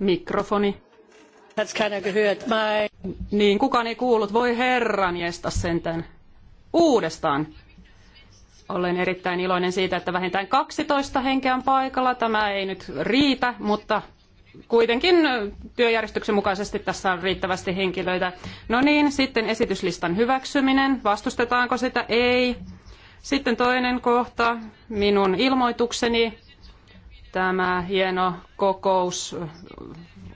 Mikrofoni. That's Niin, kukaan ei kuullut. Voi herran jesta sentään. Uudestaan. Olen erittäin iloinen siitä, että vähintään 12 henkeä on paikalla. Tämä ei nyt riitä, mutta kuitenkin työjärjestyksen mukaisesti tässä on riittävästi henkilöitä. No niin, sitten esityslistan hyväksyminen. Vastustetaanko sitä? Ei. Sitten toinen kohta, minun ilmoitukseni. Tämä hieno kokous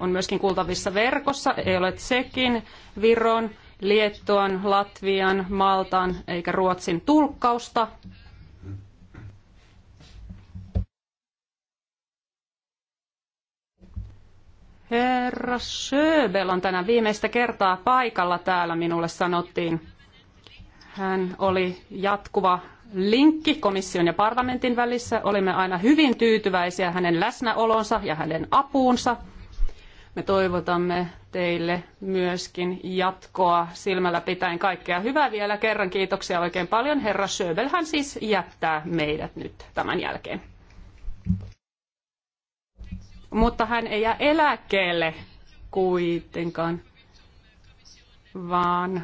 on myöskin kuultavissa verkossa. Ei ole Tsekin, Viron, Liettuan, Latvian, Maltan eikä Ruotsin tulkkausta. Herra Söbel on tänään viimeistä kertaa paikalla täällä, minulle sanottiin. Hän oli jatkuva linkki komission ja parlamentin välissä. Olimme aina hyvin tyytyväisiä hänen läsnäolonsa ja hänen apuunsa. Me toivotamme teille myöskin jatkoa silmällä pitäen kaikkea hyvää vielä kerran. Kiitoksia oikein paljon. Herra Söbel, hän siis jättää meidät nyt tämän jälkeen. Mutta hän ei jää eläkkeelle kuitenkaan, vaan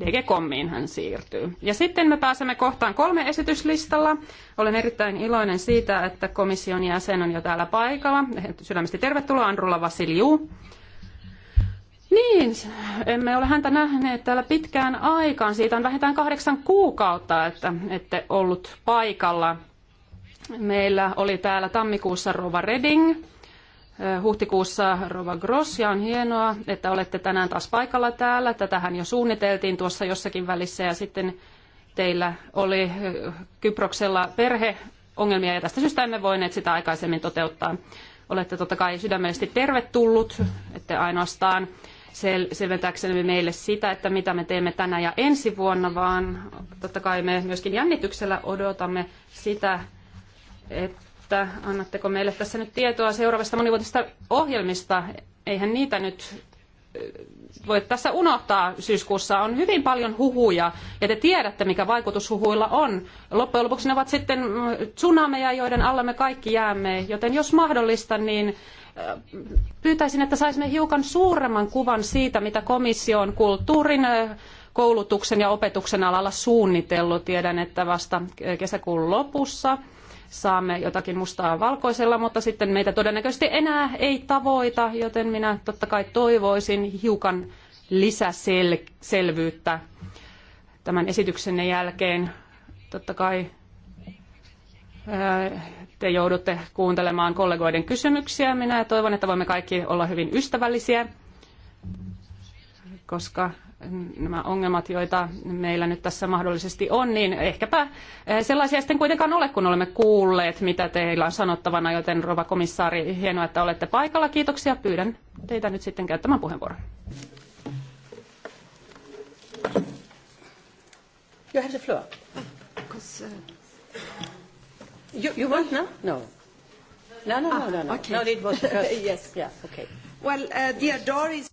DG-kommiin hän siirtyy. Ja sitten me pääsemme kohtaan kolme esityslistalla. Olen erittäin iloinen siitä, että komission jäsen on jo täällä paikalla. Sydämesti tervetuloa Andrulla Vasiliu. Niin, emme ole häntä nähneet täällä pitkään aikaan. Siitä on vähintään kahdeksan kuukautta, että ette ollut paikalla. Meillä oli täällä tammikuussa Rova Reding, huhtikuussa Rova Gross ja on hienoa, että olette tänään taas paikalla täällä. Tätähän jo suunniteltiin tuossa jossakin välissä ja sitten teillä oli Kyproksella perheongelmia ja tästä syystä emme voineet sitä aikaisemmin toteuttaa. Olette totta kai sydämellisesti tervetullut, että ainoastaan sel- selventääksemme meille sitä, että mitä me teemme tänä ja ensi vuonna, vaan totta kai me myöskin jännityksellä odotamme sitä, että että annatteko meille tässä nyt tietoa seuraavista monivuotisista ohjelmista. Eihän niitä nyt voi tässä unohtaa syyskuussa. On hyvin paljon huhuja ja te tiedätte, mikä vaikutus huhuilla on. Loppujen lopuksi ne ovat sitten tsunameja, joiden alla me kaikki jäämme. Joten jos mahdollista, niin pyytäisin, että saisimme hiukan suuremman kuvan siitä, mitä komissio on kulttuurin, koulutuksen ja opetuksen alalla suunnitellut. Tiedän, että vasta kesäkuun lopussa – saamme jotakin mustaa valkoisella, mutta sitten meitä todennäköisesti enää ei tavoita, joten minä totta kai toivoisin hiukan lisäselvyyttä tämän esityksenne jälkeen. Totta kai te joudutte kuuntelemaan kollegoiden kysymyksiä. Minä toivon, että voimme kaikki olla hyvin ystävällisiä, koska nämä ongelmat, joita meillä nyt tässä mahdollisesti on, niin ehkäpä eh, sellaisia sitten kuitenkaan ole, kun olemme kuulleet, mitä teillä on sanottavana, joten rouva komissaari, hienoa, että olette paikalla. Kiitoksia. Pyydän teitä nyt sitten käyttämään puheenvuoron. You have the floor. Because, uh... you, you want now? No. No, no, no, no, no. no. Ah, okay. No, no, it was the first. yes. Yeah, okay. Well, uh, dear Doris...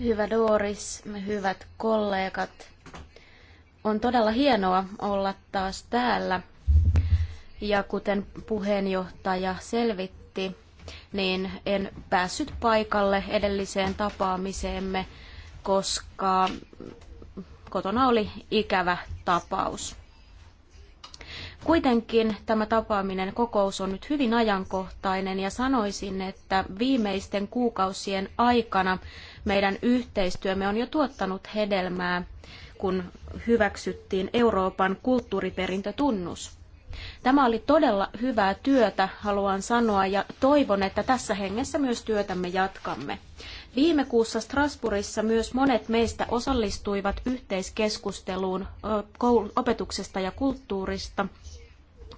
Hyvä Doris, hyvät kollegat. On todella hienoa olla taas täällä. Ja kuten puheenjohtaja selvitti, niin en päässyt paikalle edelliseen tapaamiseemme, koska kotona oli ikävä tapaus. Kuitenkin tämä tapaaminen kokous on nyt hyvin ajankohtainen ja sanoisin, että viimeisten kuukausien aikana meidän yhteistyömme on jo tuottanut hedelmää, kun hyväksyttiin Euroopan kulttuuriperintötunnus. Tämä oli todella hyvää työtä, haluan sanoa, ja toivon, että tässä hengessä myös työtämme jatkamme. Viime kuussa Strasbourgissa myös monet meistä osallistuivat yhteiskeskusteluun opetuksesta ja kulttuurista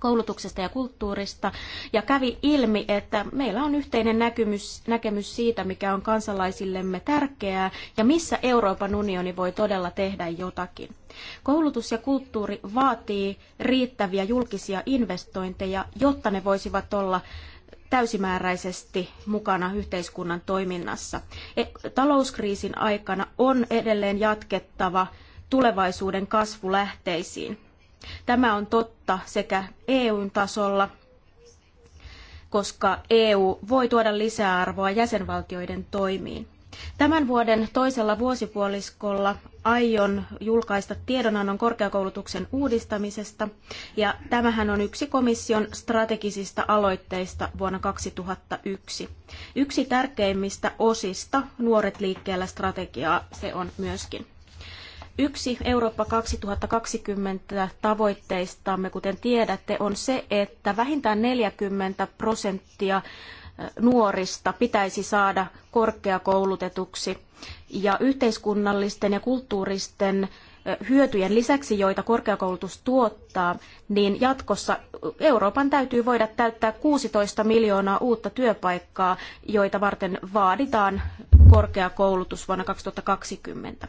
koulutuksesta ja kulttuurista ja kävi ilmi, että meillä on yhteinen näkemys, näkemys siitä, mikä on kansalaisillemme tärkeää ja missä Euroopan unioni voi todella tehdä jotakin. Koulutus ja kulttuuri vaatii riittäviä julkisia investointeja, jotta ne voisivat olla täysimääräisesti mukana yhteiskunnan toiminnassa. E, talouskriisin aikana on edelleen jatkettava tulevaisuuden kasvulähteisiin. Tämä on totta sekä EU-tasolla, koska EU voi tuoda lisäarvoa jäsenvaltioiden toimiin. Tämän vuoden toisella vuosipuoliskolla aion julkaista tiedonannon korkeakoulutuksen uudistamisesta, ja tämähän on yksi komission strategisista aloitteista vuonna 2001. Yksi tärkeimmistä osista Nuoret liikkeellä strategiaa se on myöskin. Yksi Eurooppa 2020 tavoitteistamme, kuten tiedätte, on se, että vähintään 40 prosenttia nuorista pitäisi saada korkeakoulutetuksi. Ja yhteiskunnallisten ja kulttuuristen hyötyjen lisäksi, joita korkeakoulutus tuottaa, niin jatkossa Euroopan täytyy voida täyttää 16 miljoonaa uutta työpaikkaa, joita varten vaaditaan korkeakoulutus vuonna 2020.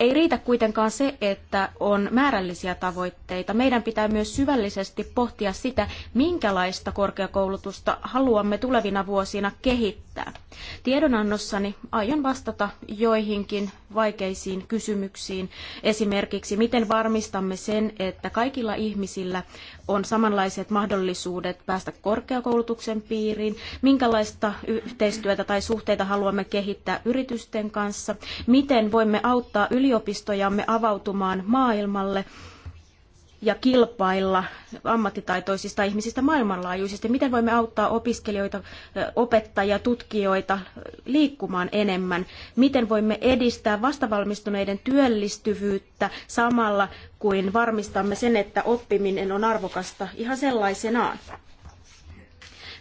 Ei riitä kuitenkaan se, että on määrällisiä tavoitteita. Meidän pitää myös syvällisesti pohtia sitä, minkälaista korkeakoulutusta haluamme tulevina vuosina kehittää riittää. Tiedonannossani aion vastata joihinkin vaikeisiin kysymyksiin, esimerkiksi miten varmistamme sen, että kaikilla ihmisillä on samanlaiset mahdollisuudet päästä korkeakoulutuksen piiriin, minkälaista yhteistyötä tai suhteita haluamme kehittää yritysten kanssa, miten voimme auttaa yliopistojamme avautumaan maailmalle, ja kilpailla ammattitaitoisista ihmisistä maailmanlaajuisesti? Miten voimme auttaa opiskelijoita, opettajia, tutkijoita liikkumaan enemmän? Miten voimme edistää vastavalmistuneiden työllistyvyyttä samalla kuin varmistamme sen, että oppiminen on arvokasta ihan sellaisenaan?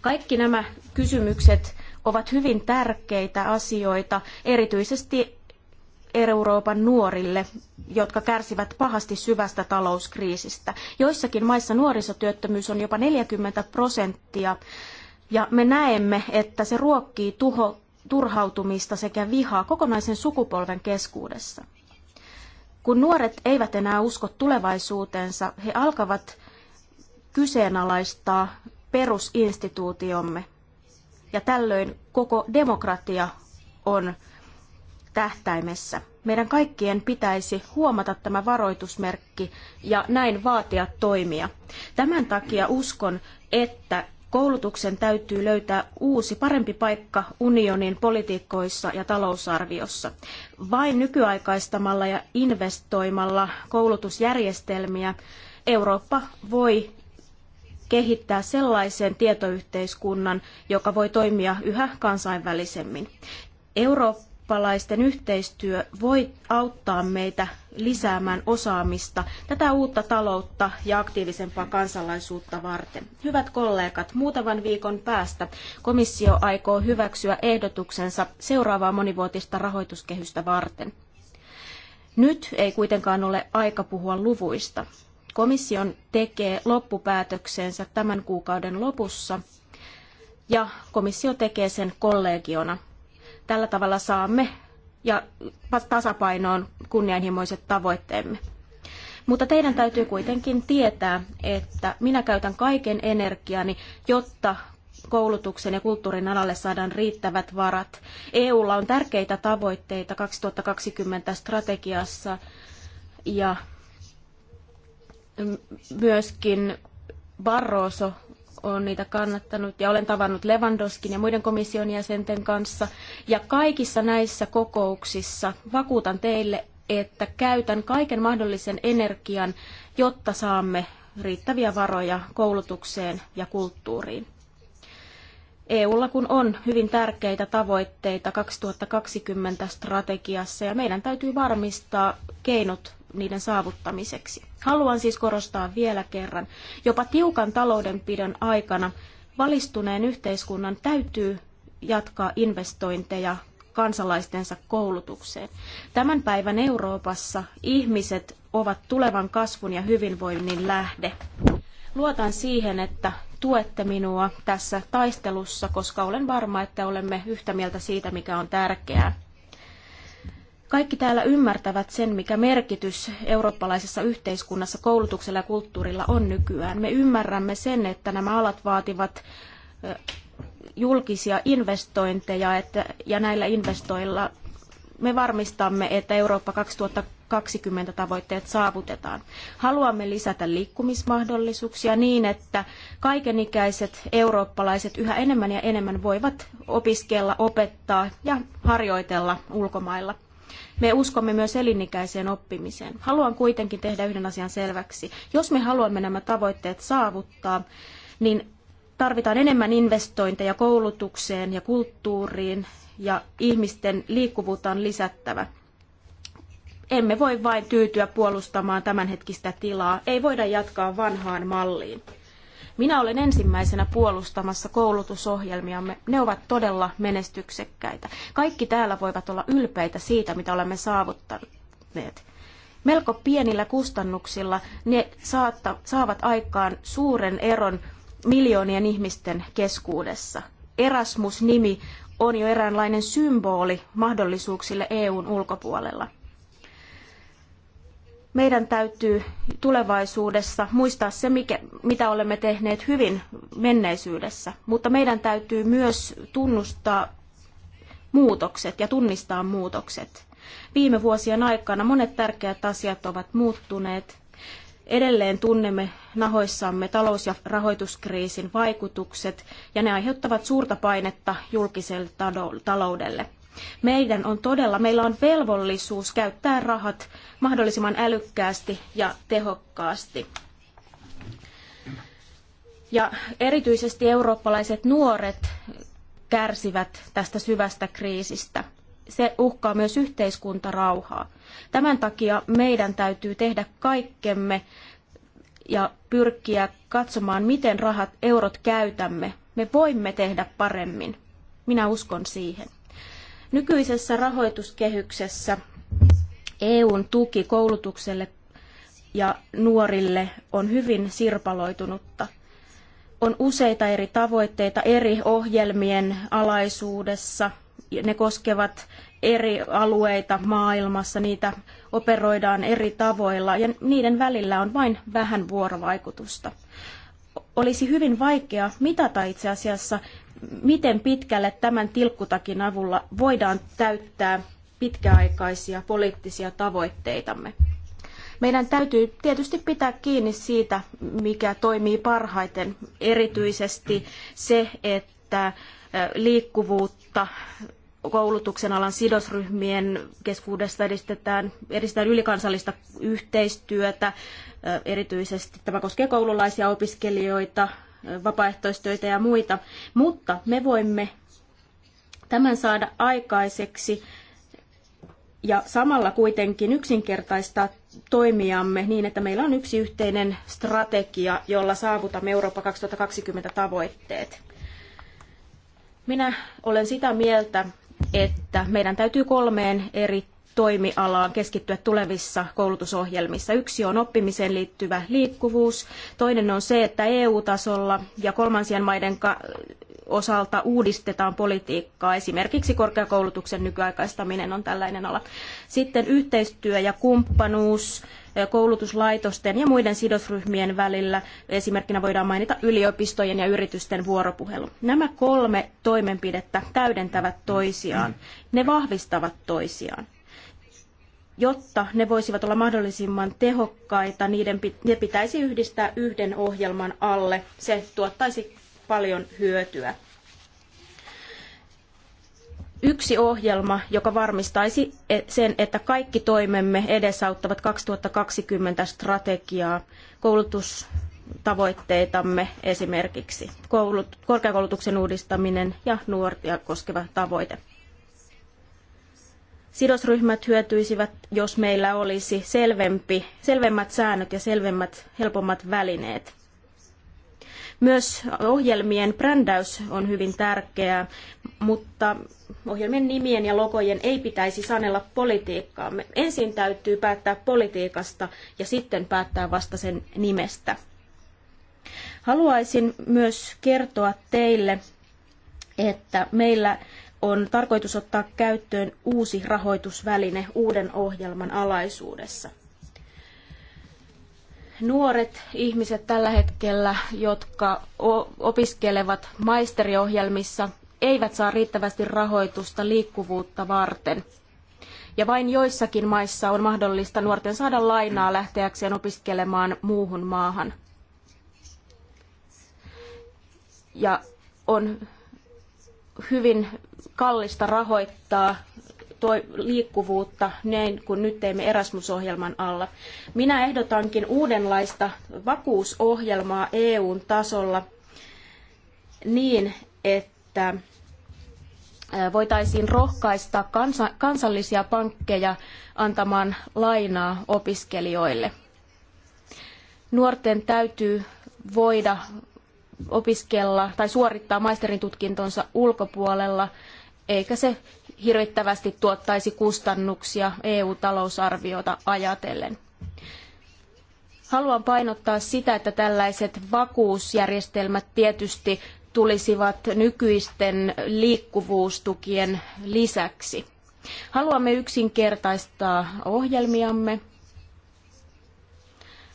Kaikki nämä kysymykset ovat hyvin tärkeitä asioita, erityisesti Euroopan nuorille, jotka kärsivät pahasti syvästä talouskriisistä. Joissakin maissa nuorisotyöttömyys on jopa 40 prosenttia, ja me näemme, että se ruokkii tuho, turhautumista sekä vihaa kokonaisen sukupolven keskuudessa. Kun nuoret eivät enää usko tulevaisuuteensa, he alkavat kyseenalaistaa perusinstituutiomme. Ja tällöin koko demokratia on tähtäimessä. Meidän kaikkien pitäisi huomata tämä varoitusmerkki ja näin vaatia toimia. Tämän takia uskon, että koulutuksen täytyy löytää uusi, parempi paikka unionin politiikkoissa ja talousarviossa. Vain nykyaikaistamalla ja investoimalla koulutusjärjestelmiä Eurooppa voi kehittää sellaisen tietoyhteiskunnan, joka voi toimia yhä kansainvälisemmin. Eurooppa eurooppalaisten yhteistyö voi auttaa meitä lisäämään osaamista tätä uutta taloutta ja aktiivisempaa kansalaisuutta varten. Hyvät kollegat, muutaman viikon päästä komissio aikoo hyväksyä ehdotuksensa seuraavaa monivuotista rahoituskehystä varten. Nyt ei kuitenkaan ole aika puhua luvuista. Komission tekee loppupäätöksensä tämän kuukauden lopussa ja komissio tekee sen kollegiona – Tällä tavalla saamme ja tasapainoon kunnianhimoiset tavoitteemme. Mutta teidän täytyy kuitenkin tietää, että minä käytän kaiken energiani, jotta koulutuksen ja kulttuurin alalle saadaan riittävät varat. EUlla on tärkeitä tavoitteita 2020 strategiassa ja myöskin Barroso on niitä kannattanut ja olen tavannut Lewandowskin ja muiden komission jäsenten kanssa. Ja kaikissa näissä kokouksissa vakuutan teille, että käytän kaiken mahdollisen energian, jotta saamme riittäviä varoja koulutukseen ja kulttuuriin. EUlla kun on hyvin tärkeitä tavoitteita 2020 strategiassa ja meidän täytyy varmistaa keinot niiden saavuttamiseksi. Haluan siis korostaa vielä kerran, jopa tiukan taloudenpidon aikana valistuneen yhteiskunnan täytyy jatkaa investointeja kansalaistensa koulutukseen. Tämän päivän Euroopassa ihmiset ovat tulevan kasvun ja hyvinvoinnin lähde. Luotan siihen, että tuette minua tässä taistelussa, koska olen varma, että olemme yhtä mieltä siitä, mikä on tärkeää. Kaikki täällä ymmärtävät sen, mikä merkitys eurooppalaisessa yhteiskunnassa koulutuksella ja kulttuurilla on nykyään. Me ymmärrämme sen, että nämä alat vaativat julkisia investointeja että, ja näillä investoilla me varmistamme, että Eurooppa 2020 tavoitteet saavutetaan. Haluamme lisätä liikkumismahdollisuuksia niin, että kaikenikäiset eurooppalaiset yhä enemmän ja enemmän voivat opiskella, opettaa ja harjoitella ulkomailla. Me uskomme myös elinikäiseen oppimiseen. Haluan kuitenkin tehdä yhden asian selväksi. Jos me haluamme nämä tavoitteet saavuttaa, niin tarvitaan enemmän investointeja koulutukseen ja kulttuuriin ja ihmisten liikkuvuutta on lisättävä. Emme voi vain tyytyä puolustamaan tämänhetkistä tilaa. Ei voida jatkaa vanhaan malliin. Minä olen ensimmäisenä puolustamassa koulutusohjelmiamme. Ne ovat todella menestyksekkäitä. Kaikki täällä voivat olla ylpeitä siitä, mitä olemme saavuttaneet. Melko pienillä kustannuksilla ne saatta, saavat aikaan suuren eron miljoonien ihmisten keskuudessa. Erasmus-nimi on jo eräänlainen symboli mahdollisuuksille EUn ulkopuolella meidän täytyy tulevaisuudessa muistaa se, mikä, mitä olemme tehneet hyvin menneisyydessä, mutta meidän täytyy myös tunnustaa muutokset ja tunnistaa muutokset. Viime vuosien aikana monet tärkeät asiat ovat muuttuneet. Edelleen tunnemme nahoissamme talous- ja rahoituskriisin vaikutukset, ja ne aiheuttavat suurta painetta julkiselle taloudelle. Meidän on todella, meillä on velvollisuus käyttää rahat mahdollisimman älykkäästi ja tehokkaasti. Ja erityisesti eurooppalaiset nuoret kärsivät tästä syvästä kriisistä. Se uhkaa myös yhteiskuntarauhaa. Tämän takia meidän täytyy tehdä kaikkemme ja pyrkiä katsomaan, miten rahat, eurot käytämme. Me voimme tehdä paremmin. Minä uskon siihen. Nykyisessä rahoituskehyksessä EUn tuki koulutukselle ja nuorille on hyvin sirpaloitunutta. On useita eri tavoitteita eri ohjelmien alaisuudessa. Ne koskevat eri alueita maailmassa, niitä operoidaan eri tavoilla ja niiden välillä on vain vähän vuorovaikutusta. Olisi hyvin vaikea mitata itse asiassa, miten pitkälle tämän tilkkutakin avulla voidaan täyttää pitkäaikaisia poliittisia tavoitteitamme. Meidän täytyy tietysti pitää kiinni siitä, mikä toimii parhaiten, erityisesti se, että liikkuvuutta koulutuksen alan sidosryhmien keskuudessa edistetään, edistetään ylikansallista yhteistyötä. Erityisesti tämä koskee koululaisia opiskelijoita, vapaaehtoistöitä ja muita, mutta me voimme tämän saada aikaiseksi ja samalla kuitenkin yksinkertaistaa toimiamme niin, että meillä on yksi yhteinen strategia, jolla saavutamme Eurooppa 2020 tavoitteet. Minä olen sitä mieltä, että meidän täytyy kolmeen eri toimialaan keskittyä tulevissa koulutusohjelmissa. Yksi on oppimiseen liittyvä liikkuvuus, toinen on se, että EU-tasolla ja kolmansien maiden osalta uudistetaan politiikkaa. Esimerkiksi korkeakoulutuksen nykyaikaistaminen on tällainen ala. Sitten yhteistyö ja kumppanuus koulutuslaitosten ja muiden sidosryhmien välillä. Esimerkkinä voidaan mainita yliopistojen ja yritysten vuoropuhelu. Nämä kolme toimenpidettä täydentävät toisiaan. Ne vahvistavat toisiaan jotta ne voisivat olla mahdollisimman tehokkaita, niiden ne pitäisi yhdistää yhden ohjelman alle. Se tuottaisi paljon hyötyä. Yksi ohjelma, joka varmistaisi e-, sen, että kaikki toimemme edesauttavat 2020 strategiaa, koulutustavoitteitamme esimerkiksi, korkeakoulutuksen uudistaminen ja nuoria koskeva tavoite sidosryhmät hyötyisivät, jos meillä olisi selvempi, selvemmät säännöt ja selvemmät, helpommat välineet. Myös ohjelmien brändäys on hyvin tärkeää, mutta ohjelmien nimien ja logojen ei pitäisi sanella politiikkaamme. Ensin täytyy päättää politiikasta ja sitten päättää vasta sen nimestä. Haluaisin myös kertoa teille, että meillä on tarkoitus ottaa käyttöön uusi rahoitusväline uuden ohjelman alaisuudessa. Nuoret ihmiset tällä hetkellä, jotka opiskelevat maisteriohjelmissa, eivät saa riittävästi rahoitusta liikkuvuutta varten. Ja vain joissakin maissa on mahdollista nuorten saada lainaa lähteäkseen opiskelemaan muuhun maahan. Ja on hyvin kallista rahoittaa toi liikkuvuutta näin kuin nyt teemme Erasmus-ohjelman alla. Minä ehdotankin uudenlaista vakuusohjelmaa EUn tasolla niin, että voitaisiin rohkaista kansallisia pankkeja antamaan lainaa opiskelijoille. Nuorten täytyy voida opiskella tai suorittaa maisterin tutkintonsa ulkopuolella, eikä se hirvittävästi tuottaisi kustannuksia EU-talousarviota ajatellen. Haluan painottaa sitä, että tällaiset vakuusjärjestelmät tietysti tulisivat nykyisten liikkuvuustukien lisäksi. Haluamme yksinkertaistaa ohjelmiamme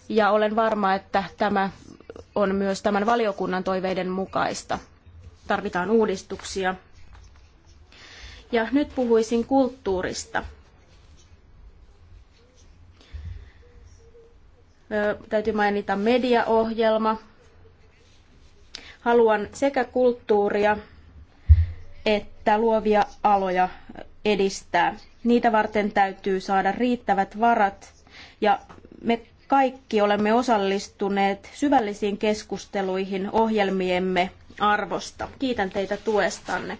ja olen varma, että tämä on myös tämän valiokunnan toiveiden mukaista. Tarvitaan uudistuksia. Ja nyt puhuisin kulttuurista. Ö, täytyy mainita mediaohjelma. Haluan sekä kulttuuria että luovia aloja edistää. Niitä varten täytyy saada riittävät varat ja me kaikki olemme osallistuneet syvällisiin keskusteluihin ohjelmiemme arvosta. Kiitän teitä tuestanne.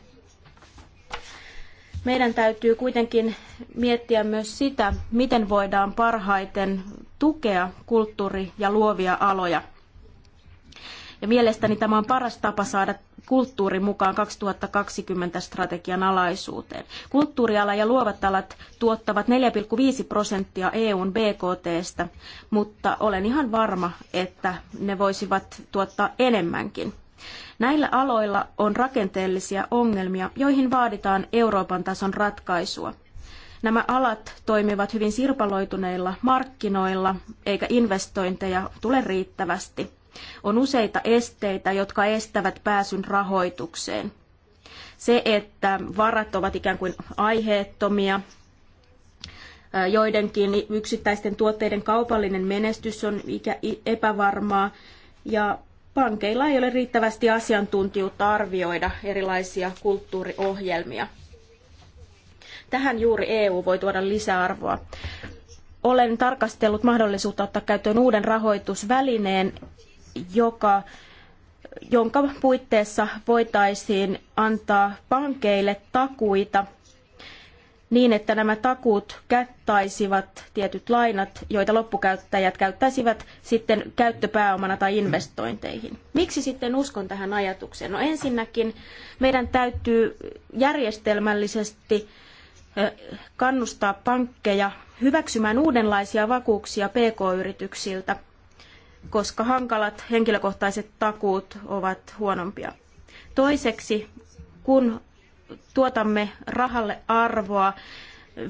Meidän täytyy kuitenkin miettiä myös sitä, miten voidaan parhaiten tukea kulttuuri- ja luovia aloja. Ja mielestäni tämä on paras tapa saada kulttuuri mukaan 2020 strategian alaisuuteen. Kulttuuriala ja luovat alat tuottavat 4,5 prosenttia EUn BKTstä, mutta olen ihan varma, että ne voisivat tuottaa enemmänkin. Näillä aloilla on rakenteellisia ongelmia, joihin vaaditaan Euroopan tason ratkaisua. Nämä alat toimivat hyvin sirpaloituneilla markkinoilla, eikä investointeja tule riittävästi. On useita esteitä, jotka estävät pääsyn rahoitukseen. Se, että varat ovat ikään kuin aiheettomia, joidenkin yksittäisten tuotteiden kaupallinen menestys on epävarmaa ja pankeilla ei ole riittävästi asiantuntijuutta arvioida erilaisia kulttuuriohjelmia. Tähän juuri EU voi tuoda lisäarvoa. Olen tarkastellut mahdollisuutta ottaa käyttöön uuden rahoitusvälineen, joka, jonka puitteissa voitaisiin antaa pankeille takuita niin, että nämä takuut kattaisivat tietyt lainat, joita loppukäyttäjät käyttäisivät sitten käyttöpääomana tai investointeihin. Miksi sitten uskon tähän ajatukseen? No ensinnäkin meidän täytyy järjestelmällisesti kannustaa pankkeja hyväksymään uudenlaisia vakuuksia pk-yrityksiltä koska hankalat henkilökohtaiset takuut ovat huonompia. Toiseksi, kun tuotamme rahalle arvoa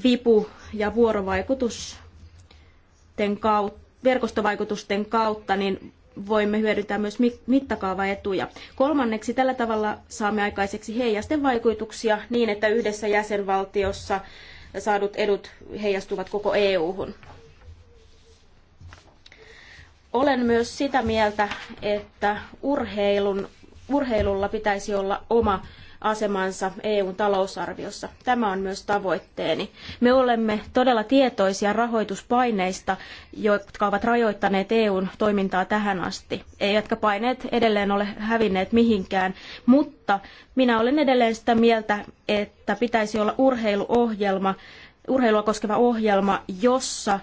vipu- ja vuorovaikutusten kautta, verkostovaikutusten kautta, niin voimme hyödyntää myös mittakaavaetuja. Kolmanneksi tällä tavalla saamme aikaiseksi heijasten vaikutuksia niin, että yhdessä jäsenvaltiossa saadut edut heijastuvat koko EU-hun. Olen myös sitä mieltä, että urheilun, urheilulla pitäisi olla oma asemansa EUn talousarviossa. Tämä on myös tavoitteeni. Me olemme todella tietoisia rahoituspaineista, jotka ovat rajoittaneet EUn toimintaa tähän asti, eivätkä paineet edelleen ole hävinneet mihinkään, mutta minä olen edelleen sitä mieltä, että pitäisi olla urheiluohjelma, urheilua koskeva ohjelma, jossa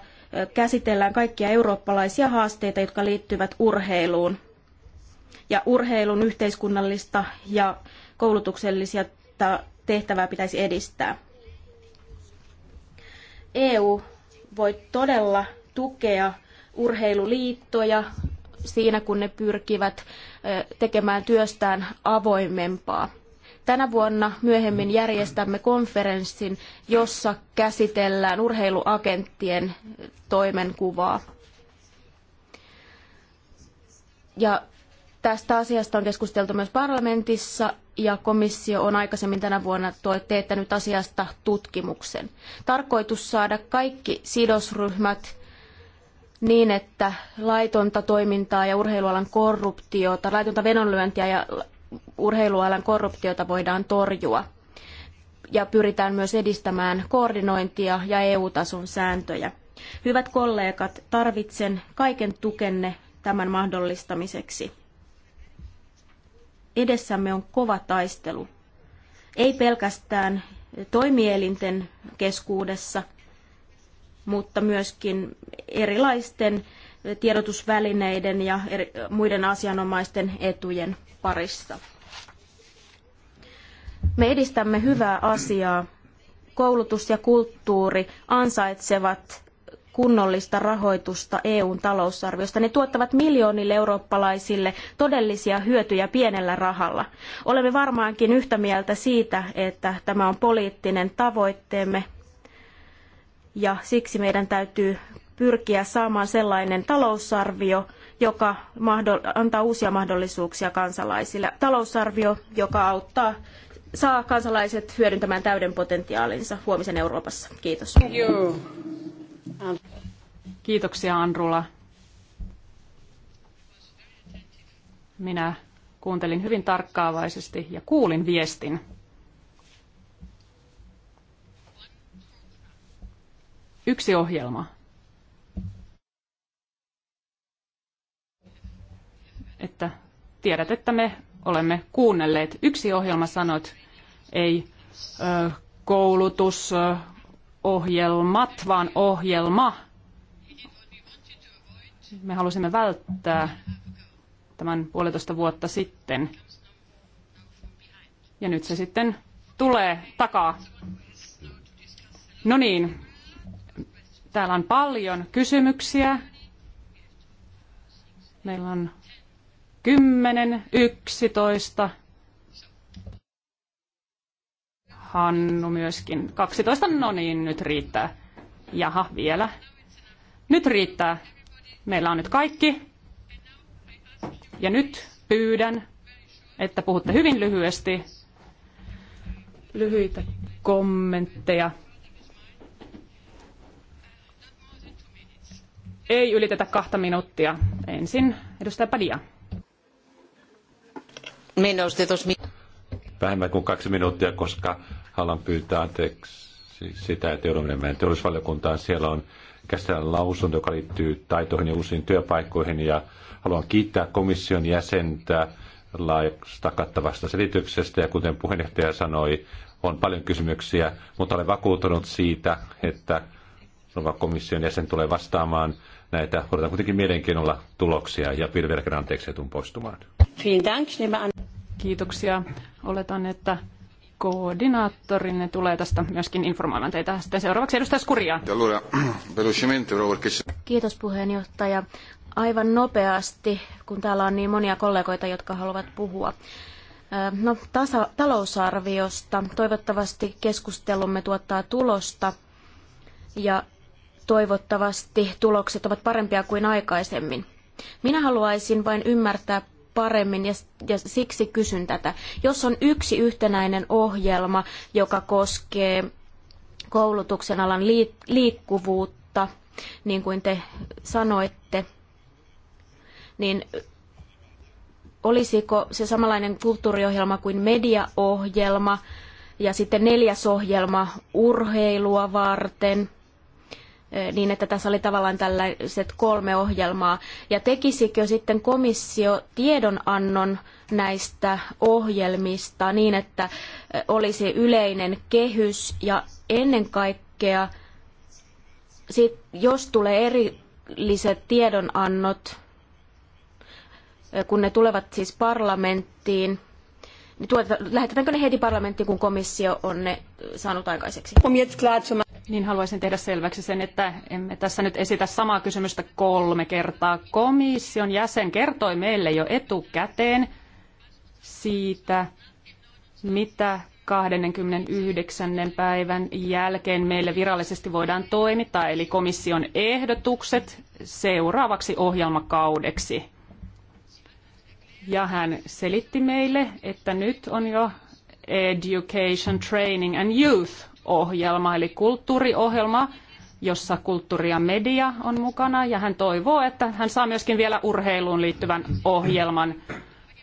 käsitellään kaikkia eurooppalaisia haasteita, jotka liittyvät urheiluun ja urheilun yhteiskunnallista ja koulutuksellisia tehtävää pitäisi edistää. EU voi todella tukea urheiluliittoja siinä, kun ne pyrkivät tekemään työstään avoimempaa. Tänä vuonna myöhemmin järjestämme konferenssin, jossa käsitellään urheiluagenttien toimenkuvaa. Ja tästä asiasta on keskusteltu myös parlamentissa ja komissio on aikaisemmin tänä vuonna teettänyt asiasta tutkimuksen. Tarkoitus saada kaikki sidosryhmät niin, että laitonta toimintaa ja urheilualan korruptiota, laitonta venonlyöntiä ja urheilualan korruptiota voidaan torjua. Ja pyritään myös edistämään koordinointia ja EU-tason sääntöjä. Hyvät kollegat, tarvitsen kaiken tukenne tämän mahdollistamiseksi. Edessämme on kova taistelu. Ei pelkästään toimielinten keskuudessa, mutta myöskin erilaisten tiedotusvälineiden ja muiden asianomaisten etujen parissa. Me edistämme hyvää asiaa. Koulutus ja kulttuuri ansaitsevat kunnollista rahoitusta EUn talousarviosta. Ne tuottavat miljoonille eurooppalaisille todellisia hyötyjä pienellä rahalla. Olemme varmaankin yhtä mieltä siitä, että tämä on poliittinen tavoitteemme ja siksi meidän täytyy pyrkiä saamaan sellainen talousarvio, joka antaa uusia mahdollisuuksia kansalaisille. Talousarvio, joka auttaa saa kansalaiset hyödyntämään täyden potentiaalinsa huomisen Euroopassa. Kiitos. Kiitoksia Andrula. Minä kuuntelin hyvin tarkkaavaisesti ja kuulin viestin. Yksi ohjelma. että tiedät, että me olemme kuunnelleet. Yksi ohjelma sanoit, ei ö, koulutusohjelmat, vaan ohjelma. Me halusimme välttää tämän puolitoista vuotta sitten. Ja nyt se sitten tulee takaa. No niin, täällä on paljon kysymyksiä. Meillä on 10, 11. Hannu myöskin. 12, no niin, nyt riittää. Jaha, vielä. Nyt riittää. Meillä on nyt kaikki. Ja nyt pyydän, että puhutte hyvin lyhyesti. Lyhyitä kommentteja. Ei ylitetä kahta minuuttia. Ensin edustaja Padia menos de dos Vähemmän kuin kaksi minuuttia, koska haluan pyytää anteeksi sitä, että joudun menemään teollisuusvaliokuntaan. Siellä on käsitellään lausunto, joka liittyy taitoihin ja uusiin työpaikkoihin ja haluan kiittää komission jäsentä laajasta kattavasta selityksestä ja kuten puheenjohtaja sanoi, on paljon kysymyksiä, mutta olen vakuutunut siitä, että komission jäsen tulee vastaamaan näitä. Odotan kuitenkin mielenkiinnolla tuloksia ja Pilverken anteeksi etun poistumaan. Kiitoksia. Oletan, että koordinaattorinne tulee tästä myöskin informoimaan teitä. Sitten seuraavaksi edustaja Skuria. Kiitos puheenjohtaja. Aivan nopeasti, kun täällä on niin monia kollegoita, jotka haluavat puhua. No, tasa- talousarviosta. Toivottavasti keskustelumme tuottaa tulosta ja toivottavasti tulokset ovat parempia kuin aikaisemmin. Minä haluaisin vain ymmärtää paremmin ja, ja siksi kysyn tätä. Jos on yksi yhtenäinen ohjelma, joka koskee koulutuksen alan liikkuvuutta, niin kuin te sanoitte, niin olisiko se samanlainen kulttuuriohjelma kuin mediaohjelma ja sitten neljäs ohjelma urheilua varten – niin että tässä oli tavallaan tällaiset kolme ohjelmaa. Ja tekisikö sitten komissio tiedonannon näistä ohjelmista niin, että olisi yleinen kehys ja ennen kaikkea, sit, jos tulee erilliset tiedonannot, kun ne tulevat siis parlamenttiin, niin tuota, lähetetäänkö ne heti parlamenttiin, kun komissio on ne saanut aikaiseksi? niin haluaisin tehdä selväksi sen, että emme tässä nyt esitä samaa kysymystä kolme kertaa. Komission jäsen kertoi meille jo etukäteen siitä, mitä 29. päivän jälkeen meille virallisesti voidaan toimittaa, eli komission ehdotukset seuraavaksi ohjelmakaudeksi. Ja hän selitti meille, että nyt on jo Education, Training and Youth ohjelma, eli kulttuuriohjelma, jossa kulttuuri ja media on mukana, ja hän toivoo, että hän saa myöskin vielä urheiluun liittyvän ohjelman.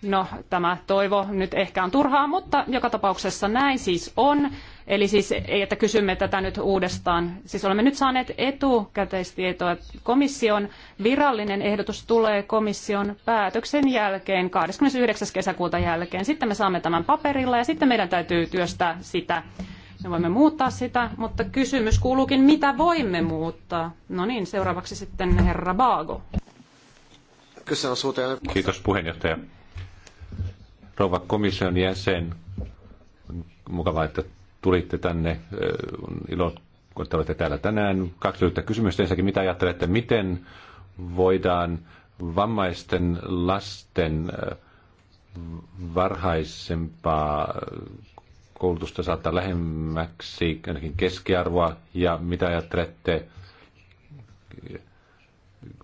No, tämä toivo nyt ehkä on turhaa, mutta joka tapauksessa näin siis on. Eli siis ei, että kysymme tätä nyt uudestaan. Siis olemme nyt saaneet etukäteistietoa, että komission virallinen ehdotus tulee komission päätöksen jälkeen, 29. kesäkuuta jälkeen. Sitten me saamme tämän paperilla ja sitten meidän täytyy työstää sitä me voimme muuttaa sitä, mutta kysymys kuuluukin, mitä voimme muuttaa? No niin, seuraavaksi sitten herra Baago. Kiitos puheenjohtaja. Rouva komission jäsen, mukavaa, että tulitte tänne. On ilo, kun te olette täällä tänään. Kaksi lyhyttä kysymystä. Ensinnäkin, mitä ajattelette, miten voidaan vammaisten lasten äh, varhaisempaa koulutusta saattaa lähemmäksi ainakin keskiarvoa ja mitä ajattelette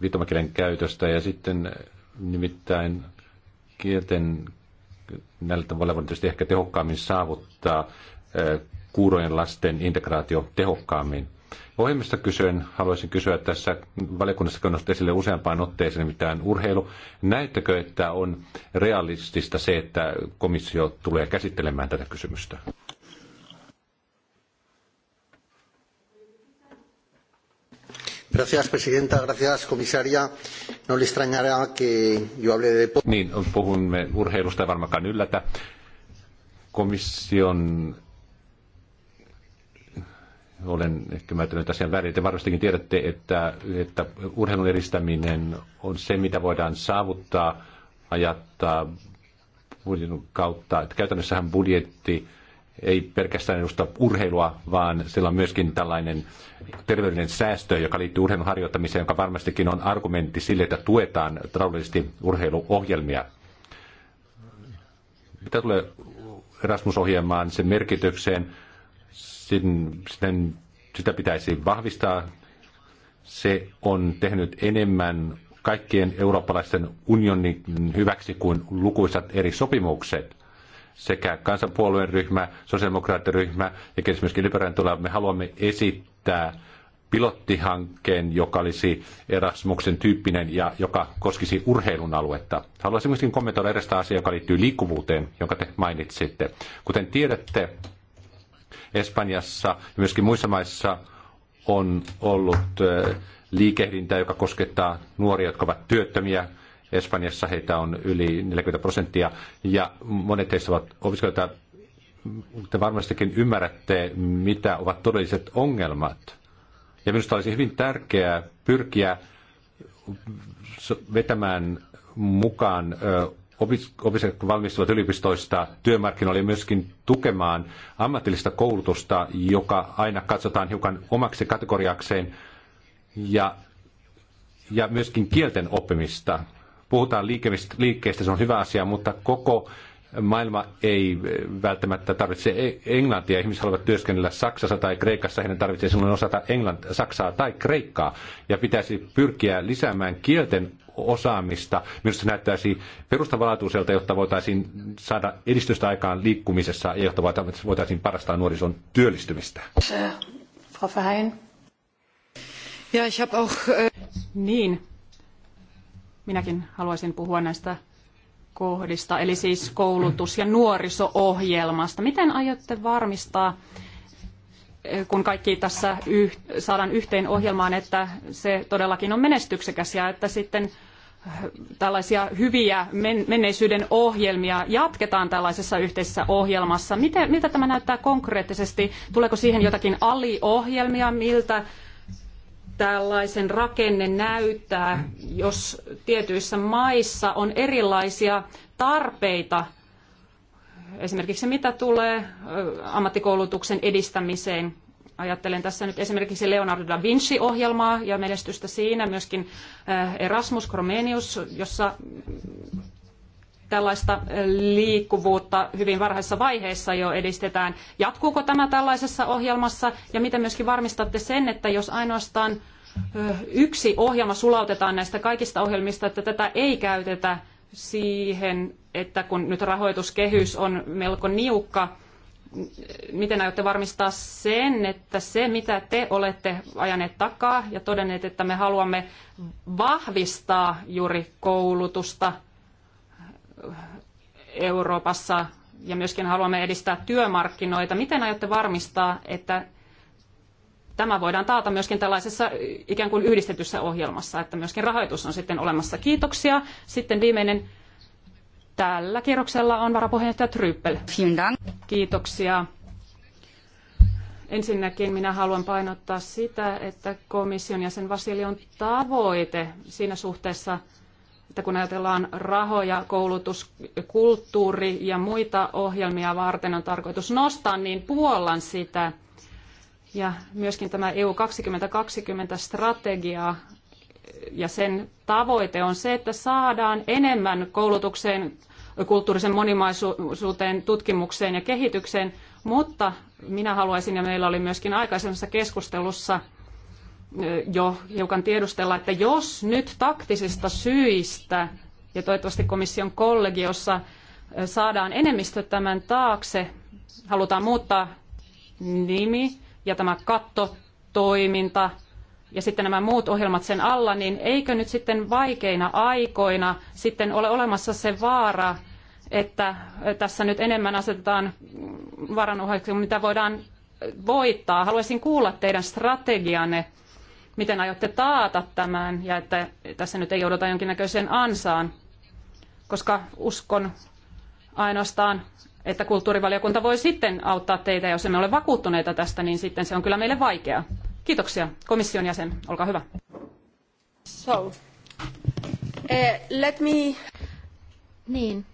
viittomakielen käytöstä ja sitten nimittäin kielten näillä tavoilla voidaan tietysti ehkä tehokkaammin saavuttaa eh, kuurojen lasten integraatio tehokkaammin. Ohjelmista kysyen haluaisin kysyä tässä valiokunnassa, kun nostit esille useampaan otteeseen mitään urheilu. näyttäkö, että on realistista se, että komissio tulee käsittelemään tätä kysymystä? Gracias, presidenta. Gracias, comisaria. No le extrañará que yo hable de Niin, puhumme urheilusta ei varmaankaan yllätä. Komission olen ehkä määritellyt asian väärin. Te varmastikin tiedätte, että, että urheilun edistäminen on se, mitä voidaan saavuttaa, ajattaa budjetin kautta. Että käytännössähän budjetti ei pelkästään edusta urheilua, vaan sillä on myöskin tällainen terveydellinen säästö, joka liittyy urheilun harjoittamiseen, joka varmastikin on argumentti sille, että tuetaan taloudellisesti urheiluohjelmia. Mitä tulee Erasmus-ohjelmaan, sen merkitykseen, sen, sen, sitä pitäisi vahvistaa. Se on tehnyt enemmän kaikkien eurooppalaisten unionin hyväksi kuin lukuisat eri sopimukset sekä kansanpuolueen ryhmä, sosiaalidemokraattiryhmä ja myöskin liberaalitulla me haluamme esittää pilottihankkeen, joka olisi Erasmuksen tyyppinen ja joka koskisi urheilun aluetta. Haluaisin myöskin kommentoida edestä asiaa, joka liittyy liikkuvuuteen, jonka te mainitsitte. Kuten tiedätte, Espanjassa ja myöskin muissa maissa on ollut liikehdintää, joka koskettaa nuoria, jotka ovat työttömiä. Espanjassa heitä on yli 40 prosenttia ja monet heistä ovat opiskelijoita. Te varmastikin ymmärrätte, mitä ovat todelliset ongelmat. Ja minusta olisi hyvin tärkeää pyrkiä vetämään mukaan opiskelijat, kun valmistuvat yliopistoista työmarkkinoille, myöskin tukemaan ammatillista koulutusta, joka aina katsotaan hiukan omaksi kategoriakseen, ja, ja myöskin kielten oppimista. Puhutaan liikkeestä, se on hyvä asia, mutta koko maailma ei eh, välttämättä tarvitse e-, englantia. Ihmiset haluavat työskennellä Saksassa tai Kreikassa, heidän tarvitsee silloin osata englant, saksaa tai kreikkaa. Ja pitäisi pyrkiä lisäämään kielten osaamista. Minusta näyttäisi perustavanlaatuiselta, jotta voitaisiin saada edistystä aikaan liikkumisessa ja jotta voitaisiin parastaa nuorison työllistymistä. Frau Verheyen. Ja, ich habe auch... Äh, niin. Minäkin haluaisin puhua näistä kohdista, eli siis koulutus- ja nuoriso-ohjelmasta. Miten aiotte varmistaa, äh, kun kaikki tässä yh, saadaan yhteen ohjelmaan, että se todellakin on menestyksekäs ja että sitten tällaisia hyviä menneisyyden ohjelmia jatketaan tällaisessa yhteisessä ohjelmassa. Miten, miltä tämä näyttää konkreettisesti? Tuleeko siihen jotakin aliohjelmia? Miltä tällaisen rakenne näyttää, jos tietyissä maissa on erilaisia tarpeita esimerkiksi mitä tulee ammattikoulutuksen edistämiseen Ajattelen tässä nyt esimerkiksi Leonardo da Vinci-ohjelmaa ja menestystä siinä, myöskin eh, Erasmus Comenius, jossa tällaista eh, liikkuvuutta hyvin varhaisessa vaiheessa jo edistetään. Jatkuuko tämä tällaisessa ohjelmassa ja miten myöskin varmistatte sen, että jos ainoastaan eh, yksi ohjelma sulautetaan näistä kaikista ohjelmista, että tätä ei käytetä siihen, että kun nyt rahoituskehys on melko niukka, miten aiotte varmistaa sen, että se mitä te olette ajaneet takaa ja todenneet, että me haluamme vahvistaa juuri koulutusta Euroopassa ja myöskin haluamme edistää työmarkkinoita, miten aiotte varmistaa, että tämä voidaan taata myöskin tällaisessa ikään kuin yhdistetyssä ohjelmassa, että myöskin rahoitus on sitten olemassa. Kiitoksia. Sitten viimeinen Tällä kierroksella on varapuheenjohtaja Tryppel. Kiitoksia. Ensinnäkin minä haluan painottaa sitä, että komission jäsen Vasilion tavoite siinä suhteessa, että kun ajatellaan rahoja, koulutus, kulttuuri ja muita ohjelmia varten on tarkoitus nostaa, niin puolan sitä. Ja myöskin tämä EU 2020-strategia ja sen tavoite on se, että saadaan enemmän koulutukseen, kulttuurisen monimaisuuteen, tutkimukseen ja kehitykseen, mutta minä haluaisin, ja meillä oli myöskin aikaisemmassa keskustelussa jo hiukan tiedustella, että jos nyt taktisista syistä, ja toivottavasti komission kollegiossa saadaan enemmistö tämän taakse, halutaan muuttaa nimi ja tämä kattotoiminta ja sitten nämä muut ohjelmat sen alla, niin eikö nyt sitten vaikeina aikoina sitten ole olemassa se vaara, että tässä nyt enemmän asetetaan varanuhoiksi, mitä voidaan voittaa. Haluaisin kuulla teidän strategianne, miten aiotte taata tämän ja että tässä nyt ei jouduta jonkinnäköiseen ansaan, koska uskon ainoastaan, että kulttuurivaliokunta voi sitten auttaa teitä. Jos emme ole vakuuttuneita tästä, niin sitten se on kyllä meille vaikeaa. Kiitoksia. Komission jäsen, olkaa hyvä. So, eh, let me... Niin,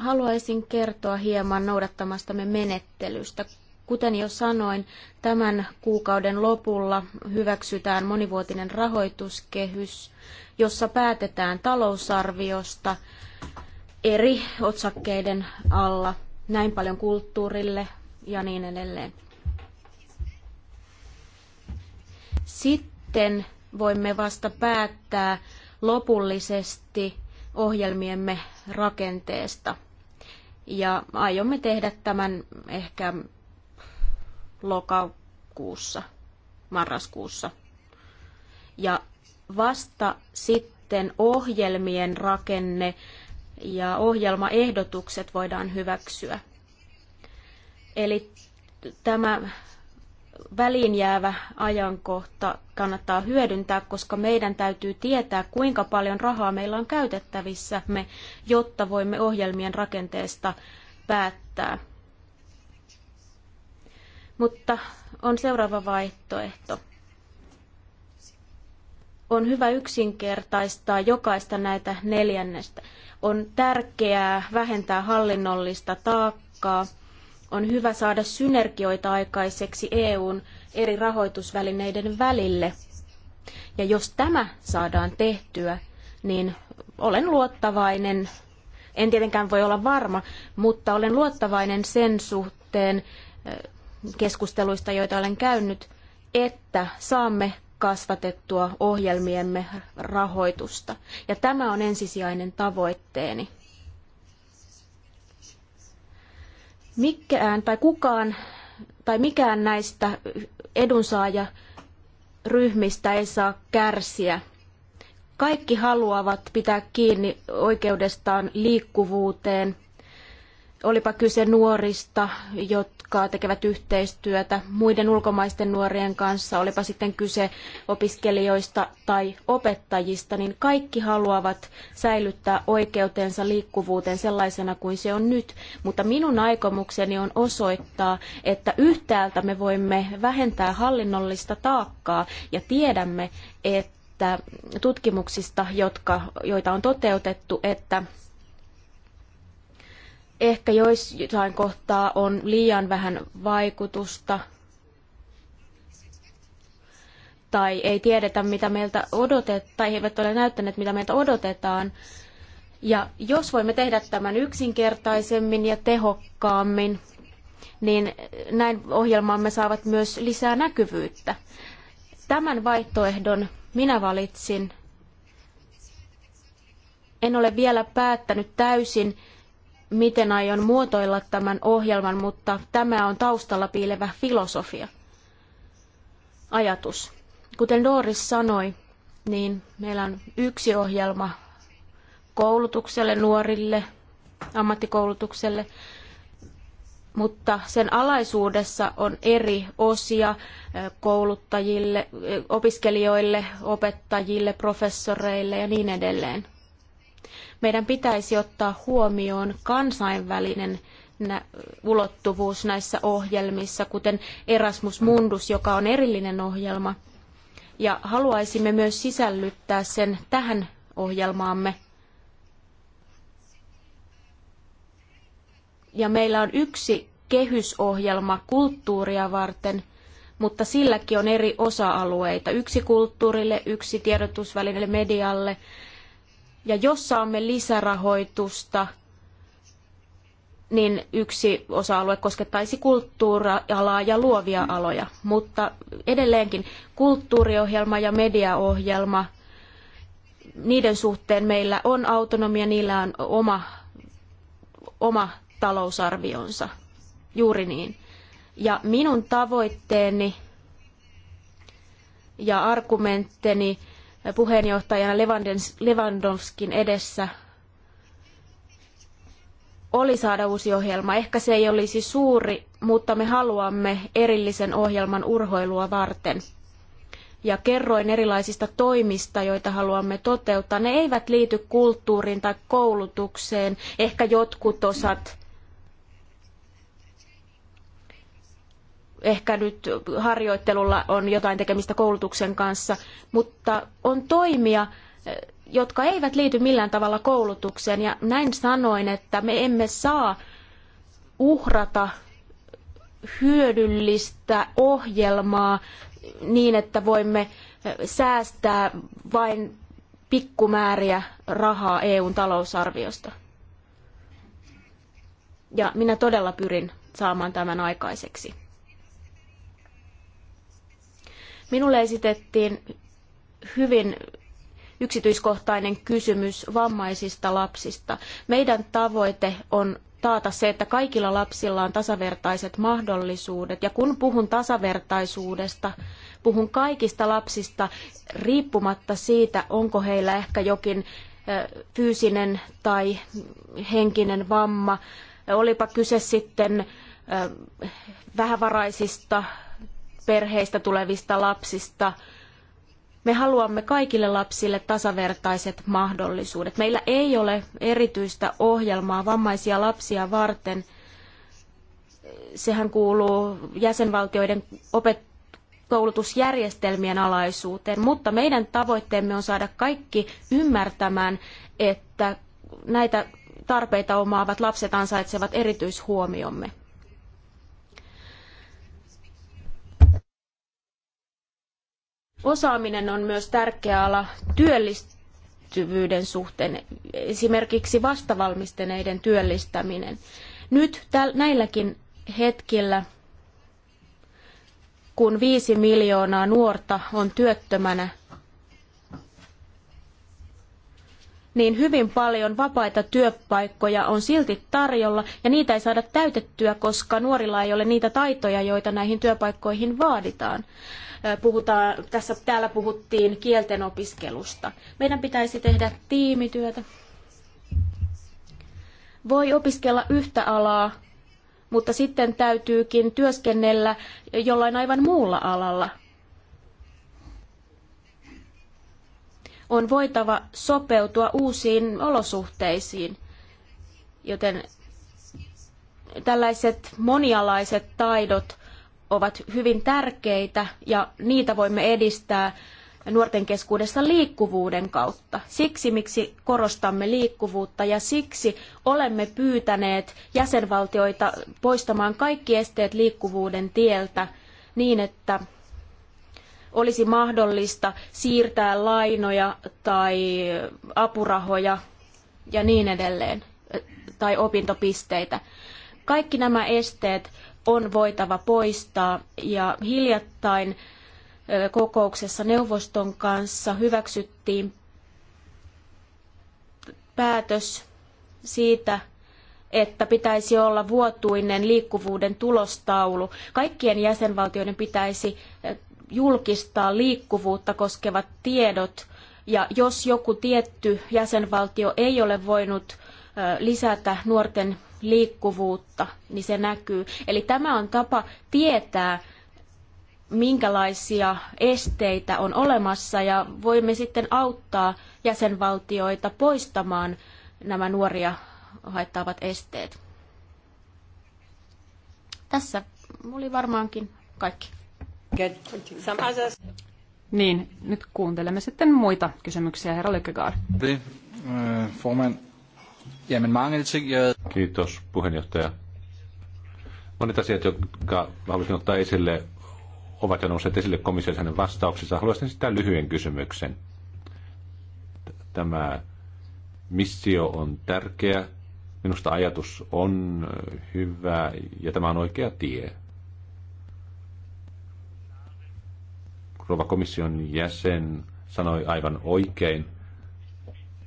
haluaisin kertoa hieman noudattamastamme menettelystä. Kuten jo sanoin, tämän kuukauden lopulla hyväksytään monivuotinen rahoituskehys, jossa päätetään talousarviosta eri otsakkeiden alla, näin paljon kulttuurille ja niin edelleen. Sitten voimme vasta päättää lopullisesti ohjelmiemme rakenteesta – ja aiomme tehdä tämän ehkä lokakuussa, marraskuussa. Ja vasta sitten ohjelmien rakenne ja ohjelmaehdotukset voidaan hyväksyä. Eli tämä väliin jäävä ajankohta kannattaa hyödyntää, koska meidän täytyy tietää, kuinka paljon rahaa meillä on käytettävissämme, jotta voimme ohjelmien rakenteesta päättää. Mutta on seuraava vaihtoehto. On hyvä yksinkertaistaa jokaista näitä neljännestä. On tärkeää vähentää hallinnollista taakkaa – on hyvä saada synergioita aikaiseksi EUn eri rahoitusvälineiden välille. Ja jos tämä saadaan tehtyä, niin olen luottavainen. En tietenkään voi olla varma, mutta olen luottavainen sen suhteen eh, keskusteluista, joita olen käynyt, että saamme kasvatettua ohjelmiemme rahoitusta. Ja tämä on ensisijainen tavoitteeni. mikään tai kukaan tai mikään näistä edunsaajaryhmistä ei saa kärsiä. Kaikki haluavat pitää kiinni oikeudestaan liikkuvuuteen – olipa kyse nuorista, jotka tekevät yhteistyötä muiden ulkomaisten nuorien kanssa, olipa sitten kyse opiskelijoista tai opettajista, niin kaikki haluavat säilyttää oikeutensa liikkuvuuteen sellaisena kuin se on nyt. Mutta minun aikomukseni on osoittaa, että yhtäältä me voimme vähentää hallinnollista taakkaa ja tiedämme, että tutkimuksista, jotka, joita on toteutettu, että Ehkä joissain kohtaa on liian vähän vaikutusta tai ei tiedetä, mitä meiltä odotetaan, tai he eivät ole näyttäneet, mitä meiltä odotetaan. Ja jos voimme tehdä tämän yksinkertaisemmin ja tehokkaammin, niin näin ohjelmaamme saavat myös lisää näkyvyyttä. Tämän vaihtoehdon minä valitsin. En ole vielä päättänyt täysin, miten aion muotoilla tämän ohjelman, mutta tämä on taustalla piilevä filosofia, ajatus. Kuten Doris sanoi, niin meillä on yksi ohjelma koulutukselle, nuorille, ammattikoulutukselle, mutta sen alaisuudessa on eri osia kouluttajille, opiskelijoille, opettajille, professoreille ja niin edelleen. Meidän pitäisi ottaa huomioon kansainvälinen ulottuvuus näissä ohjelmissa, kuten Erasmus Mundus, joka on erillinen ohjelma. Ja haluaisimme myös sisällyttää sen tähän ohjelmaamme. Ja meillä on yksi kehysohjelma kulttuuria varten, mutta silläkin on eri osa-alueita. Yksi kulttuurille, yksi tiedotusvälineelle, medialle ja jos saamme lisärahoitusta, niin yksi osa-alue koskettaisi kulttuurialaa ja luovia aloja. Mutta edelleenkin kulttuuriohjelma ja mediaohjelma, niiden suhteen meillä on autonomia, niillä on oma, oma talousarvionsa. Juuri niin. Ja minun tavoitteeni ja argumentteni puheenjohtajana Lewandowskin edessä oli saada uusi ohjelma. Ehkä se ei olisi suuri, mutta me haluamme erillisen ohjelman urhoilua varten. Ja kerroin erilaisista toimista, joita haluamme toteuttaa. Ne eivät liity kulttuuriin tai koulutukseen, ehkä jotkut osat ehkä nyt harjoittelulla on jotain tekemistä koulutuksen kanssa, mutta on toimia, eh, jotka eivät liity millään tavalla koulutukseen. Ja näin sanoin, että me emme saa uhrata hyödyllistä ohjelmaa niin, että voimme eh, säästää vain pikkumääriä rahaa EUn talousarviosta. Ja minä todella pyrin saamaan tämän aikaiseksi. Minulle esitettiin hyvin yksityiskohtainen kysymys vammaisista lapsista. Meidän tavoite on taata se, että kaikilla lapsilla on tasavertaiset mahdollisuudet. Ja kun puhun tasavertaisuudesta, puhun kaikista lapsista riippumatta siitä, onko heillä ehkä jokin fyysinen tai henkinen vamma, olipa kyse sitten vähävaraisista perheistä tulevista lapsista. Me haluamme kaikille lapsille tasavertaiset mahdollisuudet. Meillä ei ole erityistä ohjelmaa vammaisia lapsia varten. Sehän kuuluu jäsenvaltioiden opet- koulutusjärjestelmien alaisuuteen, mutta meidän tavoitteemme on saada kaikki ymmärtämään, että näitä tarpeita omaavat lapset ansaitsevat erityishuomiomme. Osaaminen on myös tärkeä ala työllistyvyyden suhteen, esimerkiksi vastavalmistuneiden työllistäminen. Nyt näilläkin hetkillä, kun viisi miljoonaa nuorta on työttömänä, niin hyvin paljon vapaita työpaikkoja on silti tarjolla ja niitä ei saada täytettyä, koska nuorilla ei ole niitä taitoja, joita näihin työpaikkoihin vaaditaan puhutaan, tässä, täällä puhuttiin kielten opiskelusta. Meidän pitäisi tehdä tiimityötä. Voi opiskella yhtä alaa, mutta sitten täytyykin työskennellä jollain aivan muulla alalla. On voitava sopeutua uusiin olosuhteisiin, joten tällaiset monialaiset taidot ovat hyvin tärkeitä ja niitä voimme edistää nuorten keskuudessa liikkuvuuden kautta. Siksi, miksi korostamme liikkuvuutta ja siksi olemme pyytäneet jäsenvaltioita poistamaan kaikki esteet liikkuvuuden tieltä niin, että olisi mahdollista siirtää lainoja tai apurahoja ja niin edelleen, tai opintopisteitä. Kaikki nämä esteet on voitava poistaa. Ja hiljattain kokouksessa neuvoston kanssa hyväksyttiin päätös siitä, että pitäisi olla vuotuinen liikkuvuuden tulostaulu. Kaikkien jäsenvaltioiden pitäisi julkistaa liikkuvuutta koskevat tiedot, ja jos joku tietty jäsenvaltio ei ole voinut lisätä nuorten liikkuvuutta, niin se näkyy. Eli tämä on tapa tietää, minkälaisia esteitä on olemassa ja voimme sitten auttaa jäsenvaltioita poistamaan nämä nuoria haittaavat esteet. Tässä oli varmaankin kaikki. Niin, nyt kuuntelemme sitten muita kysymyksiä, herra Lykkegaard. Kiitos puheenjohtaja. Monet asiat, jotka halusin ottaa esille, ovat jo nousseet esille komission hänen vastauksensa. Haluaisin esittää lyhyen kysymyksen. Tämä missio on tärkeä. Minusta ajatus on hyvä ja tämä on oikea tie. Rova komission jäsen sanoi aivan oikein,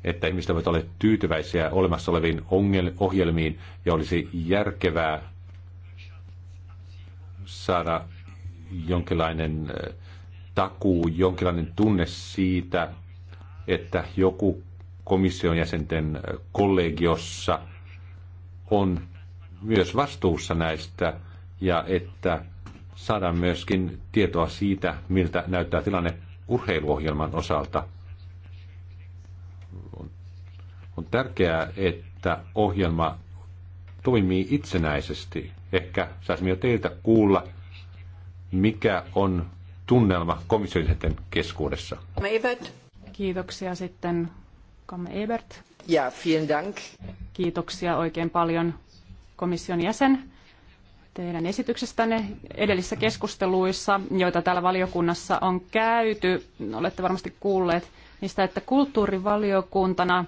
että ihmiset voivat ole tyytyväisiä olemassa oleviin ohjelmiin ja olisi järkevää saada jonkinlainen eh, takuu, jonkinlainen tunne siitä, että joku komission jäsenten eh, kollegiossa on myös vastuussa näistä ja että saadaan myöskin tietoa siitä, miltä näyttää tilanne urheiluohjelman osalta – on, on tärkeää, että ohjelma toimii itsenäisesti. Ehkä saisimme jo teiltä kuulla, mikä on tunnelma komission keskuudessa. Kiitoksia sitten Kamme Ebert. Ja, vielen dank. Kiitoksia oikein paljon komission jäsen teidän esityksestänne edellisissä keskusteluissa, joita täällä valiokunnassa on käyty. Olette varmasti kuulleet niistä, että kulttuurivaliokuntana,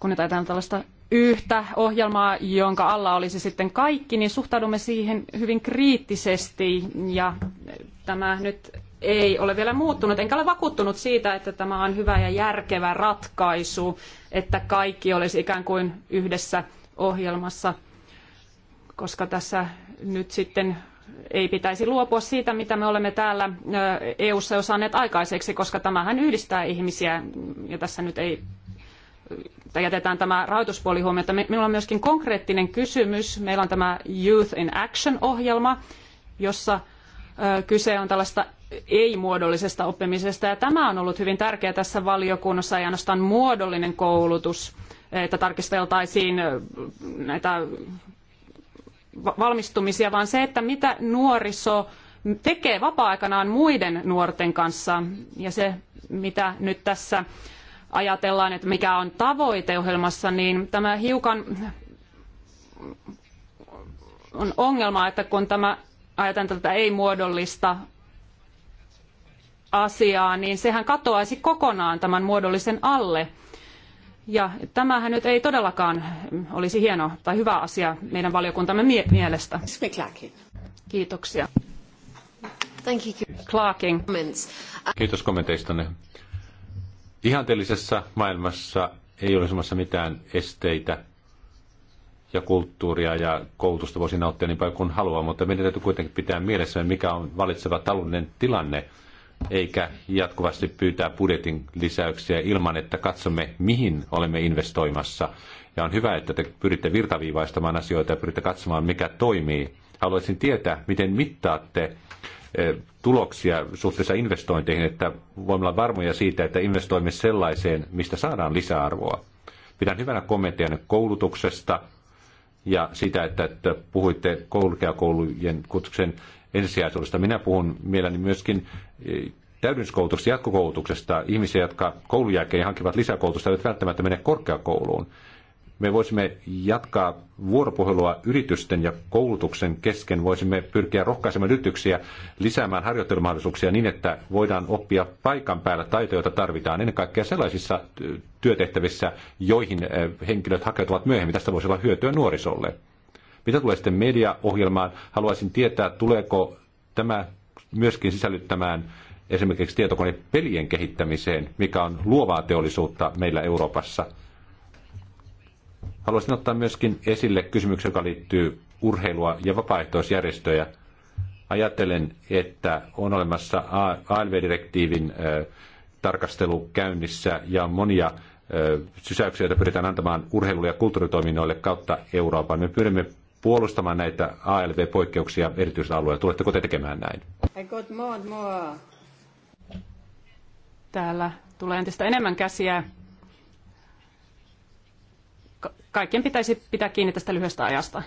kun nyt ajatellaan tällaista yhtä ohjelmaa, jonka alla olisi sitten kaikki, niin suhtaudumme siihen hyvin kriittisesti ja tämä nyt ei ole vielä muuttunut. Enkä ole vakuuttunut siitä, että tämä on hyvä ja järkevä ratkaisu, että kaikki olisi ikään kuin yhdessä ohjelmassa, koska tässä nyt sitten ei pitäisi luopua siitä, mitä me olemme täällä EU-ssa jo saaneet aikaiseksi, koska tämähän yhdistää ihmisiä ja tässä nyt ei tai jätetään tämä rahoituspuoli huomiota. Minulla on myöskin konkreettinen kysymys. Meillä on tämä Youth in Action-ohjelma, jossa kyse on tällaista ei-muodollisesta oppimisesta. Ja tämä on ollut hyvin tärkeää tässä valiokunnassa, ei ainoastaan muodollinen koulutus, että tarkisteltaisiin näitä valmistumisia, vaan se, että mitä nuoriso tekee vapaa-aikanaan muiden nuorten kanssa. Ja se, mitä nyt tässä ajatellaan, että mikä on tavoiteohjelmassa, niin tämä hiukan on ongelma, että kun tämä, ajatellaan tätä ei-muodollista asiaa, niin sehän katoaisi kokonaan tämän muodollisen alle – ja tämähän nyt ei todellakaan olisi hieno tai hyvä asia meidän valiokuntamme mie- mielestä. Kiitoksia. Thank you. Clarking. Kiitos kommenteistanne. Ihanteellisessa maailmassa ei ole olemassa mitään esteitä ja kulttuuria ja koulutusta voisi nauttia niin paljon kuin haluaa, mutta meidän täytyy kuitenkin pitää mielessä, mikä on valitseva taloudellinen tilanne – eikä jatkuvasti pyytää budjetin lisäyksiä ilman, että katsomme, mihin olemme investoimassa. Ja on hyvä, että te pyritte virtaviivaistamaan asioita ja pyritte katsomaan, mikä toimii. Haluaisin tietää, miten mittaatte eh, tuloksia suhteessa investointeihin, että voimme olla varmoja siitä, että investoimme sellaiseen, mistä saadaan lisäarvoa. Pidän hyvänä kommenttia koulutuksesta ja sitä, että, että puhuitte korkeakoulujen kutsuksen ensisijaisuudesta. Minä puhun mielelläni myöskin täydennyskoulutuksesta, jatkokoulutuksesta ihmisiä, jotka koulun jälkeen hankivat lisäkoulutusta, eivät välttämättä mene korkeakouluun. Me voisimme jatkaa vuoropuhelua yritysten ja koulutuksen kesken. Voisimme pyrkiä rohkaisemaan yrityksiä lisäämään harjoittelumahdollisuuksia niin, että voidaan oppia paikan päällä taitoja, joita tarvitaan ennen kaikkea sellaisissa työtehtävissä, joihin eh, henkilöt hakeutuvat myöhemmin. Tästä voisi olla hyötyä nuorisolle. Mitä tulee sitten mediaohjelmaan, haluaisin tietää, tuleeko tämä myöskin sisällyttämään esimerkiksi tietokonepelien kehittämiseen, mikä on luovaa teollisuutta meillä Euroopassa. Haluaisin ottaa myöskin esille kysymyksen, joka liittyy urheilua ja vapaaehtoisjärjestöjä. Ajattelen, että on olemassa ALV-direktiivin tarkastelu käynnissä ja on monia sysäyksiä, joita pyritään antamaan urheilu ja kulttuuritoiminnoille kautta Euroopan. Me pyrimme puolustamaan näitä ALV-poikkeuksia erityisellä alueella? Tuletteko te tekemään näin? Täällä tulee entistä enemmän käsiä. Ka- kaikkien pitäisi pitää kiinni tästä lyhyestä ajasta.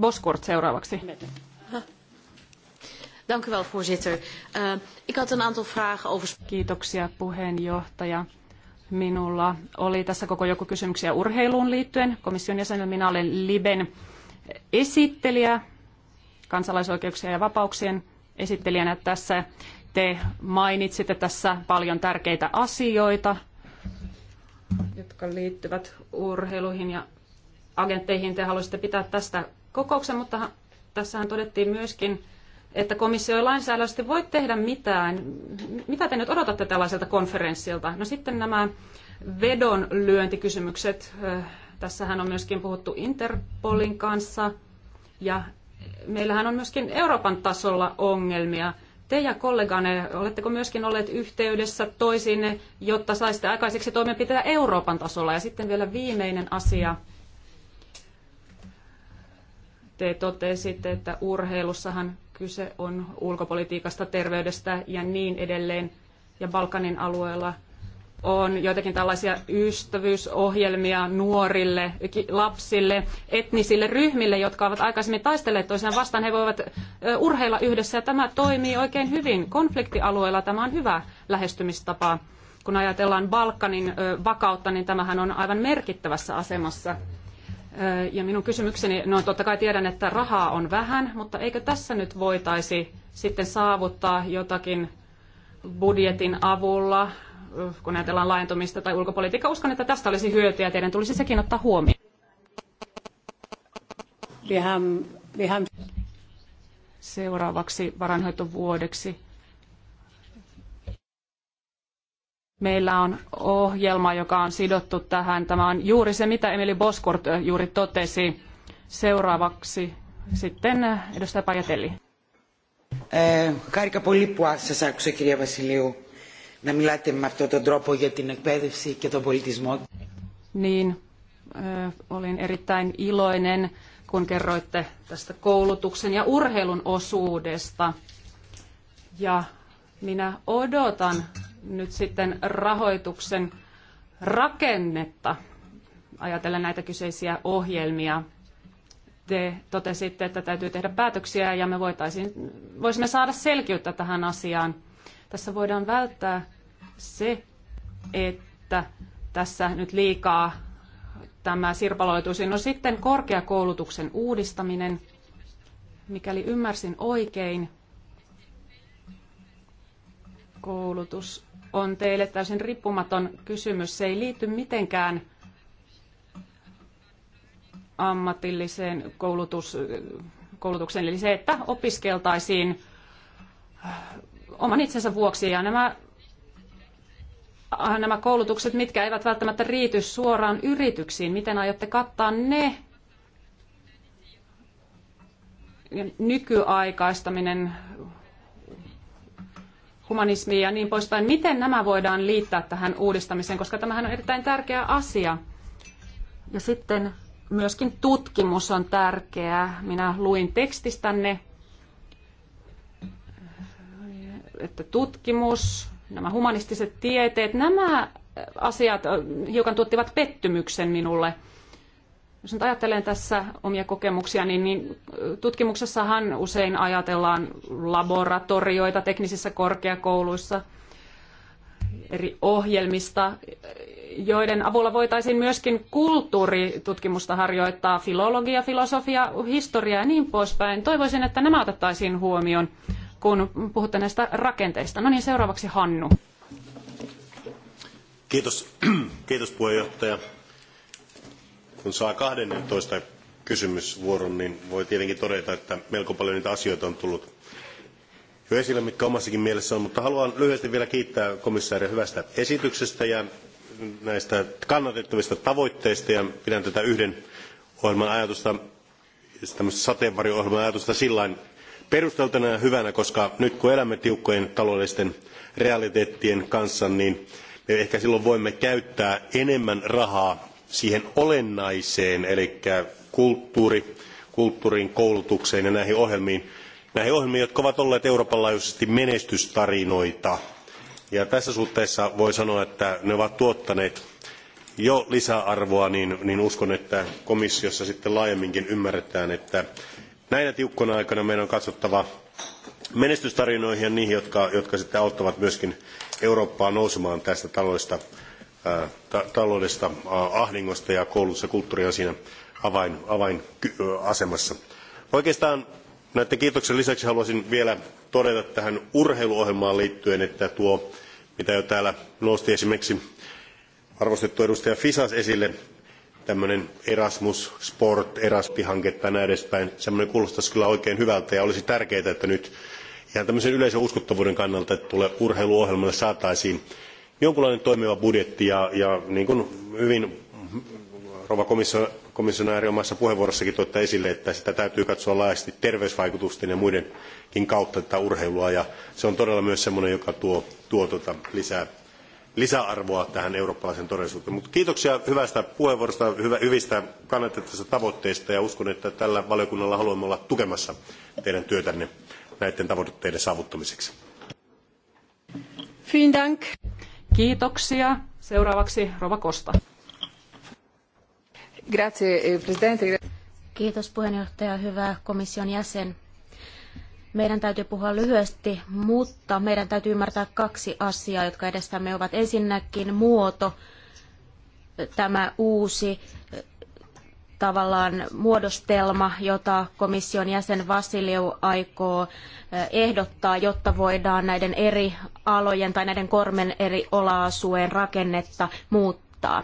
Boskort seuraavaksi. Dank u wel, voorzitter. Uh, ik had een aantal vragen over... Kiitoksia, puheenjohtaja. Minulla oli tässä koko joku kysymyksiä urheiluun liittyen. Komission jäsenellä minä olen Liben esittelijä, kansalaisoikeuksien ja vapauksien esittelijänä tässä. Te mainitsitte tässä paljon tärkeitä asioita, jotka liittyvät urheiluihin ja agentteihin. Te haluaisitte pitää tästä kokouksen, mutta tässähän todettiin myöskin, että komissio ei lainsäädännöllisesti voi tehdä mitään. Mitä te nyt odotatte tällaiselta konferenssilta? No sitten nämä vedonlyöntikysymykset. Äh, tässähän on myöskin puhuttu Interpolin kanssa ja meillähän on myöskin Euroopan tasolla ongelmia. Te ja kolleganne, oletteko myöskin olleet yhteydessä toisiinne, jotta saisitte aikaiseksi toimenpiteitä Euroopan tasolla? Ja sitten vielä viimeinen asia. Te totesitte, että urheilussahan Kyse on ulkopolitiikasta, terveydestä ja niin edelleen. Ja Balkanin alueella on joitakin tällaisia ystävyysohjelmia nuorille, lapsille, etnisille ryhmille, jotka ovat aikaisemmin taistelleet toisiaan vastaan. He voivat urheilla yhdessä ja tämä toimii oikein hyvin. Konfliktialueella tämä on hyvä lähestymistapa. Kun ajatellaan Balkanin vakautta, niin tämähän on aivan merkittävässä asemassa. Ja minun kysymykseni, no totta kai tiedän, että rahaa on vähän, mutta eikö tässä nyt voitaisi sitten saavuttaa jotakin budjetin avulla, kun ajatellaan laajentumista tai ulkopolitiikkaa. Uskon, että tästä olisi hyötyä ja teidän tulisi sekin ottaa huomioon. Seuraavaksi vuodeksi. Meillä on ohjelma, joka on sidottu tähän. Tämä on juuri se, mitä Emily Boskort juuri totesi. Seuraavaksi sitten edustaja Pajatelli. Χάρηκα πολύ που σας άκουσα κυρία Βασιλείου να μιλάτε με αυτόν τον τρόπο για την εκπαίδευση και τον πολιτισμό. Niin, olin erittäin iloinen, kun kerroitte tästä koulutuksen ja urheilun osuudesta. Ja minä odotan nyt sitten rahoituksen rakennetta ajatellen näitä kyseisiä ohjelmia. Te totesitte, että täytyy tehdä päätöksiä ja me voitaisiin, voisimme saada selkeyttä tähän asiaan. Tässä voidaan välttää se, että tässä nyt liikaa tämä sirpaloituisi. No sitten korkeakoulutuksen uudistaminen, mikäli ymmärsin oikein, koulutus on teille täysin riippumaton kysymys. Se ei liity mitenkään ammatilliseen koulutus, koulutukseen, eli se, että opiskeltaisiin oman itsensä vuoksi. Ja nämä, ah, nämä koulutukset, mitkä eivät välttämättä riity suoraan yrityksiin, miten aiotte kattaa ne? Nykyaikaistaminen humanismi ja niin poispäin. Miten nämä voidaan liittää tähän uudistamiseen, koska tämähän on erittäin tärkeä asia. Ja sitten myöskin tutkimus on tärkeää. Minä luin tekstistänne, että tutkimus, nämä humanistiset tieteet, nämä asiat hiukan tuottivat pettymyksen minulle – jos nyt ajattelen tässä omia kokemuksia, niin, niin tutkimuksessahan usein ajatellaan laboratorioita teknisissä korkeakouluissa, eri ohjelmista, joiden avulla voitaisiin myöskin kulttuuritutkimusta harjoittaa, filologia, filosofia, historia ja niin poispäin. Toivoisin, että nämä otettaisiin huomioon, kun puhutte näistä rakenteista. No niin, seuraavaksi Hannu. Kiitos, Kiitos puheenjohtaja kun saa 12 niin kysymysvuoron, niin voi tietenkin todeta, että melko paljon niitä asioita on tullut jo esille, mitkä omassakin mielessä on, mutta haluan lyhyesti vielä kiittää komissaaria hyvästä esityksestä ja näistä kannatettavista tavoitteista ja pidän tätä yhden ohjelman ajatusta, tämmöistä sateenvarjo-ohjelman ajatusta sillain perusteltuna ja hyvänä, koska nyt kun elämme tiukkojen taloudellisten realiteettien kanssa, niin me ehkä silloin voimme käyttää enemmän rahaa siihen olennaiseen, eli kulttuuri, kulttuurin koulutukseen ja näihin ohjelmiin, näihin ohjelmiin, jotka ovat olleet Euroopan laajuisesti menestystarinoita. Ja tässä suhteessa voi sanoa, että ne ovat tuottaneet jo lisäarvoa, niin, niin uskon, että komissiossa sitten laajemminkin ymmärretään, että näinä tiukkoina aikoina meidän on katsottava menestystarinoihin ja niihin, jotka, jotka sitten auttavat myöskin Eurooppaa nousemaan tästä taloudellisesta taloudesta ahdingosta ja koulutus ja kulttuuri on siinä avain, avainasemassa. Oikeastaan näiden kiitoksen lisäksi haluaisin vielä todeta tähän urheiluohjelmaan liittyen, että tuo, mitä jo täällä nosti esimerkiksi arvostettu edustaja Fisas esille, tämmöinen Erasmus Sport, Eraspi-hanke tai näin edespäin, semmoinen kuulostaisi kyllä oikein hyvältä ja olisi tärkeää, että nyt ihan tämmöisen yleisen uskottavuuden kannalta, että tulee urheiluohjelmalle saataisiin jonkinlainen toimiva budjetti ja, ja niin kuin hyvin rouva komissio, omassa puheenvuorossakin toitte esille, että sitä täytyy katsoa laajasti terveysvaikutusten ja muidenkin kautta tätä urheilua ja se on todella myös sellainen, joka tuo, tuo tuota lisää lisäarvoa tähän eurooppalaiseen todellisuuteen. Mutta kiitoksia hyvästä puheenvuorosta, hyvä, hyvistä kannatettavista tavoitteista ja uskon, että tällä valiokunnalla haluamme olla tukemassa teidän työtänne näiden tavoitteiden saavuttamiseksi. Vielen Dank. Kiitoksia. Seuraavaksi Rova Kosta. Grazie, eh, presidente. Kiitos puheenjohtaja, hyvä komission jäsen. Meidän täytyy puhua lyhyesti, mutta meidän täytyy ymmärtää kaksi asiaa, jotka edestämme ovat ensinnäkin muoto, tämä uusi tavallaan muodostelma, jota komission jäsen Vasiliu aikoo eh, ehdottaa, jotta voidaan näiden eri alojen tai näiden kormen eri olaasueen rakennetta muuttaa.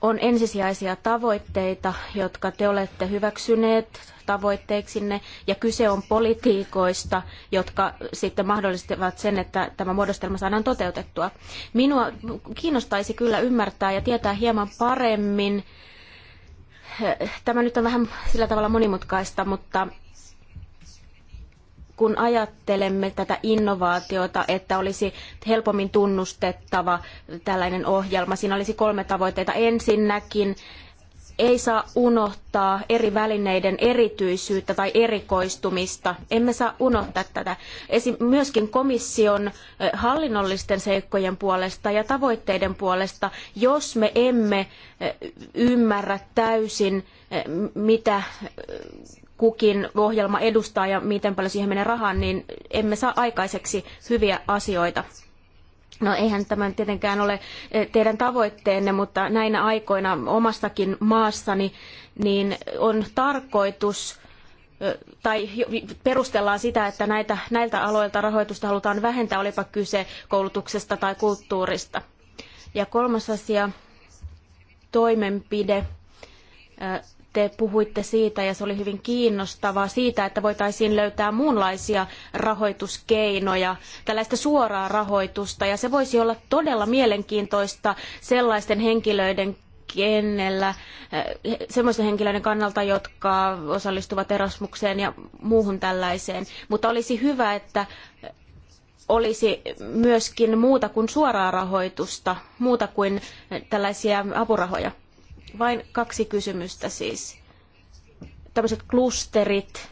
On ensisijaisia tavoitteita, jotka te olette hyväksyneet tavoitteiksinne ja kyse on politiikoista, jotka sitten mahdollistavat sen, että tämä muodostelma saadaan toteutettua. Minua kiinnostaisi kyllä ymmärtää ja tietää hieman paremmin, tämä nyt on vähän sillä tavalla monimutkaista, mutta kun ajattelemme tätä innovaatiota, että olisi helpommin tunnustettava tällainen ohjelma. Siinä olisi kolme tavoitteita. Ensinnäkin ei saa unohtaa eri välineiden erityisyyttä tai erikoistumista. Emme saa unohtaa tätä. Esim. myöskin komission eh, hallinnollisten seikkojen puolesta ja tavoitteiden puolesta, jos me emme eh, ymmärrä täysin, eh, mitä kukin ohjelma edustaa ja miten paljon siihen menee rahaa, niin emme saa aikaiseksi hyviä asioita. No eihän tämä tietenkään ole eh, teidän tavoitteenne, mutta näinä aikoina omassakin maassani niin on tarkoitus eh, tai perustellaan sitä, että näitä, näiltä aloilta rahoitusta halutaan vähentää, olipa kyse koulutuksesta tai kulttuurista. Ja kolmas asia, toimenpide eh, te puhuitte siitä, ja se oli hyvin kiinnostavaa, siitä, että voitaisiin löytää muunlaisia rahoituskeinoja, tällaista suoraa rahoitusta, ja se voisi olla todella mielenkiintoista sellaisten henkilöiden kenellä, eh, semmoisten henkilöiden kannalta, jotka osallistuvat erasmukseen ja muuhun tällaiseen. Mutta olisi hyvä, että olisi myöskin muuta kuin suoraa rahoitusta, muuta kuin tällaisia apurahoja. Vain kaksi kysymystä siis. Tämmöiset klusterit,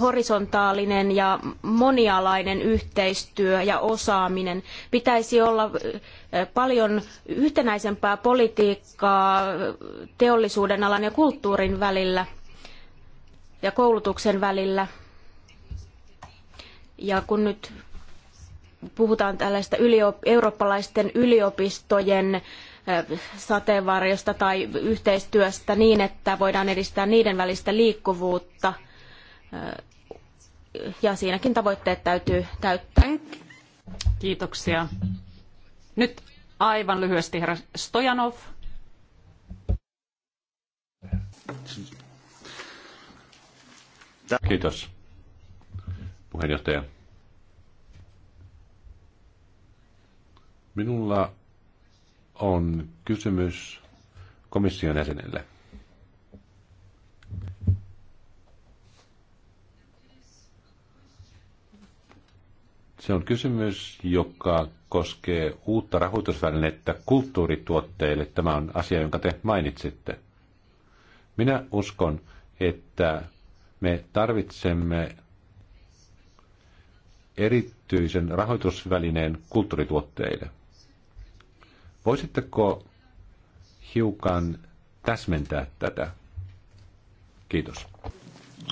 horisontaalinen ja monialainen yhteistyö ja osaaminen. Pitäisi olla paljon yhtenäisempää politiikkaa teollisuuden alan ja kulttuurin välillä ja koulutuksen välillä. Ja kun nyt puhutaan tällaista eurooppalaisten yliopistojen sateenvarjosta tai yhteistyöstä niin, että voidaan edistää niiden välistä liikkuvuutta. Ja siinäkin tavoitteet täytyy täyttää. Kiitoksia. Nyt aivan lyhyesti herra Stojanov. Kiitos, puheenjohtaja. Minulla on kysymys komission jäsenelle. Se on kysymys, joka koskee uutta rahoitusvälinettä kulttuurituotteille. Tämä on asia, jonka te mainitsitte. Minä uskon, että me tarvitsemme erityisen rahoitusvälineen kulttuurituotteille. Voisitteko hiukan täsmentää tätä? Kiitos.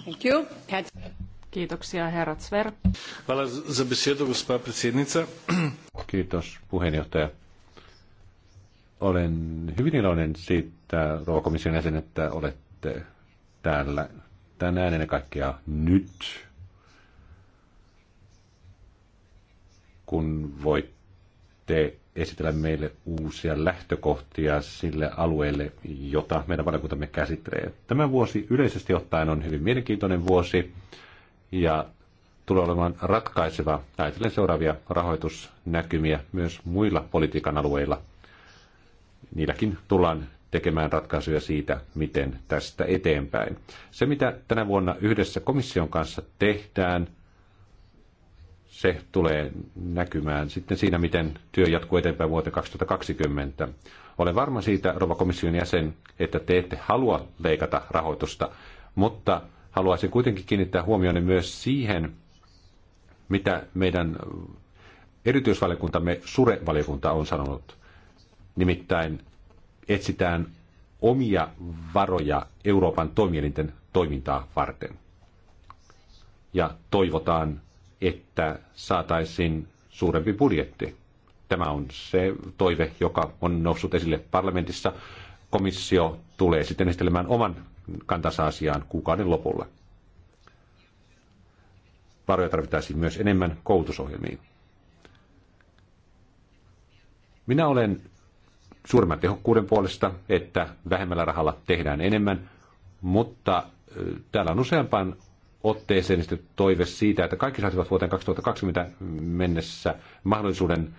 Thank you. Kiitoksia, herrat Sver. Hvala za besedo, gospa predsjednica. Kiitos, puheenjohtaja. Olen hyvin iloinen siitä, ruokomission jäsen, että olette täällä tänään ennen kaikkea nyt, kun voitte esitellä meille uusia lähtökohtia sille alueelle, jota meidän valiokuntamme käsittelee. Tämä vuosi yleisesti ottaen on hyvin mielenkiintoinen vuosi ja tulee olemaan ratkaiseva ajatellen seuraavia rahoitusnäkymiä myös muilla politiikan alueilla. Niilläkin tullaan tekemään ratkaisuja siitä, miten tästä eteenpäin. Se, mitä tänä vuonna yhdessä komission kanssa tehdään, se tulee näkymään sitten siinä, miten työ jatkuu eteenpäin vuoteen 2020. Olen varma siitä, rova komission jäsen, että te ette halua leikata rahoitusta, mutta haluaisin kuitenkin kiinnittää huomioon myös siihen, mitä meidän erityisvaliokuntamme Sure-valiokunta on sanonut. Nimittäin etsitään omia varoja Euroopan toimielinten toimintaa varten. Ja toivotaan että saataisiin suurempi budjetti. Tämä on se toive, joka on noussut esille parlamentissa. Komissio tulee sitten esittelemään oman kantansa asiaan kuukauden lopulla. Varoja tarvittaisiin myös enemmän koulutusohjelmiin. Minä olen suurimman tehokkuuden puolesta, että vähemmällä rahalla tehdään enemmän, mutta täällä on useampaan otteeseen esitetty niin toive siitä, että kaikki saisivat vuoteen 2020 mennessä mahdollisuuden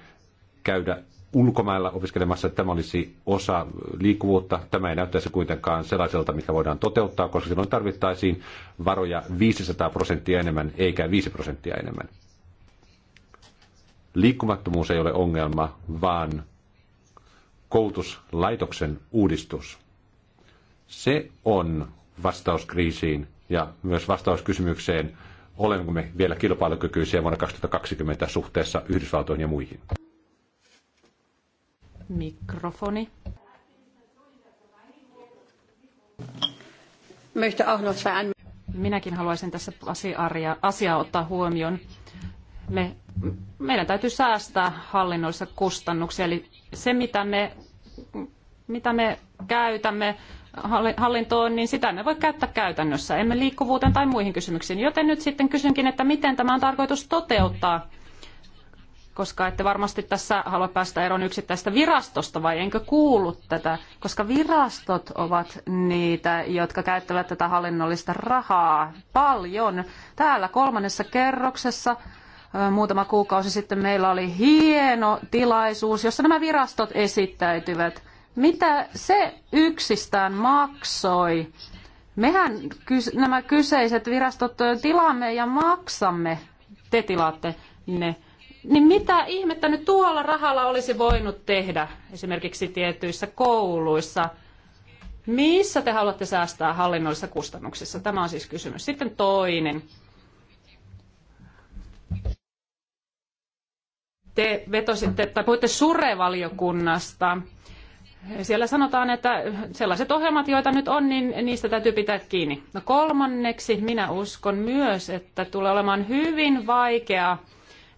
käydä ulkomailla opiskelemassa. Tämä olisi osa liikkuvuutta. Tämä ei näyttäisi kuitenkaan sellaiselta, mikä voidaan toteuttaa, koska silloin tarvittaisiin varoja 500 prosenttia enemmän, eikä 5 prosenttia enemmän. Liikkumattomuus ei ole ongelma, vaan koulutuslaitoksen uudistus. Se on vastaus kriisiin, ja myös vastaus kysymykseen, olemmeko me vielä kilpailukykyisiä vuonna 2020 suhteessa Yhdysvaltoihin ja muihin. Mikrofoni. Minäkin haluaisin tässä asiaa ottaa huomioon. Me, meidän täytyy säästää hallinnollisia kustannuksia, eli se mitä me, mitä me käytämme hallintoon, niin sitä emme voi käyttää käytännössä, emme liikkuvuuteen tai muihin kysymyksiin. Joten nyt sitten kysynkin, että miten tämä on tarkoitus toteuttaa, koska ette varmasti tässä halua päästä eroon yksittäistä virastosta, vai enkö kuullut tätä? Koska virastot ovat niitä, jotka käyttävät tätä hallinnollista rahaa paljon. Täällä kolmannessa kerroksessa muutama kuukausi sitten meillä oli hieno tilaisuus, jossa nämä virastot esittäytyvät – mitä se yksistään maksoi? Mehän nämä kyseiset virastot tilaamme ja maksamme, te tilaatte ne. Niin mitä ihmettä nyt tuolla rahalla olisi voinut tehdä esimerkiksi tietyissä kouluissa? Missä te haluatte säästää hallinnollisissa kustannuksissa? Tämä on siis kysymys. Sitten toinen. Te vetositte, tai puhutte surevaliokunnasta siellä sanotaan, että sellaiset ohjelmat, joita nyt on, niin niistä täytyy pitää kiinni. No kolmanneksi minä uskon myös, että tulee olemaan hyvin vaikeaa,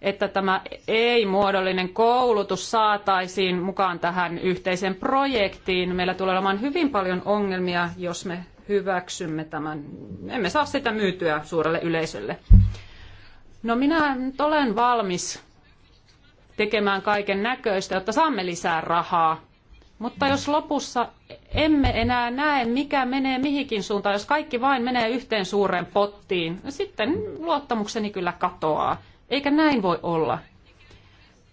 että tämä ei-muodollinen koulutus saataisiin mukaan tähän yhteiseen projektiin. Meillä tulee olemaan hyvin paljon ongelmia, jos me hyväksymme tämän. Emme saa sitä myytyä suurelle yleisölle. No minä nyt olen valmis tekemään kaiken näköistä, jotta saamme lisää rahaa mutta jos lopussa emme enää näe, mikä menee mihinkin suuntaan, jos kaikki vain menee yhteen suureen pottiin, niin sitten luottamukseni kyllä katoaa. Eikä näin voi olla.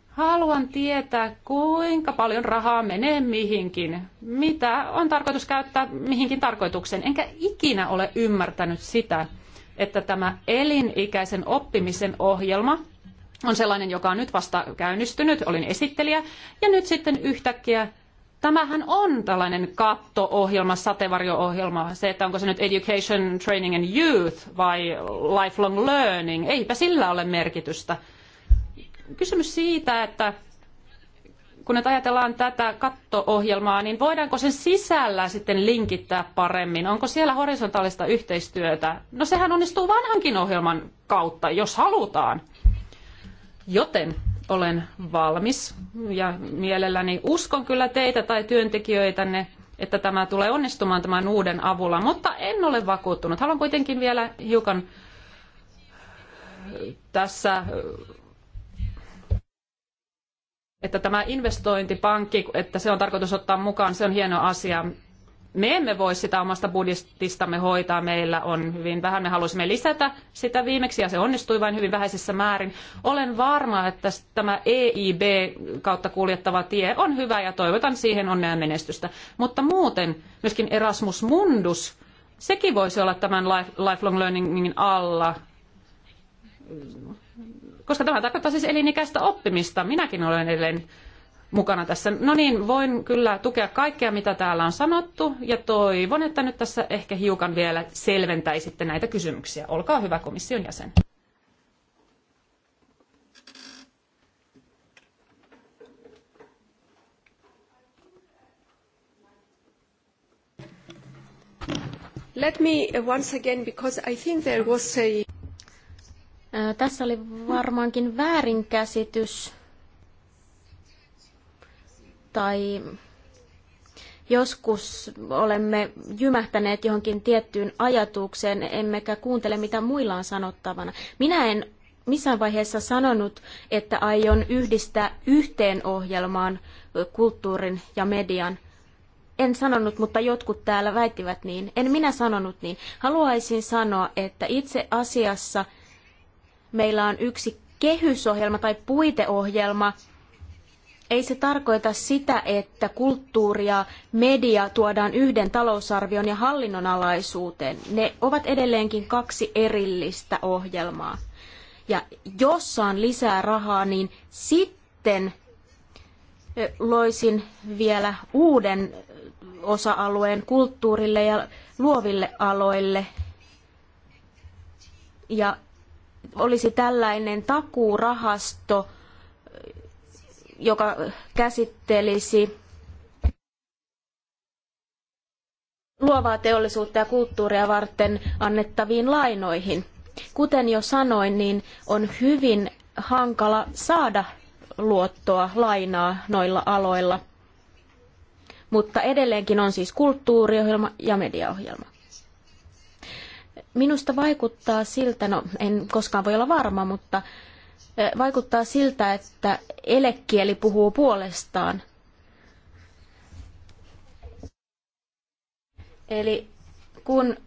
Haluan tietää, kuinka paljon rahaa menee mihinkin, mitä on tarkoitus käyttää mihinkin tarkoitukseen. Enkä ikinä ole ymmärtänyt sitä, että tämä elinikäisen oppimisen ohjelma on sellainen, joka on nyt vasta käynnistynyt, olin esittelijä, ja nyt sitten yhtäkkiä Tämähän on tällainen katto-ohjelma, sateenvarjo-ohjelma, se, että onko se nyt Education, Training and Youth vai Lifelong Learning, eipä sillä ole merkitystä. Kysymys siitä, että kun nyt ajatellaan tätä katto-ohjelmaa, niin voidaanko sen sisällä sitten linkittää paremmin? Onko siellä horisontaalista yhteistyötä? No sehän onnistuu vanhankin ohjelman kautta, jos halutaan. Joten olen valmis ja mielelläni uskon kyllä teitä tai työntekijöitänne, että tämä tulee onnistumaan tämän uuden avulla, mutta en ole vakuuttunut. Haluan kuitenkin vielä hiukan äh, tässä äh, että tämä investointipankki, että se on tarkoitus ottaa mukaan, se on hieno asia me emme voi sitä omasta budjetistamme hoitaa, meillä on hyvin vähän, me halusimme lisätä sitä viimeksi ja se onnistui vain hyvin vähäisessä määrin. Olen varma, että tämä EIB kautta kuljettava tie on hyvä ja toivotan siihen onnea ja menestystä. Mutta muuten myöskin Erasmus Mundus, sekin voisi olla tämän lifelong learningin alla. Koska tämä tarkoittaa siis elinikäistä oppimista. Minäkin olen edelleen mukana tässä. No niin, voin kyllä tukea kaikkea, mitä täällä on sanottu, ja toivon, että nyt tässä ehkä hiukan vielä selventäisitte näitä kysymyksiä. Olkaa hyvä komission jäsen. Let me once again, because I think there was a... Tässä oli varmaankin väärinkäsitys tai joskus olemme jymähtäneet johonkin tiettyyn ajatukseen, emmekä kuuntele mitä muilla on sanottavana. Minä en missään vaiheessa sanonut, että aion yhdistää yhteen ohjelmaan kulttuurin ja median. En sanonut, mutta jotkut täällä väittivät niin. En minä sanonut niin. Haluaisin sanoa, että itse asiassa meillä on yksi kehysohjelma tai puiteohjelma, ei se tarkoita sitä, että kulttuuri ja media tuodaan yhden talousarvion ja hallinnon alaisuuteen. Ne ovat edelleenkin kaksi erillistä ohjelmaa. Ja jos saan lisää rahaa, niin sitten loisin vielä uuden osa-alueen kulttuurille ja luoville aloille. Ja olisi tällainen takuurahasto, joka käsittelisi luovaa teollisuutta ja kulttuuria varten annettaviin lainoihin. Kuten jo sanoin, niin on hyvin hankala saada luottoa, lainaa noilla aloilla. Mutta edelleenkin on siis kulttuuriohjelma ja mediaohjelma. Minusta vaikuttaa siltä, no en koskaan voi olla varma, mutta vaikuttaa siltä, että elekieli puhuu puolestaan. Eli kun,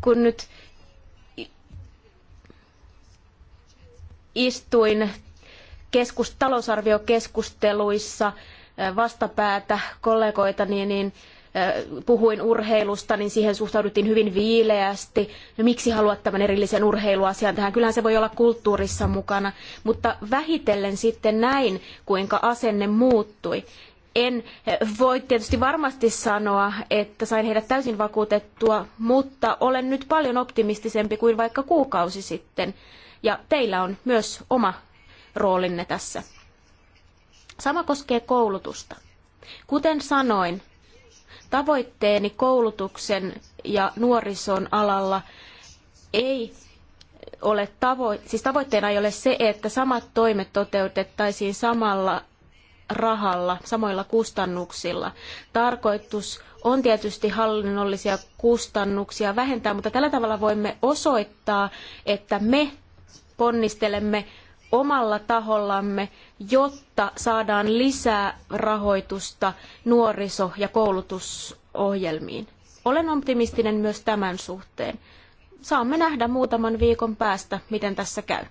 kun nyt istuin keskus, talousarviokeskusteluissa vastapäätä kollegoita, niin, niin puhuin urheilusta, niin siihen suhtauduttiin hyvin viileästi. No miksi haluat tämän erillisen urheiluasian tähän? Kyllähän se voi olla kulttuurissa mukana, mutta vähitellen sitten näin, kuinka asenne muuttui. En voi tietysti varmasti sanoa, että sain heidät täysin vakuutettua, mutta olen nyt paljon optimistisempi kuin vaikka kuukausi sitten. Ja teillä on myös oma roolinne tässä. Sama koskee koulutusta. Kuten sanoin, Tavoitteeni koulutuksen ja nuorison alalla ei ole tavo- siis tavoitteena ei ole se, että samat toimet toteutettaisiin samalla rahalla, samoilla kustannuksilla. Tarkoitus on tietysti hallinnollisia kustannuksia vähentää, mutta tällä tavalla voimme osoittaa, että me ponnistelemme omalla tahollamme, jotta saadaan lisää rahoitusta nuoriso- ja koulutusohjelmiin. Olen optimistinen myös tämän suhteen. Saamme nähdä muutaman viikon päästä, miten tässä käy.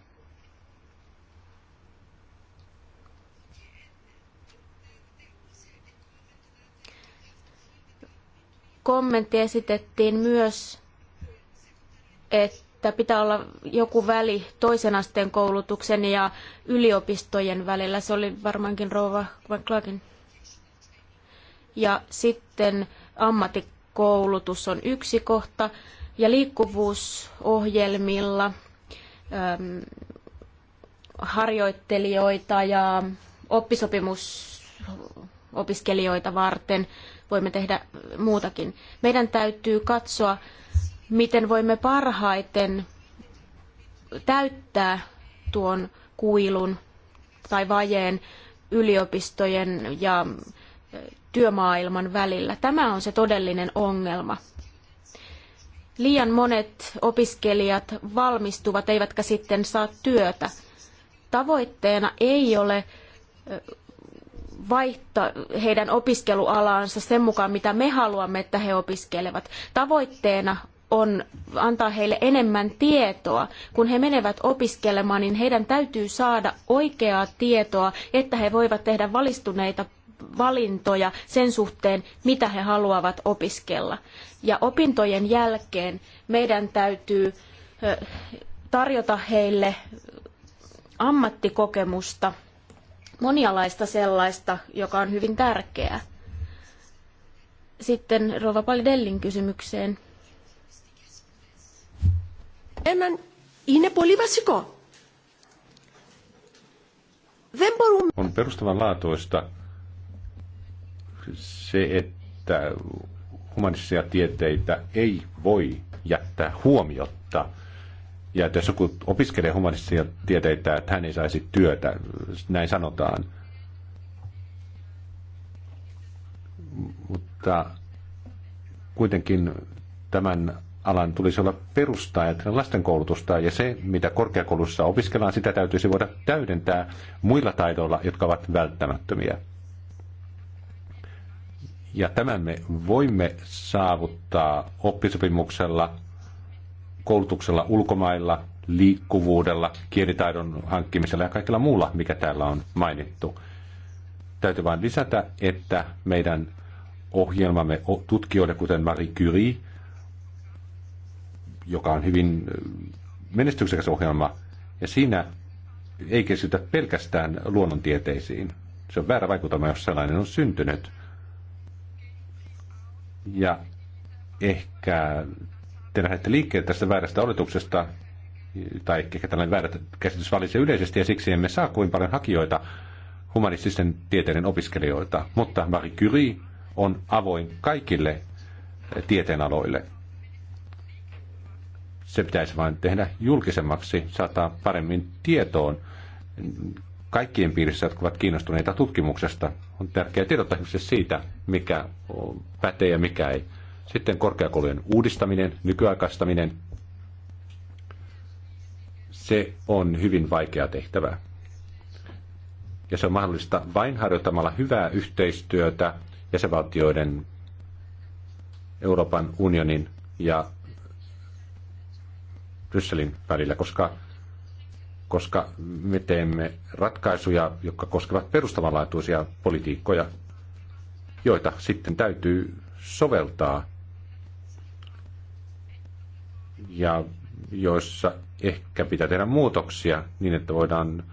kommentti esitettiin myös, että että pitää olla joku väli toisen asteen koulutuksen ja yliopistojen välillä. Se oli varmaankin Rova McClarkin. Ja sitten ammattikoulutus on yksi kohta ja liikkuvuusohjelmilla äm, harjoittelijoita ja oppisopimusopiskelijoita varten voimme tehdä muutakin. Meidän täytyy katsoa miten voimme parhaiten täyttää tuon kuilun tai vajeen yliopistojen ja työmaailman välillä. Tämä on se todellinen ongelma. Liian monet opiskelijat valmistuvat eivätkä sitten saa työtä. Tavoitteena ei ole vaihtaa heidän opiskelualaansa sen mukaan, mitä me haluamme, että he opiskelevat. Tavoitteena on antaa heille enemmän tietoa. Kun he menevät opiskelemaan, niin heidän täytyy saada oikeaa tietoa, että he voivat tehdä valistuneita valintoja sen suhteen, mitä he haluavat opiskella. Ja opintojen jälkeen meidän täytyy tarjota heille ammattikokemusta, monialaista sellaista, joka on hyvin tärkeää. Sitten Rova Palidellin kysymykseen έναν είναι πολύ βασικό. Δεν μπορούμε... On perustavanlaatuista se, että humanistisia tieteitä ei voi jättää huomiotta. Ja että jos joku opiskelee humanistisia tieteitä, että hän ei saisi työtä, näin sanotaan. Mutta kuitenkin tämän alan tulisi olla perusta ja lasten koulutusta, ja se, mitä korkeakoulussa opiskellaan, sitä täytyisi voida täydentää muilla taidoilla, jotka ovat välttämättömiä. Ja tämän me voimme saavuttaa oppisopimuksella, koulutuksella ulkomailla, liikkuvuudella, kielitaidon hankkimisella ja kaikilla muulla, mikä täällä on mainittu. Täytyy vain lisätä, että meidän ohjelmamme tutkijoille, kuten Marie Curie, joka on hyvin menestyksekäs ohjelma, ja siinä ei keskitytä pelkästään luonnontieteisiin. Se on väärä vaikutelma, jos sellainen on syntynyt. Ja ehkä te lähdette liikkeelle tästä väärästä oletuksesta, tai ehkä tällainen väärä käsitys valitsee yleisesti, ja siksi emme saa kuin paljon hakijoita, humanististen tieteiden opiskelijoita. Mutta Marie Curie on avoin kaikille tieteenaloille. Se pitäisi vain tehdä julkisemmaksi, saattaa paremmin tietoon. Kaikkien piirissä, jotka ovat kiinnostuneita tutkimuksesta, on tärkeää tietoa siitä, mikä pätee ja mikä ei. Sitten korkeakoulujen uudistaminen, nykyaikaistaminen. Se on hyvin vaikea tehtävä. Ja se on mahdollista vain harjoittamalla hyvää yhteistyötä jäsenvaltioiden, Euroopan unionin ja Brysselin välillä, koska, koska me teemme ratkaisuja, jotka koskevat perustavanlaatuisia politiikkoja, joita sitten täytyy soveltaa ja joissa ehkä pitää tehdä muutoksia niin, että voidaan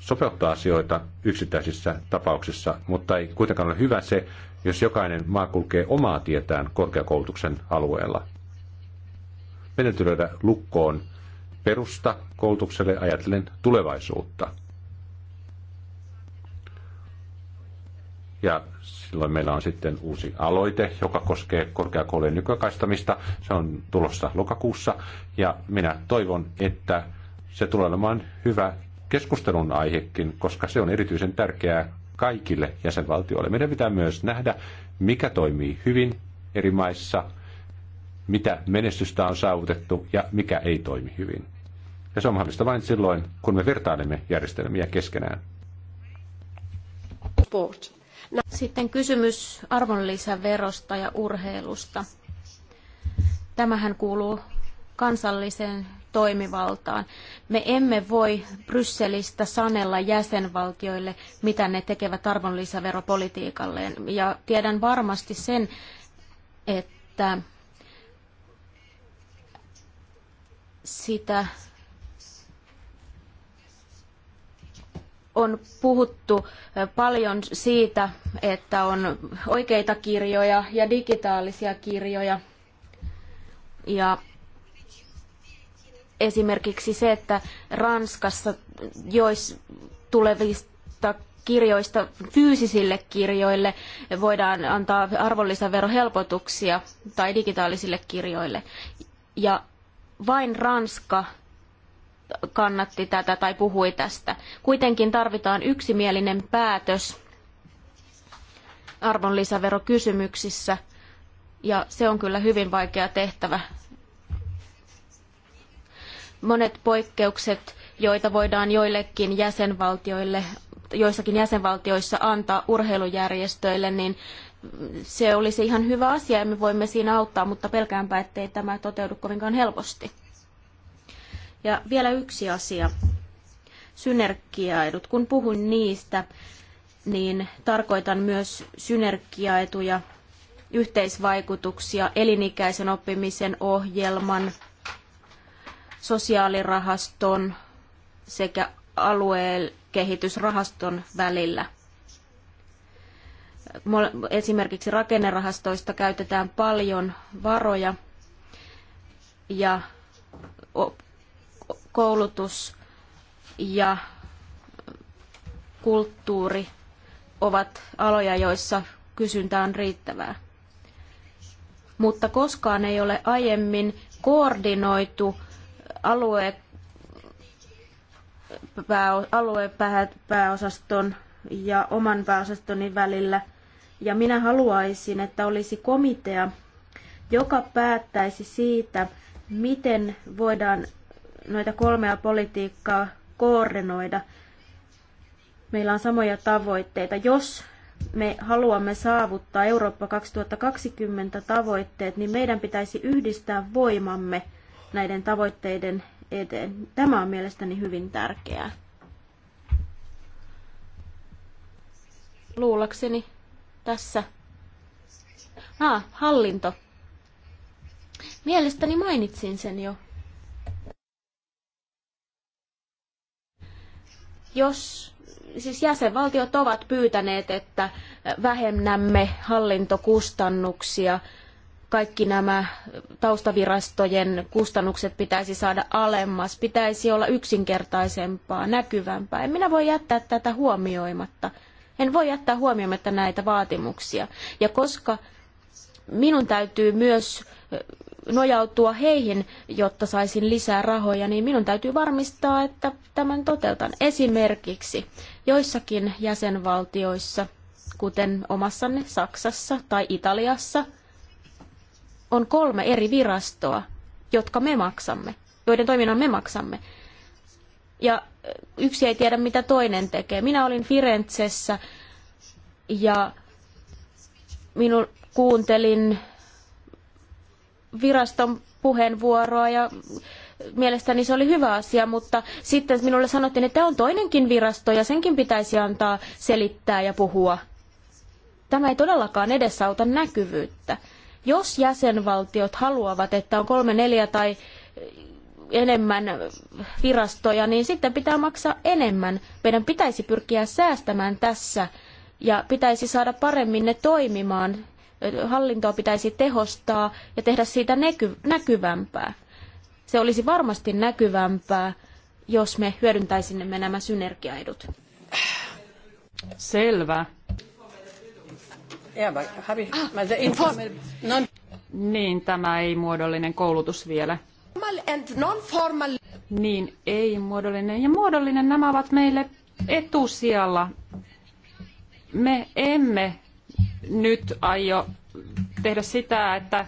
sopeuttaa asioita yksittäisissä tapauksissa, mutta ei kuitenkaan ole hyvä se, jos jokainen maa kulkee omaa tietään korkeakoulutuksen alueella menetyröidä lukkoon perusta koulutukselle ajatellen tulevaisuutta. Ja silloin meillä on sitten uusi aloite, joka koskee korkeakoulujen nykyaikaistamista. Se on tulossa lokakuussa. Ja minä toivon, että se tulee olemaan hyvä keskustelun aihekin, koska se on erityisen tärkeää kaikille jäsenvaltioille. Meidän pitää myös nähdä, mikä toimii hyvin eri maissa – mitä menestystä on saavutettu ja mikä ei toimi hyvin. Ja se on mahdollista vain silloin, kun me vertailemme järjestelmiä keskenään. No. Sitten kysymys arvonlisäverosta ja urheilusta. Tämähän kuuluu kansalliseen toimivaltaan. Me emme voi Brysselistä sanella jäsenvaltioille, mitä ne tekevät arvonlisäveropolitiikalleen. Ja tiedän varmasti sen, että sitä on puhuttu eh, paljon siitä, että on oikeita kirjoja ja digitaalisia kirjoja. Ja esimerkiksi se, että Ranskassa jois tulevista kirjoista fyysisille kirjoille voidaan antaa arvonlisäverohelpotuksia tai digitaalisille kirjoille. Ja vain Ranska kannatti tätä tai puhui tästä. Kuitenkin tarvitaan yksimielinen päätös arvonlisäverokysymyksissä, ja se on kyllä hyvin vaikea tehtävä. Monet poikkeukset, joita voidaan joillekin jäsenvaltioille, joissakin jäsenvaltioissa antaa urheilujärjestöille, niin se olisi ihan hyvä asia ja me voimme siinä auttaa, mutta pelkäänpä, ettei tämä toteudu kovinkaan helposti. Ja vielä yksi asia, synergiaedut. Kun puhun niistä, niin tarkoitan myös synergiaetuja, yhteisvaikutuksia, elinikäisen oppimisen ohjelman, sosiaalirahaston sekä alueen kehitysrahaston välillä – Esimerkiksi rakennerahastoista käytetään paljon varoja ja koulutus ja kulttuuri ovat aloja, joissa kysyntä on riittävää. Mutta koskaan ei ole aiemmin koordinoitu alue, ja oman pääosastoni välillä – ja minä haluaisin, että olisi komitea, joka päättäisi siitä, miten voidaan noita kolmea politiikkaa koordinoida. Meillä on samoja tavoitteita. Jos me haluamme saavuttaa Eurooppa 2020 tavoitteet, niin meidän pitäisi yhdistää voimamme näiden tavoitteiden eteen. Tämä on mielestäni hyvin tärkeää. Luulakseni tässä? Ah, hallinto. Mielestäni mainitsin sen jo. Jos siis jäsenvaltiot ovat pyytäneet, että vähennämme hallintokustannuksia, kaikki nämä taustavirastojen kustannukset pitäisi saada alemmas, pitäisi olla yksinkertaisempaa, näkyvämpää. En minä voi jättää tätä huomioimatta. En voi jättää huomioimatta näitä vaatimuksia. Ja koska minun täytyy myös nojautua heihin, jotta saisin lisää rahoja, niin minun täytyy varmistaa, että tämän toteutan. Esimerkiksi joissakin jäsenvaltioissa, kuten omassanne Saksassa tai Italiassa, on kolme eri virastoa, jotka me maksamme, joiden toiminnan me maksamme ja yksi ei tiedä, mitä toinen tekee. Minä olin Firenzessä ja minun kuuntelin viraston puheenvuoroa ja mielestäni se oli hyvä asia, mutta sitten minulle sanottiin, että on toinenkin virasto ja senkin pitäisi antaa selittää ja puhua. Tämä ei todellakaan edesauta näkyvyyttä. Jos jäsenvaltiot haluavat, että on kolme, neljä tai enemmän virastoja, niin sitten pitää maksaa enemmän. Meidän pitäisi pyrkiä säästämään tässä ja pitäisi saada paremmin ne toimimaan. Hallintoa pitäisi tehostaa ja tehdä siitä näkyvämpää. Se olisi varmasti näkyvämpää, jos me hyödyntäisimme nämä synergiaedut. Selvä. ah. Niin, tämä ei muodollinen koulutus vielä. Formal and non-formal. Niin, ei-muodollinen ja muodollinen, nämä ovat meille etusijalla. Me emme nyt aio tehdä sitä, että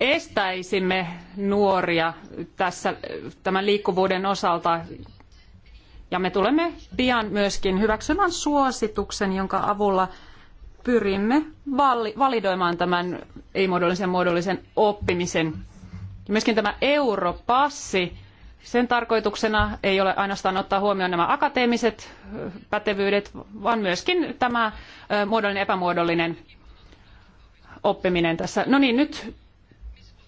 estäisimme nuoria tässä tämän liikkuvuuden osalta. Ja me tulemme pian myöskin hyväksymään suosituksen, jonka avulla pyrimme validoimaan tämän ei-muodollisen muodollisen oppimisen. Myöskin tämä europassi, sen tarkoituksena ei ole ainoastaan ottaa huomioon nämä akateemiset pätevyydet, vaan myöskin tämä muodollinen epämuodollinen oppiminen tässä. No niin, nyt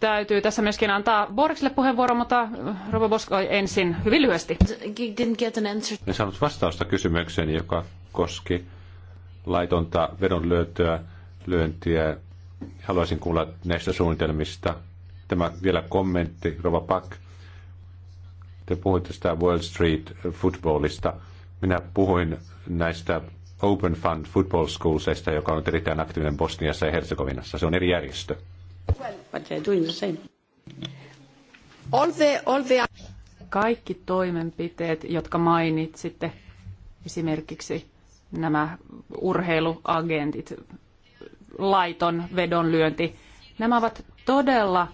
täytyy tässä myöskin antaa Borgsille puheenvuoro, mutta Robo Bosko ensin hyvin lyhyesti. En saanut vastausta kysymykseen, joka koski laitonta vedonlyöntiä. Lyöntiä. Haluaisin kuulla näistä suunnitelmista Tämä vielä kommentti, Rova Pak. Te puhuitte sitä Wall Street footballista. Minä puhuin näistä Open Fund Football Schoolsista, joka on erittäin aktiivinen Bosniassa ja Herzegovinassa. Se on eri järjestö. All all the the Kaikki toimenpiteet, jotka mainitsitte, esimerkiksi nämä urheiluagentit, laiton vedonlyönti, nämä ovat todella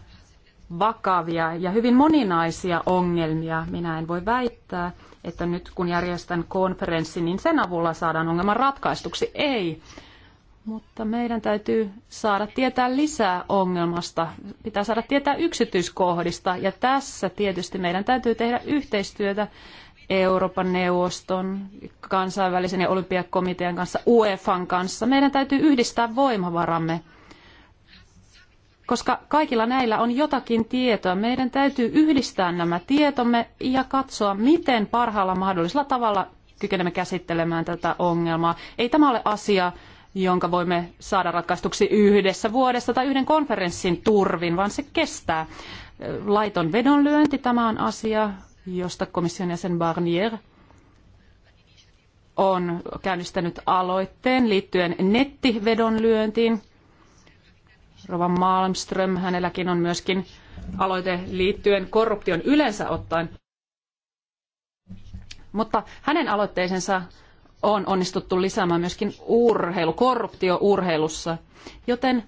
vakavia ja hyvin moninaisia ongelmia. Minä en voi väittää, että nyt kun järjestän konferenssin, niin sen avulla saadaan ongelman ratkaistuksi. Ei. Mutta meidän täytyy saada tietää lisää ongelmasta, pitää saada tietää yksityiskohdista ja tässä tietysti meidän täytyy tehdä yhteistyötä Euroopan neuvoston, kansainvälisen ja olympiakomitean kanssa, UEFan kanssa. Meidän täytyy yhdistää voimavaramme koska kaikilla näillä on jotakin tietoa. Meidän täytyy yhdistää nämä tietomme ja katsoa, miten parhaalla mahdollisella tavalla kykenemme käsittelemään tätä ongelmaa. Ei tämä ole asia, jonka voimme saada ratkaistuksi yhdessä vuodessa tai yhden konferenssin turvin, vaan se kestää. Laiton vedonlyönti, tämä on asia, josta komission jäsen Barnier on käynnistänyt aloitteen liittyen nettivedonlyöntiin Rova Malmström, hänelläkin on myöskin aloite liittyen korruption yleensä ottaen. Mutta hänen aloitteisensa on onnistuttu lisäämään myöskin urheilu, korruptio urheilussa. Joten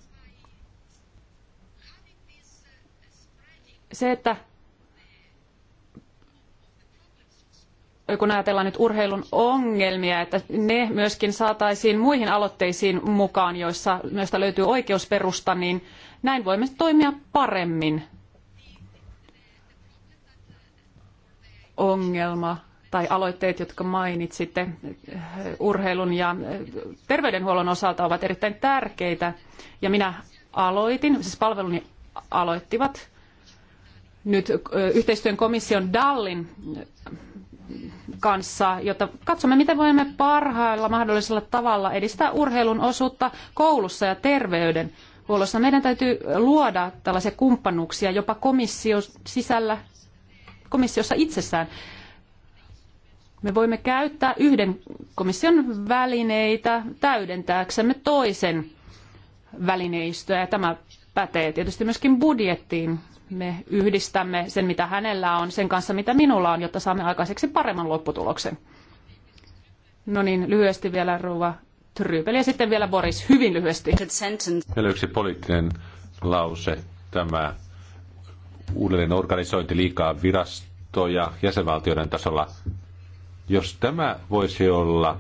se, että kun ajatellaan nyt urheilun ongelmia, että ne myöskin saataisiin muihin aloitteisiin mukaan, joissa, joista löytyy oikeusperusta, niin näin voimme toimia paremmin. Ongelma tai aloitteet, jotka mainitsitte urheilun ja terveydenhuollon osalta ovat erittäin tärkeitä. Ja minä aloitin, siis palveluni aloittivat nyt yhteistyön komission Dallin kanssa, jotta katsomme, miten voimme parhailla mahdollisella tavalla edistää urheilun osuutta koulussa ja terveydenhuollossa. Meidän täytyy luoda tällaisia kumppanuuksia jopa komissio sisällä, komissiossa itsessään. Me voimme käyttää yhden komission välineitä täydentääksemme toisen välineistöä ja tämä pätee tietysti myöskin budjettiin me yhdistämme sen, mitä hänellä on, sen kanssa, mitä minulla on, jotta saamme aikaiseksi paremman lopputuloksen. No niin, lyhyesti vielä Ruva Trybel ja sitten vielä Boris, hyvin lyhyesti. Vielä yksi poliittinen lause, tämä uudelleen organisointi liikaa virastoja jäsenvaltioiden tasolla. Jos tämä voisi olla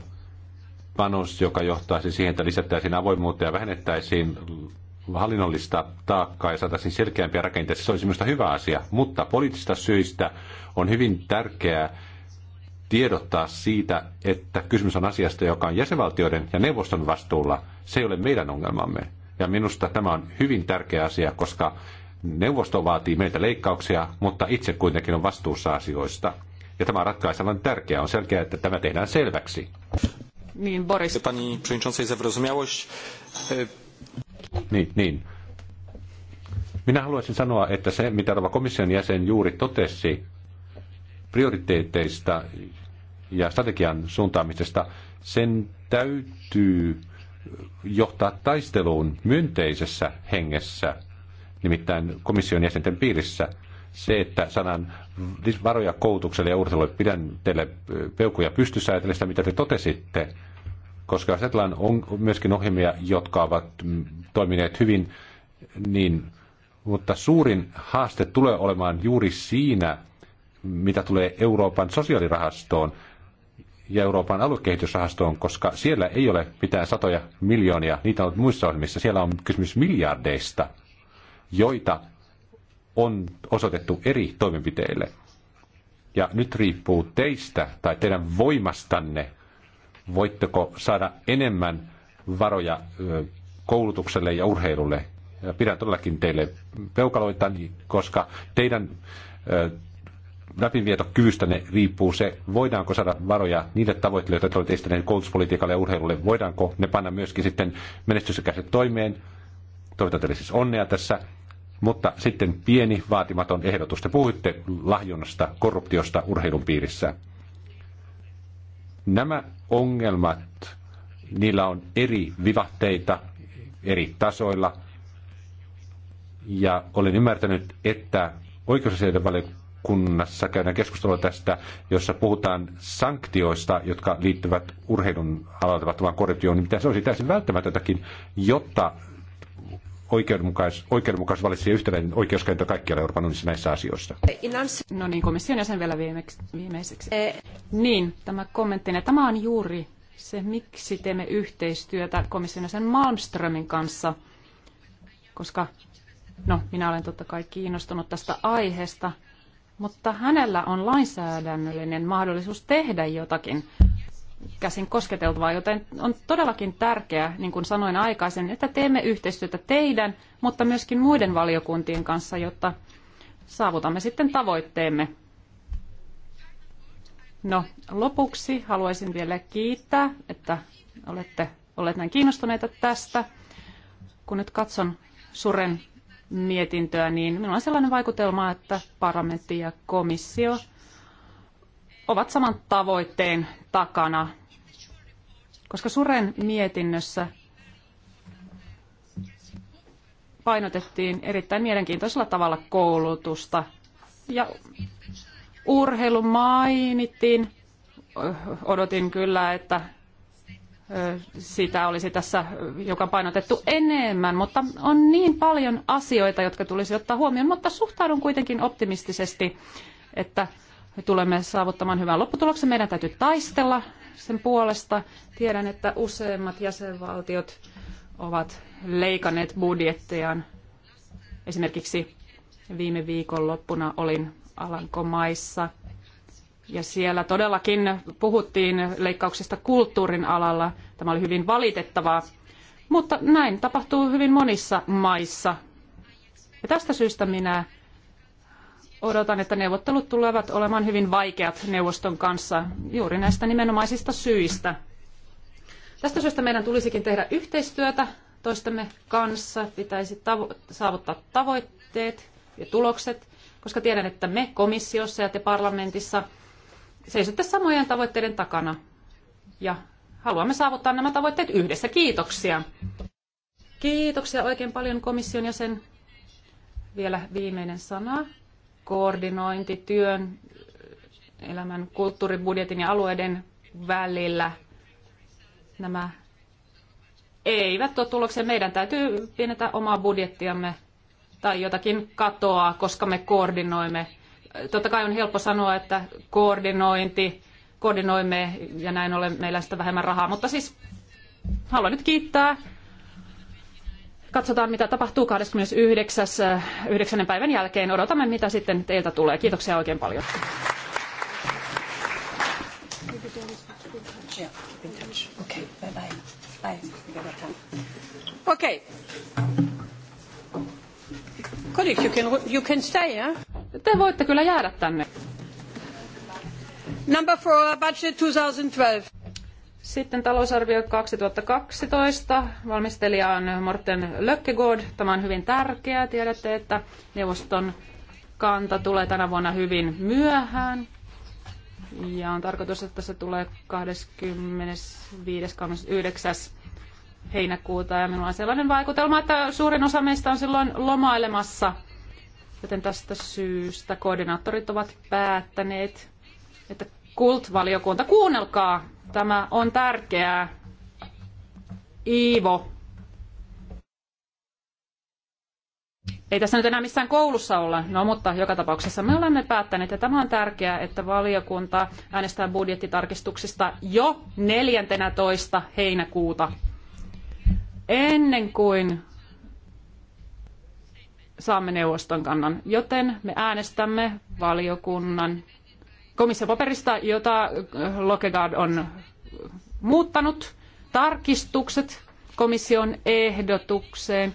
panos, joka johtaisi siihen, että lisättäisiin avoimuutta ja vähennettäisiin hallinnollista taakkaa ja saataisiin selkeämpiä rakenteita. Se olisi minusta hyvä asia, mutta poliittisista syistä on hyvin tärkeää tiedottaa siitä, että kysymys on asiasta, joka on jäsenvaltioiden ja neuvoston vastuulla. Se ei ole meidän ongelmamme. Ja minusta tämä on hyvin tärkeä asia, koska neuvosto vaatii meiltä leikkauksia, mutta itse kuitenkin on vastuussa asioista. Ja tämä on tärkeä. tärkeää. On selkeää, että tämä tehdään selväksi. Niin, Boris. Pani przewodniczącej za niin, niin. Minä haluaisin sanoa, että se, mitä Rova komission jäsen juuri totesi prioriteetteista ja strategian suuntaamisesta, sen täytyy johtaa taisteluun myönteisessä hengessä, nimittäin komission jäsenten piirissä. Se, että sanan varoja koulutukselle ja urheilulle pidän teille peukuja pystyssä ajatellen sitä, mitä te totesitte, koska jos on myöskin ohjelmia, jotka ovat mm, toimineet hyvin, niin, mutta suurin haaste tulee olemaan juuri siinä, mitä tulee Euroopan sosiaalirahastoon ja Euroopan aluekehitysrahastoon, koska siellä ei ole mitään satoja miljoonia, niitä on muissa ohjelmissa, siellä on kysymys miljardeista, joita on osoitettu eri toimenpiteille. Ja nyt riippuu teistä tai teidän voimastanne voitteko saada enemmän varoja koulutukselle ja urheilulle. Pidän todellakin teille peukaloita, koska teidän läpivietokyvystänne riippuu se, voidaanko saada varoja niille tavoitteille, joita te olette esittäneet koulutuspolitiikalle ja urheilulle, voidaanko ne panna myöskin sitten menestyksekäiset toimeen. Toivotan teille siis onnea tässä. Mutta sitten pieni vaatimaton ehdotus. Te puhuitte lahjonnasta, korruptiosta urheilun piirissä Nämä ongelmat, niillä on eri vivahteita eri tasoilla. Ja olen ymmärtänyt, että oikeusasioiden valiokunnassa käydään keskustelua tästä, jossa puhutaan sanktioista, jotka liittyvät urheilun alalla tapahtuvaan korruptioon, niin se olisi täysin välttämätöntäkin, jotta oikeudenmukais, oikeudenmukais valitsisi yhtenäinen oikeuskäyntö kaikkialla Euroopan unionissa näissä asioissa. No niin, komission jäsen vielä viimeksi, viimeiseksi. Eh. Niin, tämä kommenttina. Niin, tämä on juuri se, miksi teemme yhteistyötä komission jäsen Malmströmin kanssa, koska no, minä olen totta kai kiinnostunut tästä aiheesta, mutta hänellä on lainsäädännöllinen mahdollisuus tehdä jotakin käsin kosketeltavaa, joten on todellakin tärkeää, niin kuin sanoin aikaisemmin, että teemme yhteistyötä teidän, mutta myöskin muiden valiokuntien kanssa, jotta saavutamme sitten tavoitteemme. No, lopuksi haluaisin vielä kiittää, että olette olleet näin kiinnostuneita tästä. Kun nyt katson Suren mietintöä, niin minulla on sellainen vaikutelma, että parlamentti ja komissio – ovat saman tavoitteen takana, koska Suren mietinnössä painotettiin erittäin mielenkiintoisella tavalla koulutusta ja urheilu mainittiin. Odotin kyllä, että sitä olisi tässä joka painotettu enemmän, mutta on niin paljon asioita, jotka tulisi ottaa huomioon, mutta suhtaudun kuitenkin optimistisesti, että tulemme saavuttamaan hyvän lopputuloksen. Meidän täytyy taistella sen puolesta. Tiedän, että useimmat jäsenvaltiot ovat leikanneet budjettejaan. Esimerkiksi viime viikon loppuna olin Alankomaissa ja siellä todellakin puhuttiin leikkauksista kulttuurin alalla. Tämä oli hyvin valitettavaa, mutta näin tapahtuu hyvin monissa maissa. Ja tästä syystä minä odotan, että neuvottelut tulevat olemaan hyvin vaikeat neuvoston kanssa juuri näistä nimenomaisista syistä. Tästä syystä meidän tulisikin tehdä yhteistyötä toistemme kanssa, pitäisi tavo- saavuttaa tavoitteet ja tulokset, koska tiedän, että me komissiossa ja te parlamentissa seisotte samojen tavoitteiden takana. Ja haluamme saavuttaa nämä tavoitteet yhdessä. Kiitoksia. Kiitoksia oikein paljon komission jäsen. Vielä viimeinen sana koordinointi työn, elämän, kulttuuribudjetin ja alueiden välillä. Nämä eivät tuo tulokseen. Meidän täytyy pienetä omaa budjettiamme tai jotakin katoaa, koska me koordinoimme. Totta kai on helppo sanoa, että koordinointi, koordinoimme ja näin ollen meillä sitä vähemmän rahaa. Mutta siis haluan nyt kiittää Katsotaan, mitä tapahtuu 29. 9. Eh, päivän jälkeen. Odotamme, mitä sitten teiltä tulee. Kiitoksia oikein paljon. Okay. Colleagues, you can, you can stay, huh? Te voitte kyllä jäädä tänne. Number four, budget 2012. Sitten talousarvio 2012. Valmistelija on Morten Lökkegård. Tämä on hyvin tärkeää. Tiedätte, että neuvoston kanta tulee tänä vuonna hyvin myöhään. Ja on tarkoitus, että se tulee 25.29. heinäkuuta. Ja minulla on sellainen vaikutelma, että suurin osa meistä on silloin lomailemassa. Joten tästä syystä koordinaattorit ovat päättäneet, että kultvaliokunta, kuunnelkaa Tämä on tärkeää. Iivo. Ei tässä nyt enää missään koulussa olla, no mutta joka tapauksessa me olemme päättäneet, että tämä on tärkeää, että valiokunta äänestää budjettitarkistuksista jo 14. heinäkuuta ennen kuin saamme neuvoston kannan, joten me äänestämme valiokunnan komission paperista, jota äh, Lokegaard on muuttanut, tarkistukset komission ehdotukseen,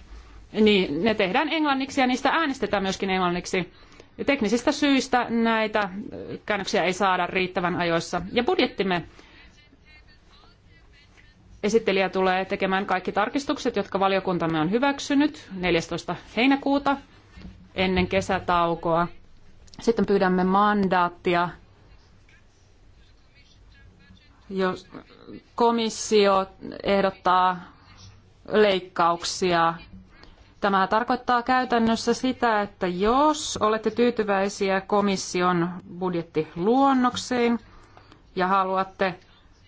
niin ne tehdään englanniksi ja niistä äänestetään myöskin englanniksi. Teknisistä syistä näitä äh, käännöksiä ei saada riittävän ajoissa. Ja budjettimme esittelijä tulee tekemään kaikki tarkistukset, jotka valiokuntamme on hyväksynyt 14. heinäkuuta ennen kesätaukoa. Sitten pyydämme mandaattia jos komissio ehdottaa leikkauksia. Tämä tarkoittaa käytännössä sitä, että jos olette tyytyväisiä komission budjettiluonnokseen ja haluatte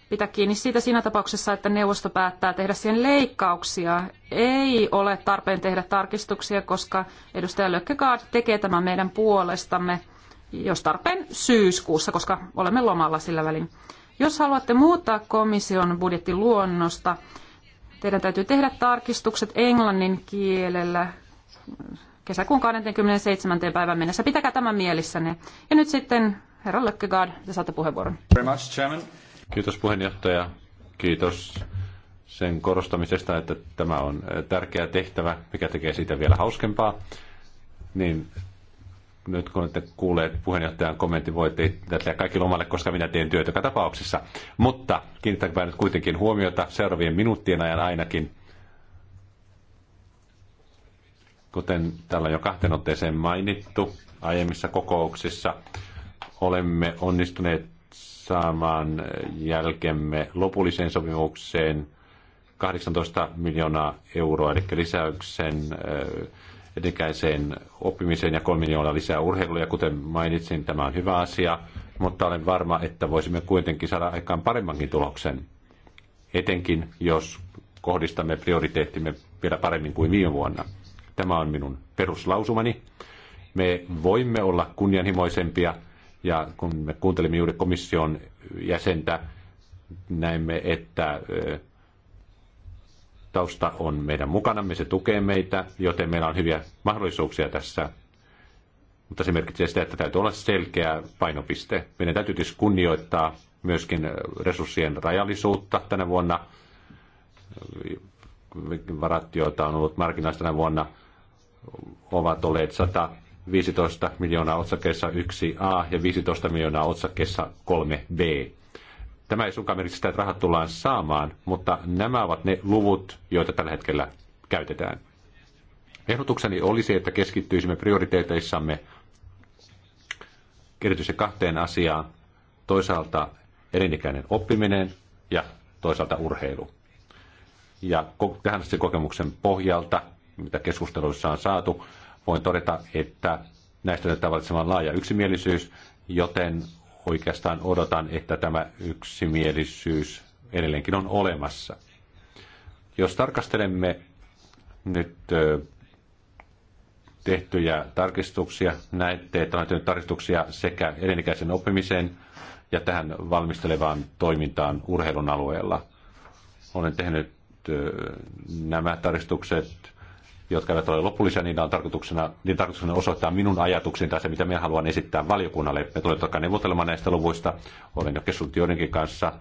pitää kiinni siitä siinä tapauksessa, että neuvosto päättää tehdä siihen leikkauksia. Ei ole tarpeen tehdä tarkistuksia, koska edustaja Lökkegaard tekee tämän meidän puolestamme, jos tarpeen syyskuussa, koska olemme lomalla sillä välin. Jos haluatte muuttaa komission budjettiluonnosta, teidän täytyy tehdä tarkistukset englannin kielellä kesäkuun 27. päivän mennessä. Pitäkää tämä mielessänne. Ja nyt sitten herra Lökkegaard, te saatte puheenvuoron. Kiitos puheenjohtaja. Kiitos sen korostamisesta, että tämä on tärkeä tehtävä, mikä tekee siitä vielä hauskempaa. Niin nyt kun olette kuulleet puheenjohtajan kommentin, voitte tätä kaikki lomalle, koska minä teen työtä joka tapauksessa. Mutta kiinnittäkää nyt kuitenkin huomiota seuraavien minuuttien ajan ainakin. Kuten täällä on jo kahteen otteeseen mainittu aiemmissa kokouksissa, olemme onnistuneet saamaan jälkemme lopulliseen sopimukseen 18 miljoonaa euroa, eli lisäyksen äh, etikäiseen oppimiseen ja kolme miljoonaa lisää urheiluja, kuten mainitsin, tämä on hyvä asia, mutta olen varma, että voisimme kuitenkin saada aikaan paremmankin tuloksen, etenkin jos kohdistamme prioriteettimme vielä paremmin kuin viime vuonna. Tämä on minun peruslausumani. Me voimme olla kunnianhimoisempia, ja kun me kuuntelimme juuri komission jäsentä, näemme, että tausta on meidän mukanamme, se tukee meitä, joten meillä on hyviä mahdollisuuksia tässä. Mutta se merkitsee sitä, että täytyy olla selkeä painopiste. Meidän täytyy tietysti kunnioittaa myöskin resurssien rajallisuutta tänä vuonna. Varat, joita on ollut markkinoissa tänä vuonna, ovat olleet 115 miljoonaa otsakkeessa 1a ja 15 miljoonaa otsakkeessa 3b. Tämä ei suinkaan merkitse sitä, että rahat tullaan saamaan, mutta nämä ovat ne luvut, joita tällä hetkellä käytetään. Ehdotukseni olisi, että keskittyisimme prioriteeteissamme erityisesti kahteen asiaan. Toisaalta erinikäinen oppiminen ja toisaalta urheilu. Ja tähän asti kokemuksen pohjalta, mitä keskusteluissa on saatu, voin todeta, että näistä on tavallaan laaja yksimielisyys, joten oikeastaan odotan, että tämä yksimielisyys edelleenkin on olemassa. Jos tarkastelemme nyt tehtyjä tarkistuksia, näette, että on tehty tarkistuksia sekä edenikäisen oppimiseen ja tähän valmistelevaan toimintaan urheilun alueella. Olen tehnyt nämä tarkistukset jotka eivät ole lopullisia, niin on tarkoituksena, niin tarkoituksena osoittaa minun ajatukseni tai se, mitä minä haluan esittää valiokunnalle. Me tulemme totta neuvottelemaan näistä luvuista. Olen jo keskustellut joidenkin kanssa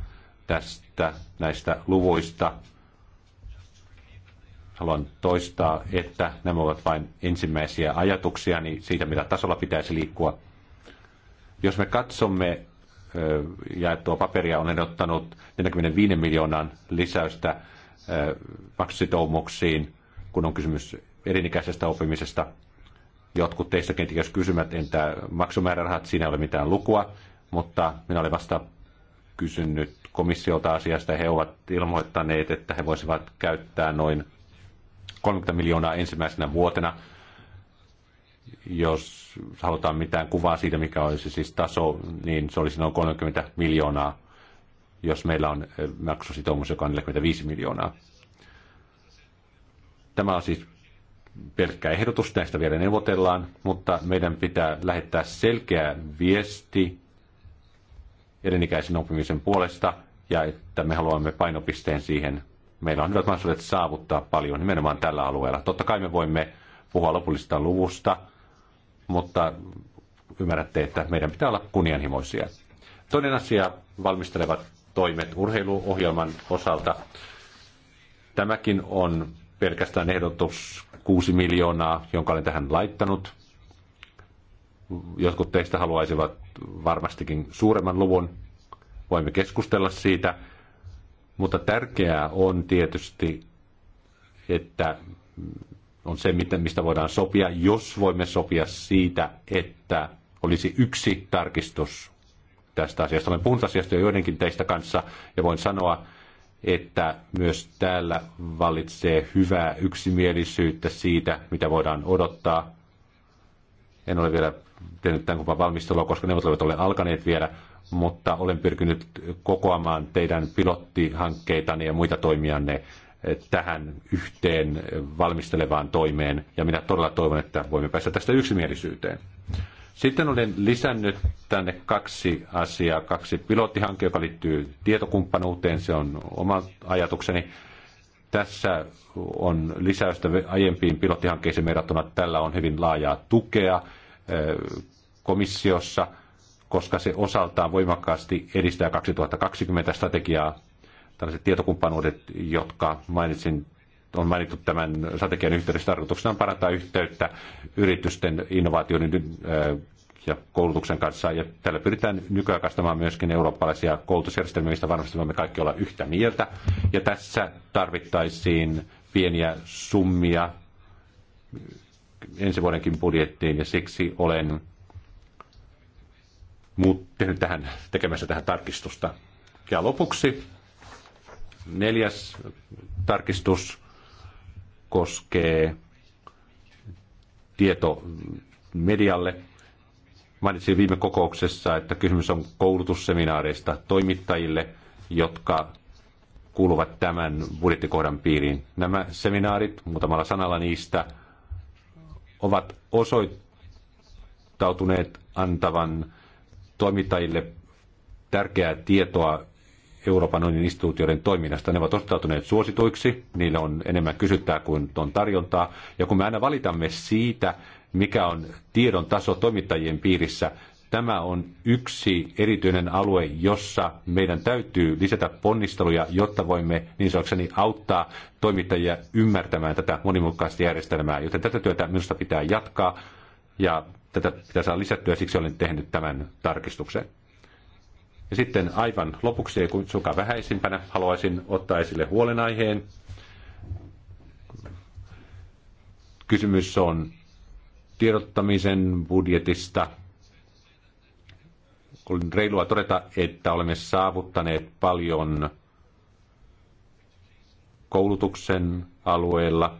tästä, näistä luvuista. Haluan toistaa, että nämä ovat vain ensimmäisiä ajatuksia niin siitä, mitä tasolla pitäisi liikkua. Jos me katsomme jaettua paperia, on ehdottanut 45 miljoonan lisäystä maksusitoumuksiin – kun on kysymys erinikäisestä oppimisesta. Jotkut teistä kenties kysymät, entä maksumäärärahat, siinä ei ole mitään lukua, mutta minä olen vasta kysynyt komissiolta asiasta. He ovat ilmoittaneet, että he voisivat käyttää noin 30 miljoonaa ensimmäisenä vuotena, jos halutaan mitään kuvaa siitä, mikä olisi siis taso, niin se olisi noin 30 miljoonaa, jos meillä on eh, maksusitoumus, joka on 45 miljoonaa. Tämä on siis pelkkä ehdotus, näistä vielä neuvotellaan, mutta meidän pitää lähettää selkeä viesti elinikäisen oppimisen puolesta ja että me haluamme painopisteen siihen. Meillä on hyvät mahdollisuudet saavuttaa paljon nimenomaan tällä alueella. Totta kai me voimme puhua lopullisesta luvusta, mutta ymmärrätte, että meidän pitää olla kunnianhimoisia. Toinen asia valmistelevat toimet urheiluohjelman osalta. Tämäkin on pelkästään ehdotus 6 miljoonaa, jonka olen tähän laittanut. Jotkut teistä haluaisivat varmastikin suuremman luvun. Voimme keskustella siitä. Mutta tärkeää on tietysti, että on se, mistä voidaan sopia, jos voimme sopia siitä, että olisi yksi tarkistus tästä asiasta. Olen puhunut asiasta jo joidenkin teistä kanssa ja voin sanoa, että myös täällä vallitsee hyvää yksimielisyyttä siitä, mitä voidaan odottaa. En ole vielä tehnyt tämän kumpaan valmistelua, koska neuvottelut ole alkaneet vielä, mutta olen pyrkinyt kokoamaan teidän pilottihankkeitanne ja muita toimijanne tähän yhteen valmistelevaan toimeen, ja minä todella toivon, että voimme päästä tästä yksimielisyyteen. Sitten olen lisännyt tänne kaksi asiaa, kaksi pilottihanke, joka liittyy tietokumppanuuteen, se on oma ajatukseni. Tässä on lisäystä aiempiin pilottihankkeisiin verrattuna. Tällä on hyvin laajaa tukea eh, komissiossa, koska se osaltaan voimakkaasti edistää 2020 strategiaa. Tällaiset tietokumppanuudet, jotka mainitsin on mainittu tämän strategian yhteydessä tarkoituksena parantaa yhteyttä yritysten innovaatioiden eh, ja koulutuksen kanssa. Ja tällä pyritään nykyaikaistamaan myöskin eurooppalaisia koulutusjärjestelmiä, mistä varmasti voimme kaikki olla yhtä mieltä. Ja tässä tarvittaisiin pieniä summia ensi vuodenkin budjettiin ja siksi olen muut tehnyt tähän, tekemässä tähän tarkistusta. Ja lopuksi neljäs tarkistus koskee tieto medialle. Mainitsin viime kokouksessa, että kysymys on koulutusseminaareista toimittajille, jotka kuuluvat tämän budjettikohdan piiriin. Nämä seminaarit, muutamalla sanalla niistä, ovat osoittautuneet antavan toimittajille tärkeää tietoa Euroopan unionin instituutioiden toiminnasta. Ne ovat osoittautuneet suosituiksi, niillä on enemmän kysyttää kuin on tarjontaa. Ja kun me aina valitamme siitä, mikä on tiedon taso toimittajien piirissä. Tämä on yksi erityinen alue, jossa meidän täytyy lisätä ponnisteluja, jotta voimme niin sanokseni auttaa toimittajia ymmärtämään tätä monimutkaista järjestelmää. Joten tätä työtä minusta pitää jatkaa ja tätä pitää saada lisättyä, siksi olen tehnyt tämän tarkistuksen. Ja sitten aivan lopuksi, ei suka vähäisimpänä, haluaisin ottaa esille huolenaiheen. Kysymys on tiedottamisen budjetista. On reilua todeta, että olemme saavuttaneet paljon koulutuksen alueella.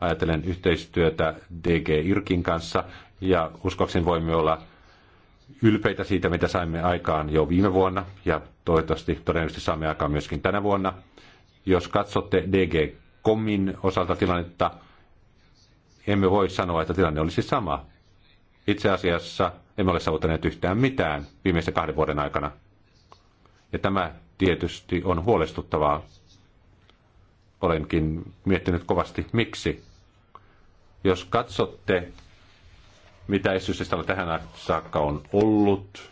Ajatellen yhteistyötä DG Irkin kanssa ja uskoakseni voimme olla ylpeitä siitä, mitä saimme aikaan jo viime vuonna ja toivottavasti todennäköisesti saamme aikaan myöskin tänä vuonna. Jos katsotte DG Komin osalta tilannetta, emme voi sanoa, että tilanne olisi sama. Itse asiassa emme ole saavuttaneet yhtään mitään viimeisen kahden vuoden aikana. Ja tämä tietysti on huolestuttavaa. Olenkin miettinyt kovasti, miksi. Jos katsotte, mitä esityslistalle tähän saakka on ollut,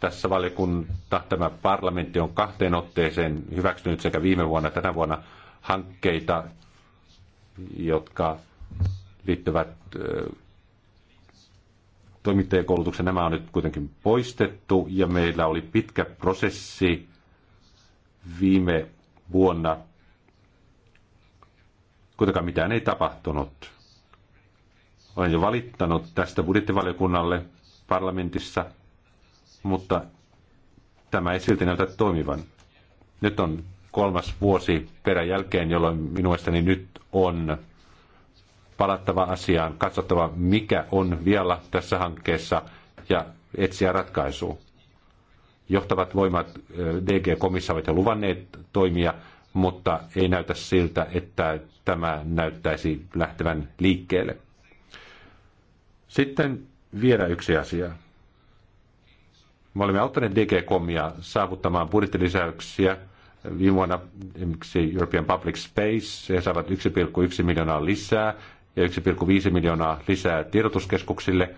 tässä valiokunta, tämä parlamentti on kahteen otteeseen hyväksynyt sekä viime vuonna että tänä vuonna hankkeita, jotka liittyvät toimittajakoulutuksen. Nämä on nyt kuitenkin poistettu ja meillä oli pitkä prosessi viime vuonna. Kuitenkaan mitään ei tapahtunut. Olen jo valittanut tästä budjettivaliokunnalle parlamentissa, mutta tämä ei silti näytä toimivan. Nyt on kolmas vuosi peräjälkeen, jolloin minun mielestäni nyt on palattava asiaan, katsottava mikä on vielä tässä hankkeessa ja etsiä ratkaisua. Johtavat voimat eh, DG-komissa ovat jo luvanneet toimia, mutta ei näytä siltä, että tämä näyttäisi lähtevän liikkeelle. Sitten vielä yksi asia. Me olemme auttaneet DG-komia saavuttamaan budjettilisäyksiä viime vuonna esimerkiksi European Public Space, he saavat 1,1 miljoonaa lisää, ja 1,5 miljoonaa lisää tiedotuskeskuksille.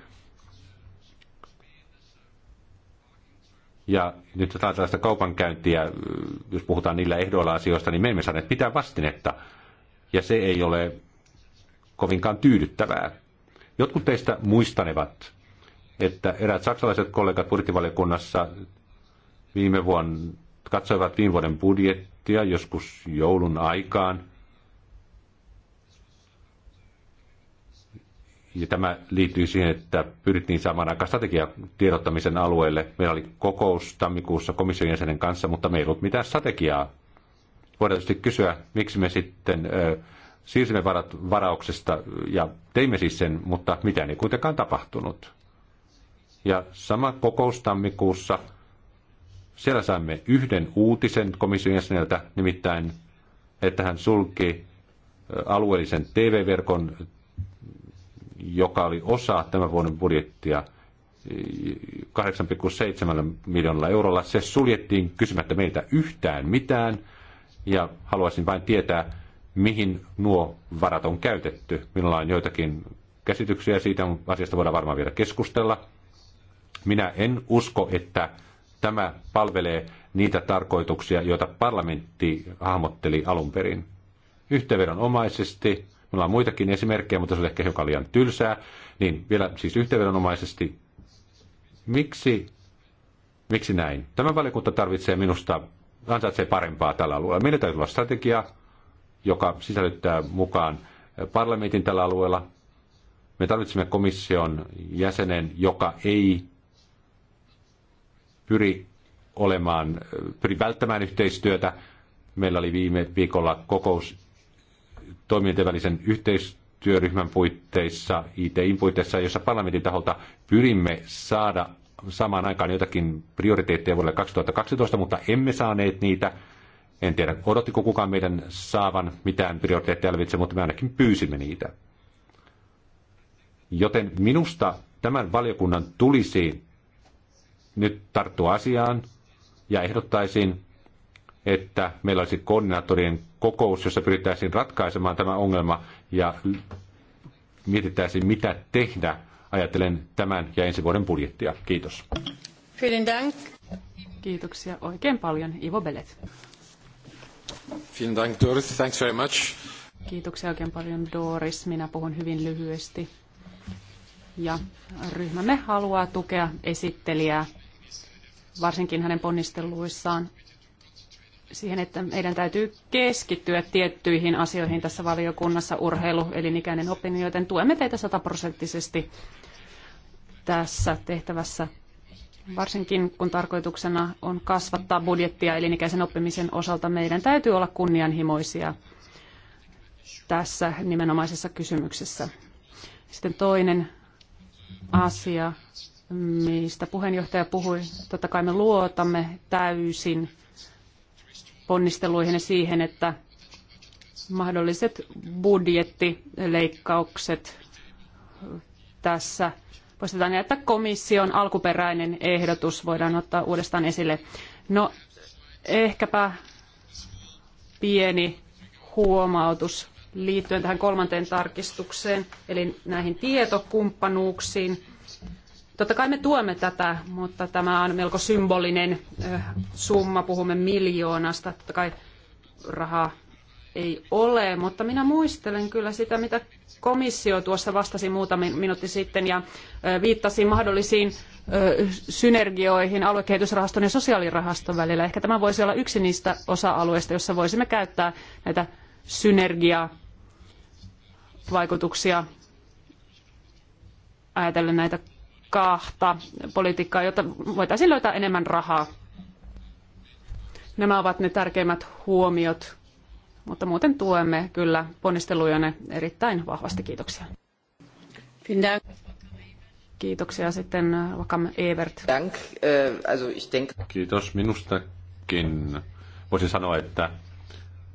Ja nyt jotain tällaista kaupankäyntiä, jos puhutaan niillä ehdoilla asioista, niin me emme saaneet pitää vastinetta. Ja se ei ole kovinkaan tyydyttävää. Jotkut teistä muistanevat, että eräät saksalaiset kollegat budjettivaliokunnassa viime vuonna katsoivat viime vuoden budjettia joskus joulun aikaan – Ja tämä liittyy siihen, että pyrittiin saamaan aika strategia tiedottamisen alueelle. Meillä oli kokous tammikuussa komission jäsenen kanssa, mutta meillä ei ollut mitään strategiaa. Voidaan tietysti kysyä, miksi me sitten ö, siirsimme varat varauksesta ja teimme siis sen, mutta mitään ei kuitenkaan tapahtunut. Ja sama kokous tammikuussa, siellä saimme yhden uutisen komission jäseneltä, nimittäin, että hän sulki alueellisen TV-verkon joka oli osa tämän vuoden budjettia 8,7 miljoonalla eurolla. Se suljettiin kysymättä meiltä yhtään mitään ja haluaisin vain tietää, mihin nuo varat on käytetty. Minulla on joitakin käsityksiä siitä, asiasta voidaan varmaan vielä keskustella. Minä en usko, että tämä palvelee niitä tarkoituksia, joita parlamentti hahmotteli alun perin. Yhteenvedonomaisesti Meillä on muitakin esimerkkejä, mutta se oli ehkä hiukan liian tylsää. Niin vielä siis yhteenvedonomaisesti, miksi, miksi näin? Tämä valiokunta tarvitsee minusta, ansaitsee parempaa tällä alueella. Meillä täytyy olla strategia, joka sisällyttää mukaan parlamentin tällä alueella. Me tarvitsemme komission jäsenen, joka ei pyri olemaan, pyri välttämään yhteistyötä. Meillä oli viime viikolla kokous toimijoiden välisen yhteistyöryhmän puitteissa, ITIn puitteissa, jossa parlamentin taholta pyrimme saada samaan aikaan jotakin prioriteetteja vuodelle 2012, mutta emme saaneet niitä. En tiedä, odottiko kukaan meidän saavan mitään prioriteetteja lävitse, mutta me ainakin pyysimme niitä. Joten minusta tämän valiokunnan tulisi nyt tarttua asiaan ja ehdottaisin, että meillä olisi koordinaattorien kokous, jossa pyrittäisiin ratkaisemaan tämä ongelma ja mietittäisiin, mitä tehdä. Ajattelen tämän ja ensi vuoden budjettia. Kiitos. Kiitoksia oikein paljon, Ivo Belet. Dank, Doris. Thanks very much. Kiitoksia oikein paljon, Doris. Minä puhun hyvin lyhyesti. Ja ryhmämme haluaa tukea esittelijää, varsinkin hänen ponnisteluissaan siihen, että meidän täytyy keskittyä tiettyihin asioihin tässä valiokunnassa, urheilu, elinikäinen oppiminen, joten tuemme teitä sataprosenttisesti tässä tehtävässä, varsinkin kun tarkoituksena on kasvattaa budjettia elinikäisen oppimisen osalta. Meidän täytyy olla kunnianhimoisia tässä nimenomaisessa kysymyksessä. Sitten toinen asia, mistä puheenjohtaja puhui, totta kai me luotamme täysin ponnisteluihin ja siihen, että mahdolliset budjettileikkaukset tässä poistetaan ja että komission alkuperäinen ehdotus voidaan ottaa uudestaan esille. No ehkäpä pieni huomautus liittyen tähän kolmanteen tarkistukseen, eli näihin tietokumppanuuksiin Totta kai me tuemme tätä, mutta tämä on melko symbolinen summa, puhumme miljoonasta. Totta kai rahaa ei ole, mutta minä muistelen kyllä sitä, mitä komissio tuossa vastasi muutama minuutti sitten ja viittasi mahdollisiin synergioihin aluekehitysrahaston ja sosiaalirahaston välillä. Ehkä tämä voisi olla yksi niistä osa-alueista, jossa voisimme käyttää näitä synergiavaikutuksia ajatellen näitä kahta politiikkaa, jotta voitaisiin löytää enemmän rahaa. Nämä ovat ne tärkeimmät huomiot, mutta muuten tuemme kyllä ponnistelujanne erittäin vahvasti. Kiitoksia. Kiitoksia sitten Vakam Evert. Kiitos minustakin. Voisin sanoa, että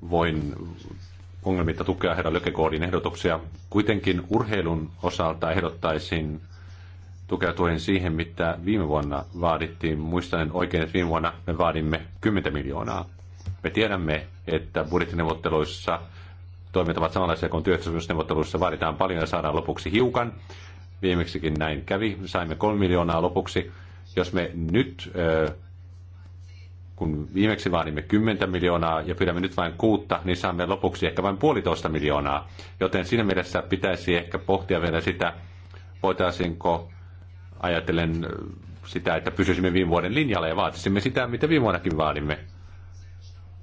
voin ongelmitta tukea herra Lökekoodin ehdotuksia. Kuitenkin urheilun osalta ehdottaisin tukeutuen siihen, mitä viime vuonna vaadittiin. Muistan oikein, että viime vuonna me vaadimme 10 miljoonaa. Me tiedämme, että budjettineuvotteluissa toimet ovat samanlaisia kuin työehtosopimusneuvotteluissa. Vaaditaan paljon ja saadaan lopuksi hiukan. Viimeksikin näin kävi. Saimme 3 miljoonaa lopuksi. Jos me nyt kun viimeksi vaadimme 10 miljoonaa ja pyydämme nyt vain kuutta, niin saamme lopuksi ehkä vain puolitoista miljoonaa. Joten siinä mielessä pitäisi ehkä pohtia vielä sitä, voitaisiinko ajatellen sitä, että pysyisimme viime vuoden linjalla ja vaatisimme sitä, mitä viime vuonnakin vaadimme.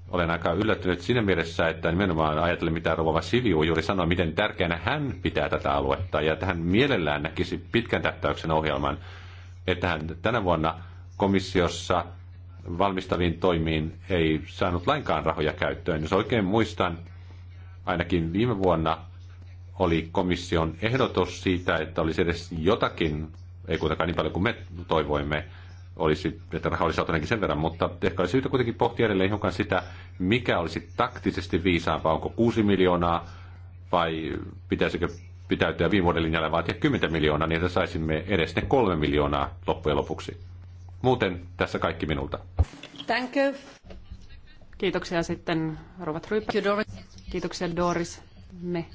Olen aika yllättynyt siinä mielessä, että nimenomaan ajattelen, mitä Rovava Siviu juuri sanoi, miten tärkeänä hän pitää tätä aluetta. Ja tähän mielellään näkisi pitkän tähtäyksen ohjelman, että hän tänä vuonna komissiossa valmistaviin toimiin ei saanut lainkaan rahoja käyttöön. Jos oikein muistan, ainakin viime vuonna oli komission ehdotus siitä, että olisi edes jotakin ei kuitenkaan niin paljon kuin me toivoimme, olisi, että raha olisi saatu sen verran, mutta ehkä olisi syytä kuitenkin pohtia edelleen hiukan sitä, mikä olisi taktisesti viisaampaa, onko 6 miljoonaa vai pitäisikö pitäytyä viime vuoden linjalle vaatia 10 miljoonaa, niin että saisimme edes ne 3 miljoonaa loppujen lopuksi. Muuten tässä kaikki minulta. Thank you. Kiitoksia sitten Rovat Ryppä. Kiitoksia Doris. Me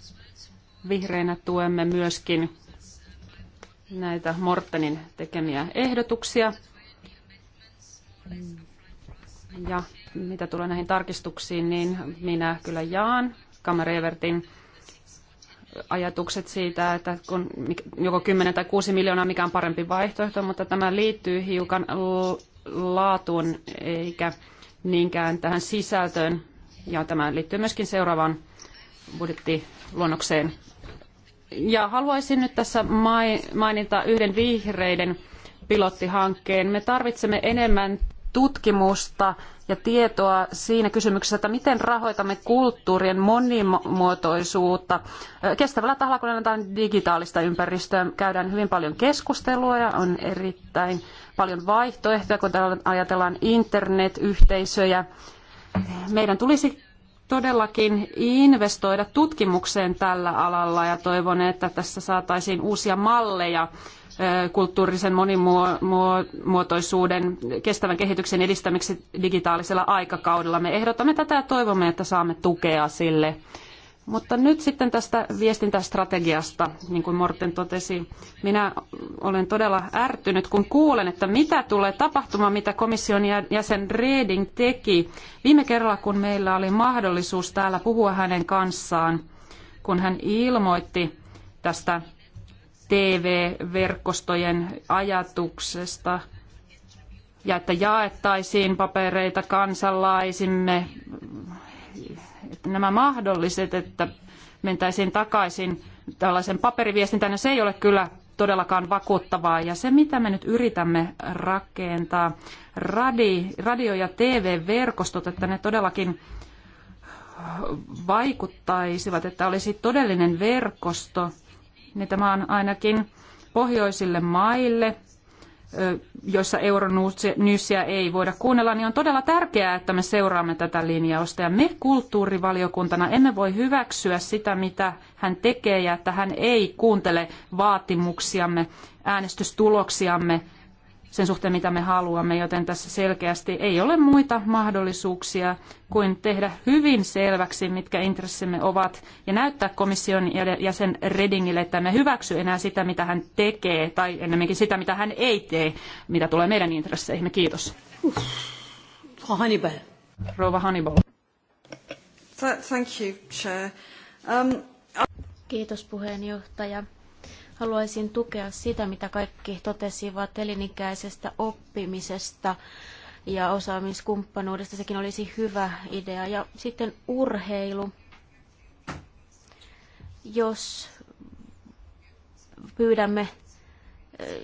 vihreinä tuemme myöskin näitä Mortenin tekemiä ehdotuksia. Ja mitä tulee näihin tarkistuksiin, niin minä kyllä jaan Kamerevertin ajatukset siitä, että kun joko 10 tai 6 miljoonaa, mikä on parempi vaihtoehto, mutta tämä liittyy hiukan laatuun eikä niinkään tähän sisältöön. Ja tämä liittyy myöskin seuraavaan budjettiluonnokseen. Ja haluaisin nyt tässä mainita yhden vihreiden pilottihankkeen. Me tarvitsemme enemmän tutkimusta ja tietoa siinä kysymyksessä, että miten rahoitamme kulttuurien monimuotoisuutta. Kestävällä tahalla, kun annetaan digitaalista ympäristöä, käydään hyvin paljon keskustelua ja on erittäin paljon vaihtoehtoja, kun ajatellaan internetyhteisöjä. Meidän tulisi todellakin investoida tutkimukseen tällä alalla ja toivon, että tässä saataisiin uusia malleja kulttuurisen monimuotoisuuden kestävän kehityksen edistämiseksi digitaalisella aikakaudella. Me ehdotamme tätä ja toivomme, että saamme tukea sille. Mutta nyt sitten tästä viestintästrategiasta, niin kuin Morten totesi, minä olen todella ärtynyt, kun kuulen, että mitä tulee tapahtumaan, mitä komission jäsen Reding teki viime kerralla, kun meillä oli mahdollisuus täällä puhua hänen kanssaan, kun hän ilmoitti tästä TV-verkostojen ajatuksesta ja että jaettaisiin papereita kansalaisimme nämä mahdolliset, että mentäisiin takaisin tällaisen paperiviestintään, ja no se ei ole kyllä todellakaan vakuuttavaa. Ja se, mitä me nyt yritämme rakentaa, radi, radio- ja TV-verkostot, että ne todellakin vaikuttaisivat, että olisi todellinen verkosto, niin tämä on ainakin pohjoisille maille joissa euronyyssiä ei voida kuunnella, niin on todella tärkeää, että me seuraamme tätä linjausta. Ja me kulttuurivaliokuntana emme voi hyväksyä sitä, mitä hän tekee ja että hän ei kuuntele vaatimuksiamme, äänestystuloksiamme – sen suhteen, mitä me haluamme, joten tässä selkeästi ei ole muita mahdollisuuksia kuin tehdä hyvin selväksi, mitkä intressimme ovat, ja näyttää komission jäsen Redingille, että me hyväksy enää sitä, mitä hän tekee, tai ennemminkin sitä, mitä hän ei tee, mitä tulee meidän intresseihimme. Kiitos. Hannibal. Rouva Hannibal. Thank you, Chair. Um, Kiitos puheenjohtaja. Haluaisin tukea sitä, mitä kaikki totesivat elinikäisestä oppimisesta ja osaamiskumppanuudesta. Sekin olisi hyvä idea. Ja sitten urheilu. Jos pyydämme eh,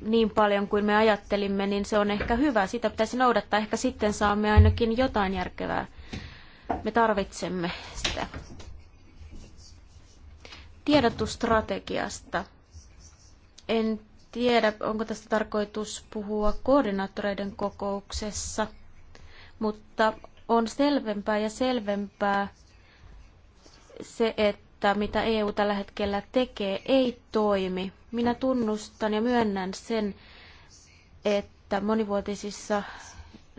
niin paljon kuin me ajattelimme, niin se on ehkä hyvä. Sitä pitäisi noudattaa. Ehkä sitten saamme ainakin jotain järkevää. Me tarvitsemme sitä tiedotusstrategiasta. En tiedä, onko tästä tarkoitus puhua koordinaattoreiden kokouksessa, mutta on selvempää ja selvempää se, että mitä EU tällä hetkellä tekee, ei toimi. Minä tunnustan ja myönnän sen, että monivuotisissa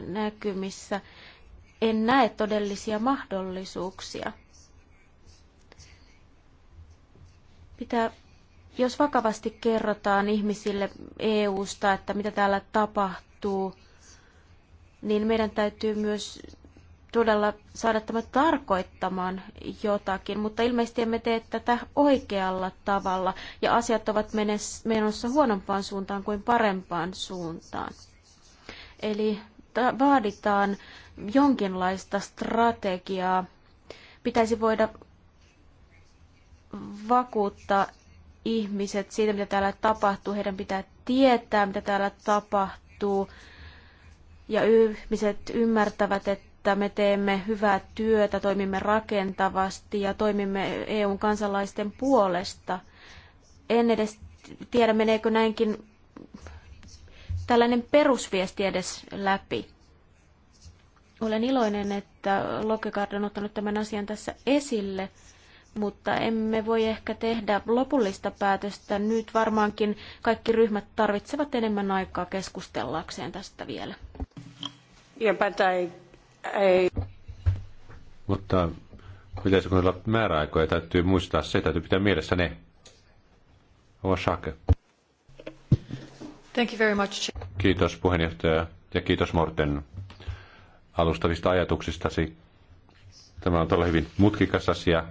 näkymissä en näe todellisia mahdollisuuksia – Pitää, jos vakavasti kerrotaan ihmisille EUsta, että mitä täällä tapahtuu, niin meidän täytyy myös todella saada tämä tarkoittamaan jotakin, mutta ilmeisesti emme tee tätä oikealla tavalla ja asiat ovat menossa huonompaan suuntaan kuin parempaan suuntaan. Eli vaaditaan jonkinlaista strategiaa. Pitäisi voida vakuuttaa ihmiset siitä, mitä täällä tapahtuu. Heidän pitää tietää, mitä täällä tapahtuu. Ja ihmiset ymmärtävät, että me teemme hyvää työtä, toimimme rakentavasti ja toimimme EUn kansalaisten puolesta. En edes tiedä, meneekö näinkin tällainen perusviesti edes läpi. Olen iloinen, että Lokekard on ottanut tämän asian tässä esille mutta emme voi ehkä tehdä lopullista päätöstä. Nyt varmaankin kaikki ryhmät tarvitsevat enemmän aikaa keskustellakseen tästä vielä. Ja päätä ei. Mutta pitäisikö olla määräaikoja? Täytyy muistaa se, täytyy pitää mielessä ne. Osake. Thank you very much. Kiitos puheenjohtaja ja kiitos Morten alustavista ajatuksistasi. Tämä on todella hyvin mutkikas asia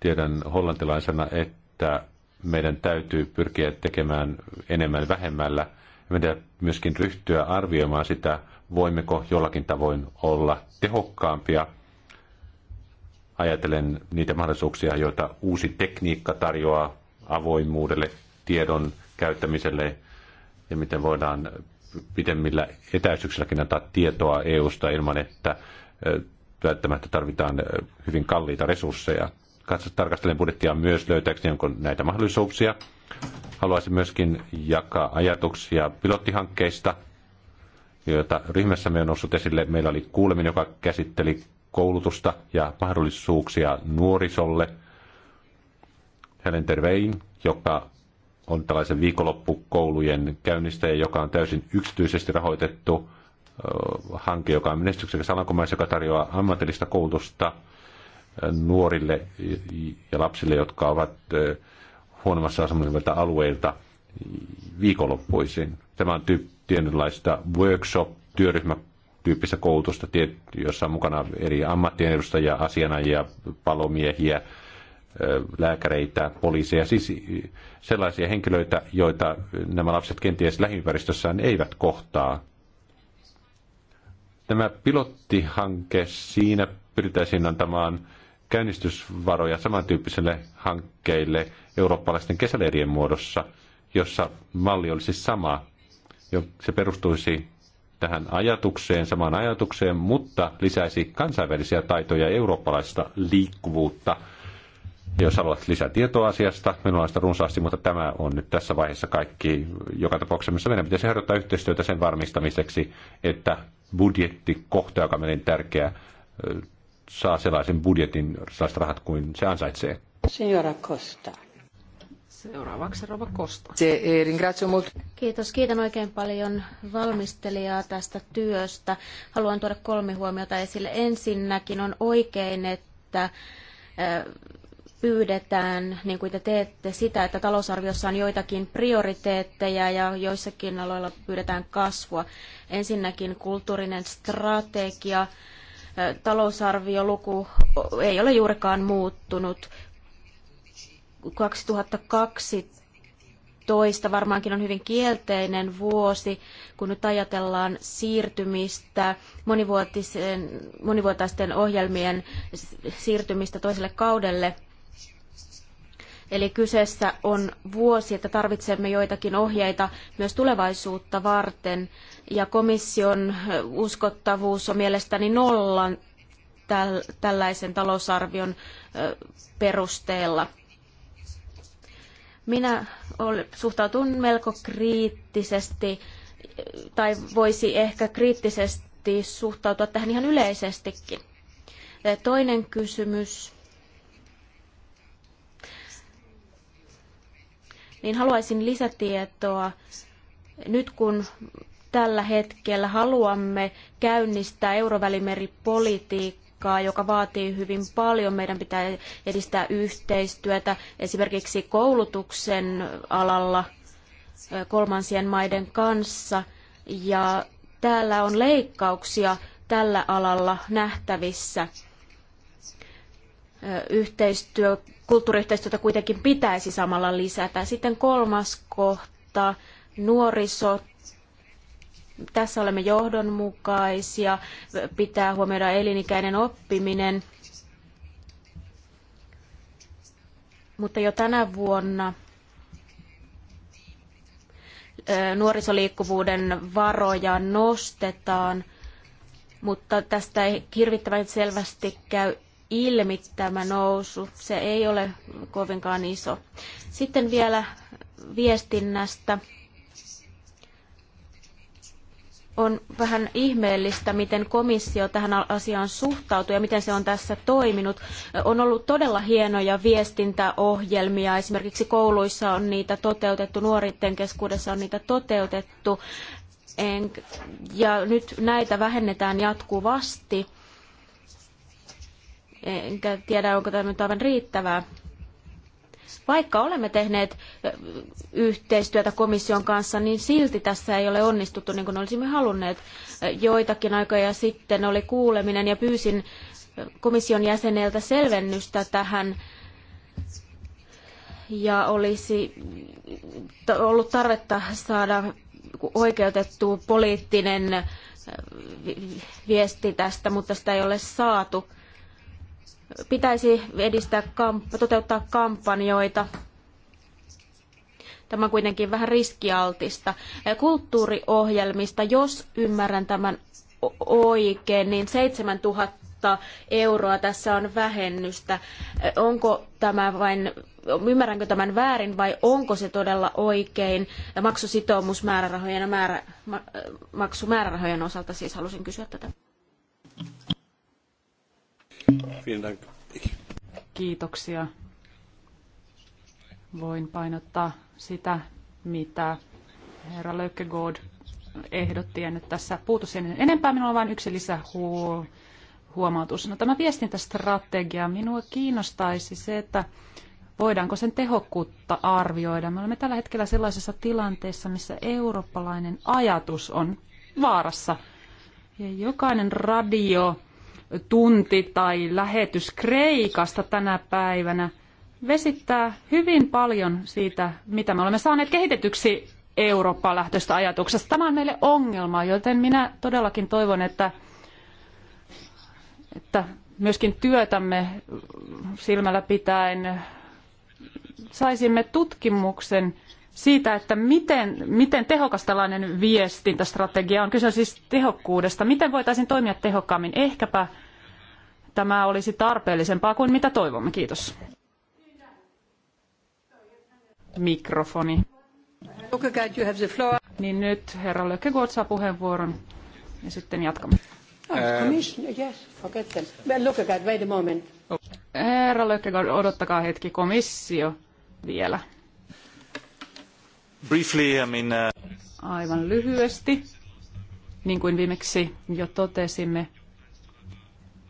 Tiedän hollantilaisena, että meidän täytyy pyrkiä tekemään enemmän vähemmällä. Meidän myöskin ryhtyä arvioimaan sitä, voimmeko jollakin tavoin olla tehokkaampia. Ajatellen niitä mahdollisuuksia, joita uusi tekniikka tarjoaa avoimuudelle, tiedon käyttämiselle ja miten voidaan pidemmillä etäisyyksilläkin antaa tietoa EUsta ilman, että välttämättä tarvitaan hyvin kalliita resursseja tarkastelen budjettia myös löytääkseni onko näitä mahdollisuuksia. Haluaisin myöskin jakaa ajatuksia pilottihankkeista, joita ryhmässämme on noussut esille. Meillä oli kuuleminen, joka käsitteli koulutusta ja mahdollisuuksia nuorisolle. Helen Tervein, joka on tällaisen viikonloppukoulujen käynnistäjä, joka on täysin yksityisesti rahoitettu hanke, joka on menestyksekäs alankomaissa, joka tarjoaa ammatillista koulutusta – nuorille ja lapsille, jotka ovat huonommassa asemassa alueilta viikonloppuisin. Tämä on tyyp, tietynlaista workshop-työryhmä tyyppistä koulutusta, jossa on mukana eri ammattien edustajia, asianajia, palomiehiä, lääkäreitä, poliiseja, siis sellaisia henkilöitä, joita nämä lapset kenties lähiympäristössään eivät kohtaa. Tämä pilottihanke, siinä pyritään antamaan käynnistysvaroja samantyyppisille hankkeille eurooppalaisten kesäleirien muodossa, jossa malli olisi sama. Se perustuisi tähän ajatukseen, samaan ajatukseen, mutta lisäisi kansainvälisiä taitoja eurooppalaista liikkuvuutta. Ja jos haluat lisätietoa asiasta, minulla on sitä runsaasti, mutta tämä on nyt tässä vaiheessa kaikki. Joka tapauksessa meidän pitäisi harjoittaa yhteistyötä sen varmistamiseksi, että budjettikohta, joka meille tärkeä, saa sellaisen budjetin, sellaiset rahat kuin se ansaitsee. Signora Costa. Seuraavaksi Rova Costa. Eh, Kiitos, kiitän oikein paljon valmistelijaa tästä työstä. Haluan tuoda kolme huomiota esille. Ensinnäkin on oikein, että eh, pyydetään, niin kuin te teette, sitä, että talousarviossa on joitakin prioriteetteja ja joissakin aloilla pyydetään kasvua. Ensinnäkin kulttuurinen strategia, talousarvioluku ei ole juurikaan muuttunut. 2012 varmaankin on hyvin kielteinen vuosi, kun nyt ajatellaan siirtymistä, monivuotaisten ohjelmien siirtymistä toiselle kaudelle. Eli kyseessä on vuosi, että tarvitsemme joitakin ohjeita myös tulevaisuutta varten ja komission uskottavuus on mielestäni nollan tällaisen talousarvion perusteella. Minä suhtautun melko kriittisesti tai voisi ehkä kriittisesti suhtautua tähän ihan yleisestikin. Toinen kysymys. Niin haluaisin lisätietoa nyt kun tällä hetkellä haluamme käynnistää eurovälimeripolitiikkaa, joka vaatii hyvin paljon. Meidän pitää edistää yhteistyötä esimerkiksi koulutuksen alalla kolmansien maiden kanssa. Ja täällä on leikkauksia tällä alalla nähtävissä. Yhteistyö, kulttuuriyhteistyötä kuitenkin pitäisi samalla lisätä. Sitten kolmas kohta, nuorisot tässä olemme johdonmukaisia, pitää huomioida elinikäinen oppiminen. Mutta jo tänä vuonna nuorisoliikkuvuuden varoja nostetaan, mutta tästä ei hirvittävän selvästi käy ilmi tämä nousu. Se ei ole kovinkaan iso. Sitten vielä viestinnästä on vähän ihmeellistä, miten komissio tähän asiaan suhtautuu ja miten se on tässä toiminut. On ollut todella hienoja viestintäohjelmia, esimerkiksi kouluissa on niitä toteutettu, nuoritten keskuudessa on niitä toteutettu, ja nyt näitä vähennetään jatkuvasti. Enkä tiedä, onko tämä nyt aivan riittävää. Vaikka olemme tehneet yhteistyötä komission kanssa, niin silti tässä ei ole onnistuttu niin kuin olisimme halunneet. Joitakin aikoja sitten oli kuuleminen ja pyysin komission jäseneltä selvennystä tähän ja olisi ollut tarvetta saada oikeutettu poliittinen viesti tästä, mutta sitä ei ole saatu pitäisi edistää, toteuttaa kampanjoita. Tämä on kuitenkin vähän riskialtista. Kulttuuriohjelmista, jos ymmärrän tämän oikein, niin 7000 euroa tässä on vähennystä. Onko tämä vain, ymmärränkö tämän väärin vai onko se todella oikein? Maksusitoumusmäärärahojen määrärahojen ja määrä, maksumäärärahojen osalta siis halusin kysyä tätä. Kiitoksia. Voin painottaa sitä, mitä herra Lökkegaard ehdotti, en nyt tässä puutu sen enempää. Minulla on vain yksi lisähuo huomautus. No, tämä viestintästrategia, minua kiinnostaisi se, että voidaanko sen tehokkuutta arvioida. Me olemme tällä hetkellä sellaisessa tilanteessa, missä eurooppalainen ajatus on vaarassa. Ja jokainen radio tunti tai lähetys Kreikasta tänä päivänä vesittää hyvin paljon siitä, mitä me olemme saaneet kehitetyksi eurooppa lähtöistä ajatuksesta. Tämä on meille ongelma, joten minä todellakin toivon, että, että myöskin työtämme silmällä pitäen saisimme tutkimuksen, siitä, että miten, miten tehokas tällainen viestintästrategia on. Kyse on siis tehokkuudesta. Miten voitaisiin toimia tehokkaammin? Ehkäpä tämä olisi tarpeellisempaa kuin mitä toivomme. Kiitos. Mikrofoni. Niin nyt herra Lökkegood saa puheenvuoron ja sitten jatkamme. Oh, herra Lökkegood, odottakaa hetki komissio vielä. Uh, Aivan lyhyesti, niin kuin viimeksi jo totesimme,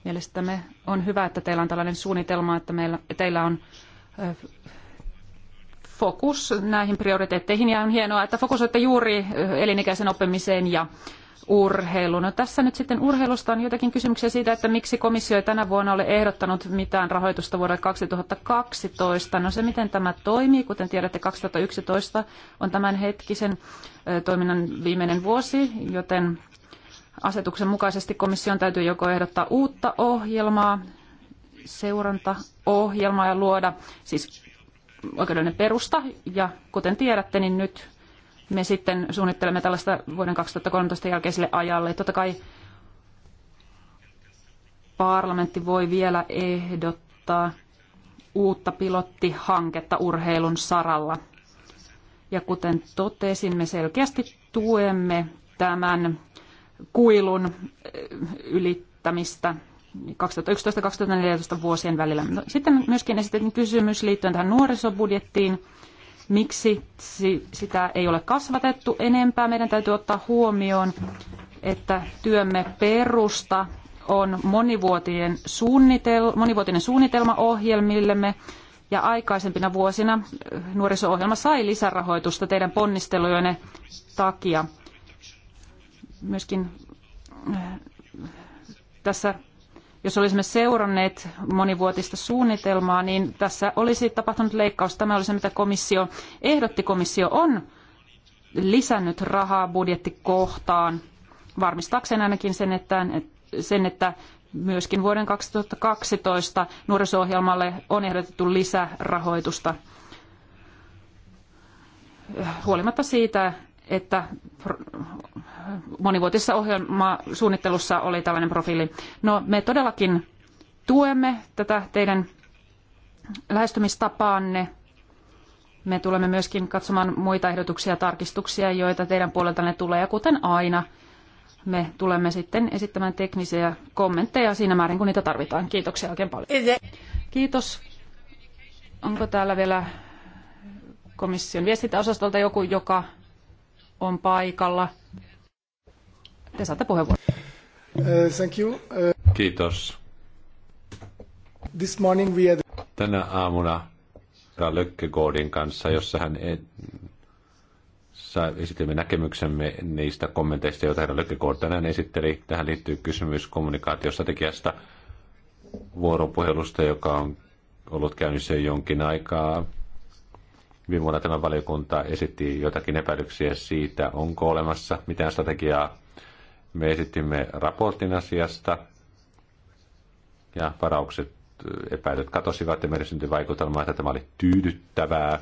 mielestämme on hyvä, että teillä on tällainen suunnitelma, että meillä, teillä on fokus näihin prioriteetteihin ja on hienoa, että fokusoitte juuri elinikäisen oppimiseen ja urheilu. No tässä nyt sitten urheilusta on jotakin kysymyksiä siitä, että miksi komissio ei tänä vuonna ole ehdottanut mitään rahoitusta vuodelle 2012. No se, miten tämä toimii, kuten tiedätte, 2011 on tämän hetkisen toiminnan viimeinen vuosi, joten asetuksen mukaisesti komission täytyy joko ehdottaa uutta ohjelmaa, seurantaohjelmaa ja luoda siis oikeudellinen perusta. Ja kuten tiedätte, niin nyt me sitten suunnittelemme tällaista vuoden 2013 jälkeiselle ajalle. Totta kai parlamentti voi vielä ehdottaa uutta pilottihanketta urheilun saralla. Ja kuten totesin, me selkeästi tuemme tämän kuilun eh, ylittämistä 2011-2014 vuosien välillä. No, sitten myöskin esitettiin kysymys liittyen tähän nuorisobudjettiin miksi sitä ei ole kasvatettu enempää. Meidän täytyy ottaa huomioon, että työmme perusta on monivuotinen, suunnitel, monivuotinen suunnitelma ohjelmillemme ja aikaisempina vuosina eh, nuoriso-ohjelma sai lisärahoitusta teidän ponnistelujenne takia. Myöskin eh, tässä jos olisimme seuranneet monivuotista suunnitelmaa, niin tässä olisi tapahtunut leikkaus. Tämä oli se, mitä komissio ehdotti. Komissio on lisännyt rahaa budjettikohtaan varmistaakseen ainakin sen, että, sen, että myöskin vuoden 2012 nuoriso-ohjelmalle on ehdotettu lisärahoitusta huolimatta siitä, että monivuotisessa ohjelmasuunnittelussa oli tällainen profiili. No me todellakin tuemme tätä teidän lähestymistapaanne. Me tulemme myöskin katsomaan muita ehdotuksia ja tarkistuksia, joita teidän puoleltanne tulee. Ja kuten aina, me tulemme sitten esittämään teknisiä kommentteja siinä määrin, kun niitä tarvitaan. Kiitoksia oikein paljon. Kiitos. Onko täällä vielä komission viestintäosastolta joku, joka on paikalla? Te saatte puheenvuoron. Uh, thank you. Uh, Kiitos. This morning we had... Tänä aamuna Lökkegoodin kanssa, jossa hän e- esitimme näkemyksemme niistä kommenteista, joita herra Lökkegood tänään esitteli. Tähän liittyy kysymys kommunikaatiostrategiasta vuoropuhelusta, joka on ollut käynnissä jo jonkin aikaa. Viime vuonna tämä valiokunta esitti jotakin epäilyksiä siitä, onko olemassa mitään strategiaa me esitimme raportin asiasta ja varaukset äh, epäilyt katosivat ja meidän syntyi vaikutelma, että tämä oli tyydyttävää.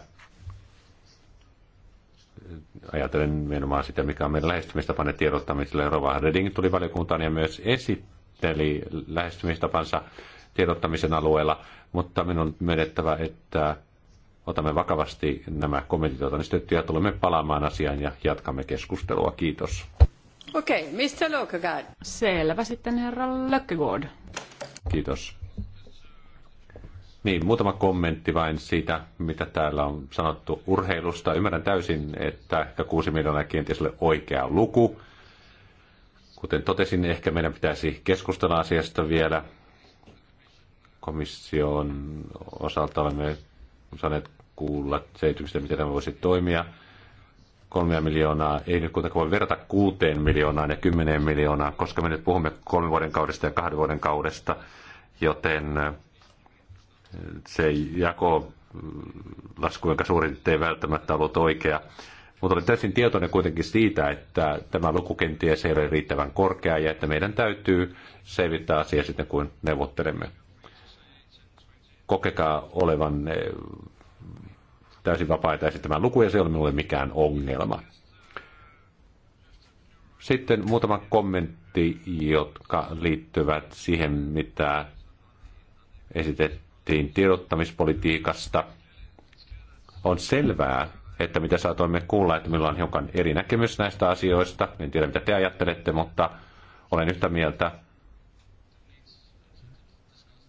Ajatellen nimenomaan sitä, mikä on meidän lähestymistapanne tiedottamiselle. Rova Redding tuli valiokuntaan ja myös esitteli lähestymistapansa tiedottamisen alueella, mutta minun on myönnettävä, että otamme vakavasti nämä kommentit, joita on ja tulemme palaamaan asiaan ja jatkamme keskustelua. Kiitos. Okei, okay, mistä Lökegård? Selvä sitten herra Kiitos. Niin, muutama kommentti vain siitä, mitä täällä on sanottu urheilusta. Ymmärrän täysin, että ehkä 6 miljoonaa kenties ole oikea luku. Kuten totesin, ehkä meidän pitäisi keskustella asiasta vielä. Komission osalta olemme saaneet kuulla selityksestä, miten tämä voisi toimia kolmea miljoonaa ei nyt kuitenkaan voi verrata kuuteen miljoonaan ja kymmeneen miljoonaan, koska me nyt puhumme kolmen vuoden kaudesta ja kahden vuoden kaudesta, joten eh, se jako mm, lasku, jonka suurin ei välttämättä ollut oikea. Mutta olen täysin tietoinen kuitenkin siitä, että tämä luku kenties ei ole riittävän korkea ja että meidän täytyy selvittää asia sitten, kun neuvottelemme. Kokekaa olevan eh, täysin vapaita esittämään lukuja, se ei ole minulle mikään ongelma. Sitten muutama kommentti, jotka liittyvät siihen, mitä esitettiin tiedottamispolitiikasta. On selvää, että mitä saatoimme kuulla, että meillä on hiukan eri näkemys näistä asioista. En tiedä, mitä te ajattelette, mutta olen yhtä mieltä,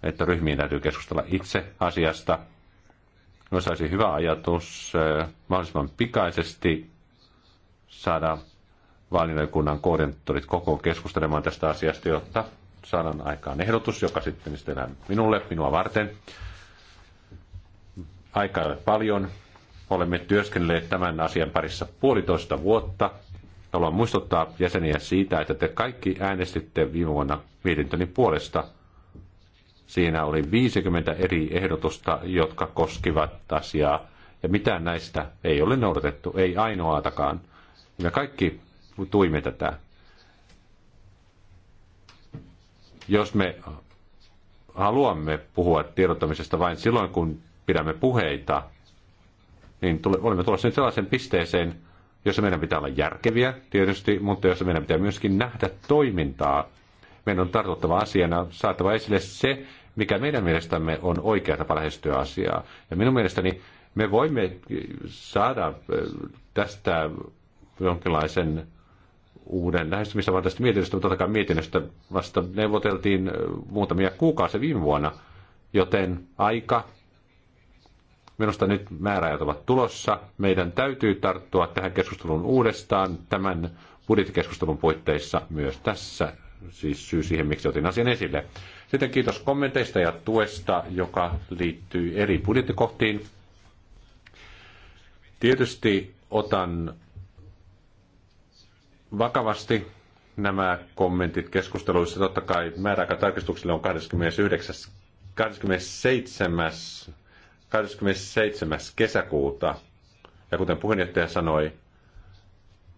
että ryhmiin täytyy keskustella itse asiasta jos olisi hyvä ajatus mahdollisimman pikaisesti saada vaalinoikunnan koordinaattorit koko keskustelemaan tästä asiasta, jotta saadaan aikaan ehdotus, joka sitten esitellään minulle, minua varten. Aikaa ei ole paljon. Olemme työskennelleet tämän asian parissa puolitoista vuotta. Haluan muistuttaa jäseniä siitä, että te kaikki äänestitte viime vuonna mietintöni puolesta – Siinä oli 50 eri ehdotusta, jotka koskivat asiaa, ja mitään näistä ei ole noudatettu, ei ainoatakaan. Me kaikki tuimme tätä. Jos me haluamme puhua tiedottamisesta vain silloin, kun pidämme puheita, niin tule, olemme tulossa nyt sellaisen pisteeseen, jossa meidän pitää olla järkeviä tietysti, mutta jossa meidän pitää myöskin nähdä toimintaa. Meidän on tartuttava asiana saatava esille se, mikä meidän mielestämme on oikea tapa lähestyä asiaa. Ja minun mielestäni me voimme saada tästä jonkinlaisen uuden lähestymistavan tästä mietinnöstä, mutta totta kai mietinnöstä vasta neuvoteltiin muutamia kuukausia viime vuonna, joten aika Minusta nyt määräajat ovat tulossa. Meidän täytyy tarttua tähän keskusteluun uudestaan tämän budjettikeskustelun puitteissa myös tässä, siis syy siihen, miksi otin asian esille. Sitten kiitos kommenteista ja tuesta, joka liittyy eri budjettikohtiin. Tietysti otan vakavasti nämä kommentit keskusteluissa. Totta kai määräaika tarkistukselle on 29, 27, 27. kesäkuuta. Ja kuten puheenjohtaja sanoi,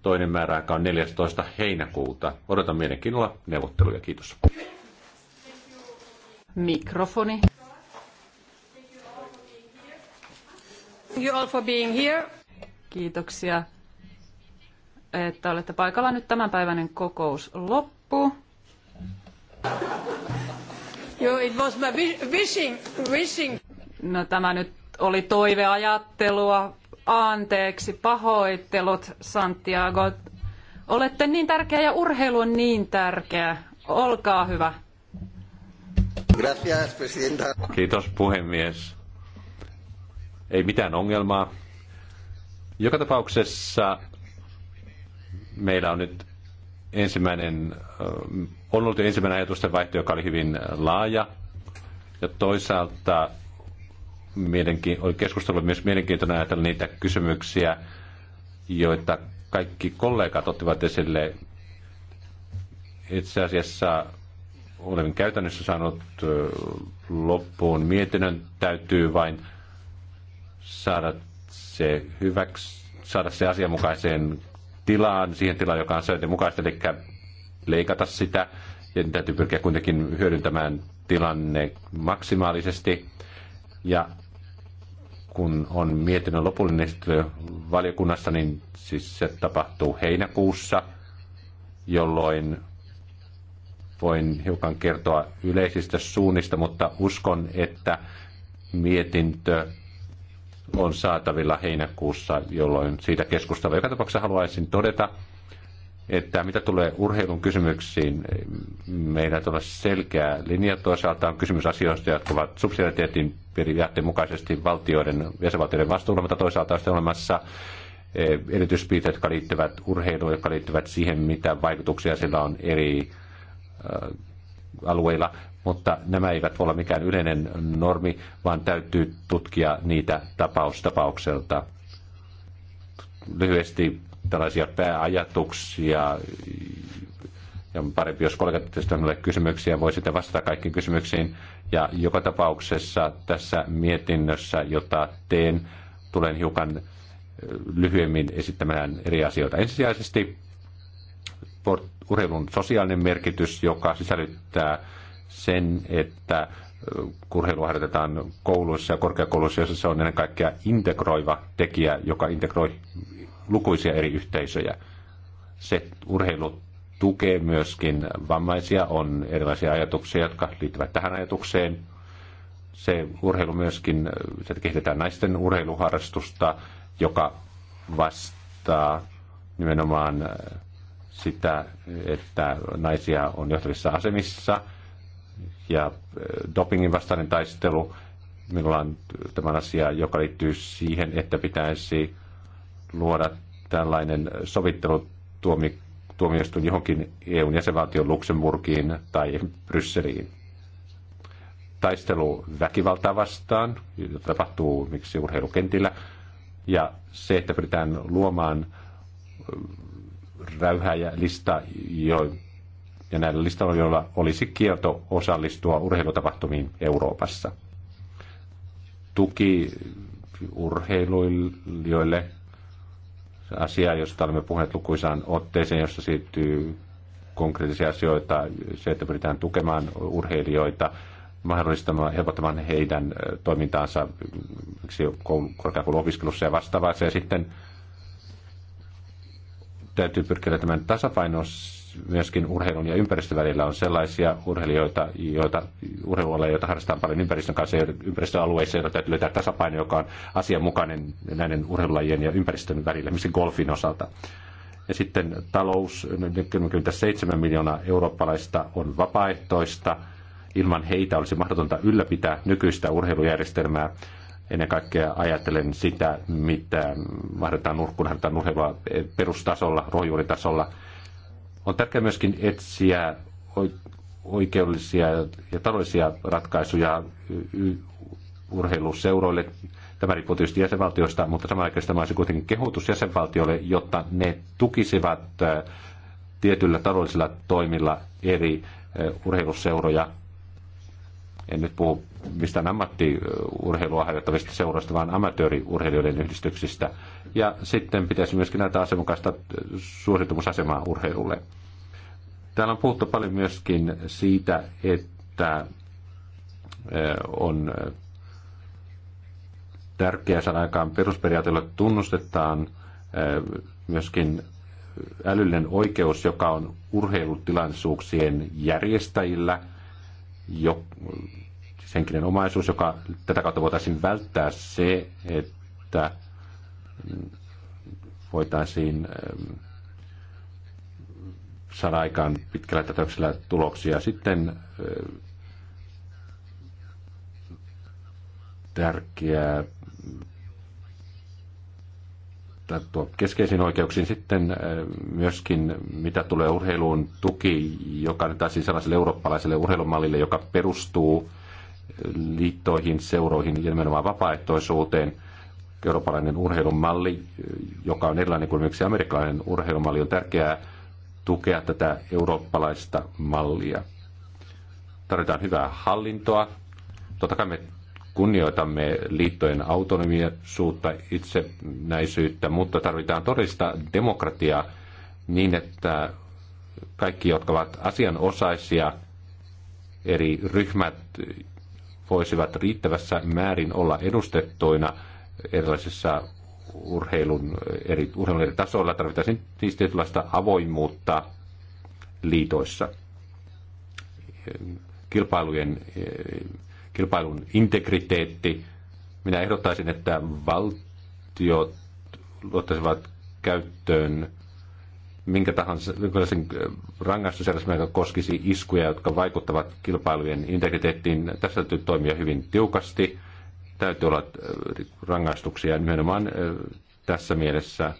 toinen määräaika on 14. heinäkuuta. Odotan mielenkiinnolla neuvotteluja. Kiitos. Mikrofoni. You all for being here. Kiitoksia, että olette paikalla. Nyt tämänpäiväinen kokous loppuu. Joo, it was my wishing, wishing. No tämä nyt oli toiveajattelua. Anteeksi, pahoittelut, Santiago. Olette niin tärkeä ja urheilu on niin tärkeä. Olkaa hyvä. Gracias, presidenta. Kiitos puhemies. Ei mitään ongelmaa. Joka tapauksessa meillä on nyt ensimmäinen, on ollut ensimmäinen ajatusten vaihto, joka oli hyvin laaja. Ja toisaalta oli keskustelu myös mielenkiintoinen ajatella niitä kysymyksiä, joita kaikki kollegat ottivat esille. Itse asiassa olen käytännössä saanut loppuun mietinnön. Täytyy vain saada se hyväksi, saada se asianmukaiseen tilaan, siihen tilaan, joka on sääntöjen mukaista, eli leikata sitä. Ja täytyy pyrkiä kuitenkin hyödyntämään tilanne maksimaalisesti. Ja kun on mietinnön lopullinen esittely valiokunnassa, niin siis se tapahtuu heinäkuussa, jolloin voin hiukan kertoa yleisistä suunnista, mutta uskon, että mietintö on saatavilla heinäkuussa, jolloin siitä keskustellaan. Joka tapauksessa haluaisin todeta, että mitä tulee urheilun kysymyksiin, meillä on selkeä linja. Toisaalta on kysymys asioista, jotka ovat subsidiariteetin periaatteen mukaisesti valtioiden, jäsenvaltioiden vastuulla, mutta toisaalta on olemassa eh, erityispiirteet, jotka liittyvät urheiluun, jotka liittyvät siihen, mitä vaikutuksia sillä on eri Äh, alueilla, mutta nämä eivät voi olla mikään yleinen normi, vaan täytyy tutkia niitä tapaus tapaukselta. Lyhyesti tällaisia pääajatuksia ja parempi, jos kollegat tästä on kysymyksiä, voi sitten vastata kaikkiin kysymyksiin. Ja joka tapauksessa tässä mietinnössä, jota teen, tulen hiukan äh, lyhyemmin esittämään eri asioita. Ensisijaisesti urheilun sosiaalinen merkitys, joka sisällyttää sen, että äh, urheilua harjoitetaan kouluissa ja korkeakouluissa, joissa se on ennen kaikkea integroiva tekijä, joka integroi lukuisia eri yhteisöjä. Se urheilu tukee myöskin vammaisia, on erilaisia ajatuksia, jotka liittyvät tähän ajatukseen. Se urheilu myöskin, äh, se kehitetään naisten urheiluharrastusta, joka vastaa nimenomaan äh, sitä, että naisia on johtavissa asemissa ja äh, dopingin vastainen taistelu. Minulla on tämä asia, joka liittyy siihen, että pitäisi luoda tällainen sovittelutuomioistuin johonkin EUn jäsenvaltion Luxemburgiin tai Brysseliin. Taistelu väkivaltaa vastaan, jota tapahtuu miksi urheilukentillä, ja se, että pyritään luomaan räyhä ja lista, jo, ja näillä listalla joilla olisi kielto osallistua urheilutapahtumiin Euroopassa. Tuki urheilijoille, asia, josta olemme puhuneet lukuisaan otteeseen, jossa siirtyy konkreettisia asioita, se, että pyritään tukemaan urheilijoita, mahdollistamaan, helpottamaan heidän toimintaansa korkeakouluopiskelussa ja vastaavaa. Ja sitten täytyy pyrkiä tämän tasapaino myöskin urheilun ja ympäristön välillä on sellaisia urheilijoita, joita, urheilualle, joita harrastetaan paljon ympäristön kanssa ja ympäristöalueissa, joita täytyy löytää tasapaino, joka on asianmukainen näiden urheilulajien ja ympäristön välillä, missä golfin osalta. Ja sitten talous, 47 miljoonaa eurooppalaista on vapaaehtoista. Ilman heitä olisi mahdotonta ylläpitää nykyistä urheilujärjestelmää. Ennen kaikkea ajattelen sitä, mitä harjoitetaan, nurkkuun, harjoitetaan urheilua perustasolla, rohjuuritasolla. On tärkeää myöskin etsiä oikeudellisia ja taloudellisia ratkaisuja urheiluseuroille. Tämä riippuu tietysti jäsenvaltioista, mutta samanaikaisesti tämä olisi kuitenkin kehotus jäsenvaltioille, jotta ne tukisivat tietyillä taloudellisilla toimilla eri urheiluseuroja en nyt puhu mistään ammattiurheilua harjoittavista seurasta, vaan amatööriurheilijoiden yhdistyksistä. Ja sitten pitäisi myöskin näitä asemukasta suositumusasemaa urheilulle. Täällä on puhuttu paljon myöskin siitä, että eh, on tärkeää saada aikaan perusperiaatteella tunnustetaan eh, myöskin älyllinen oikeus, joka on urheilutilaisuuksien järjestäjillä, jo, henkinen omaisuus, joka tätä kautta voitaisiin välttää se, että voitaisiin ähm, saada aikaan pitkällä tätöksellä tuloksia. Sitten äh, tärkeää tuo keskeisiin oikeuksiin sitten äh, myöskin, mitä tulee urheiluun, tuki, joka nyt taisi siis sellaiselle eurooppalaiselle urheilumallille, joka perustuu liittoihin, seuroihin ja nimenomaan vapaaehtoisuuteen. Eurooppalainen urheilumalli, joka on erilainen kuin miksi amerikkalainen urheilumalli, on tärkeää tukea tätä eurooppalaista mallia. Tarvitaan hyvää hallintoa. Totta kai me kunnioitamme liittojen autonomisuutta, itsenäisyyttä, mutta tarvitaan todellista demokratiaa niin, että kaikki, jotka ovat asianosaisia, eri ryhmät voisivat riittävässä määrin olla edustettuina erilaisissa urheilun eri, urheilun eri tasoilla. Tarvitaan siis tietynlaista avoimuutta liitoissa. Kilpailujen, kilpailun integriteetti. Minä ehdottaisin, että valtiot luottaisivat käyttöön minkä tahansa äh, rangaistusjärjestelmä, joka koskisi iskuja, jotka vaikuttavat kilpailujen integriteettiin. Tässä täytyy toimia hyvin tiukasti. Täytyy olla äh, rangaistuksia nimenomaan äh, tässä mielessä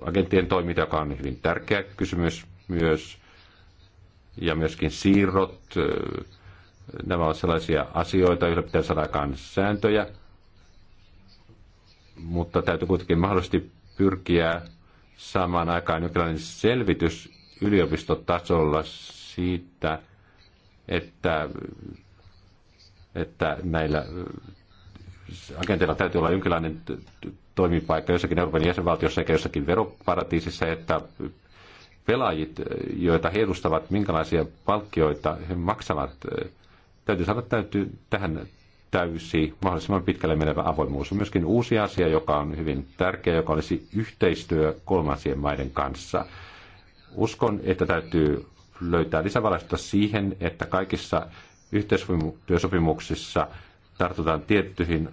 agenttien toiminta, joka on hyvin tärkeä kysymys myös, ja myöskin siirrot. Nämä ovat sellaisia asioita, joilla pitää saada aikaan sääntöjä, mutta täytyy kuitenkin mahdollisesti pyrkiä samaan aikaan jonkinlainen selvitys yliopistotasolla siitä, että, että näillä agenteilla täytyy olla jonkinlainen toimipaikka jossakin Euroopan jäsenvaltiossa eikä jossakin veroparatiisissa, että pelaajit, joita he edustavat, minkälaisia palkkioita he maksavat, täytyy saada täytyy tähän täysi, mahdollisimman pitkälle menevä avoimuus. On myöskin uusi asia, joka on hyvin tärkeä, joka olisi yhteistyö kolmansien maiden kanssa. Uskon, että täytyy löytää lisävalaistusta siihen, että kaikissa yhteistyösopimuksissa tartutaan tiettyihin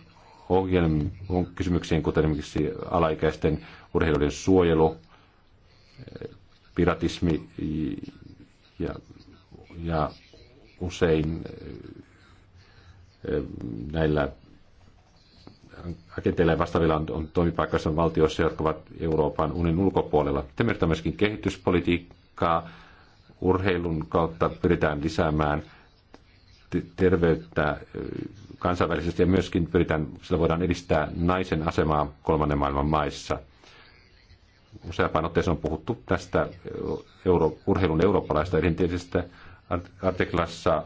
ongelmiin, kysymyksiin, kuten esimerkiksi alaikäisten urheilijoiden suojelu, piratismi ja, ja usein näillä agenteilla ja vastaavilla on, on toimipaikassa valtioissa, jotka ovat Euroopan unionin ulkopuolella. Tämä on myöskin kehityspolitiikkaa. Urheilun kautta pyritään lisäämään terveyttä kansainvälisesti ja myöskin pyritään, sillä voidaan edistää naisen asemaa kolmannen maailman maissa. Useampaan otteeseen on puhuttu tästä euro, urheilun eurooppalaista identiteetistä artiklassa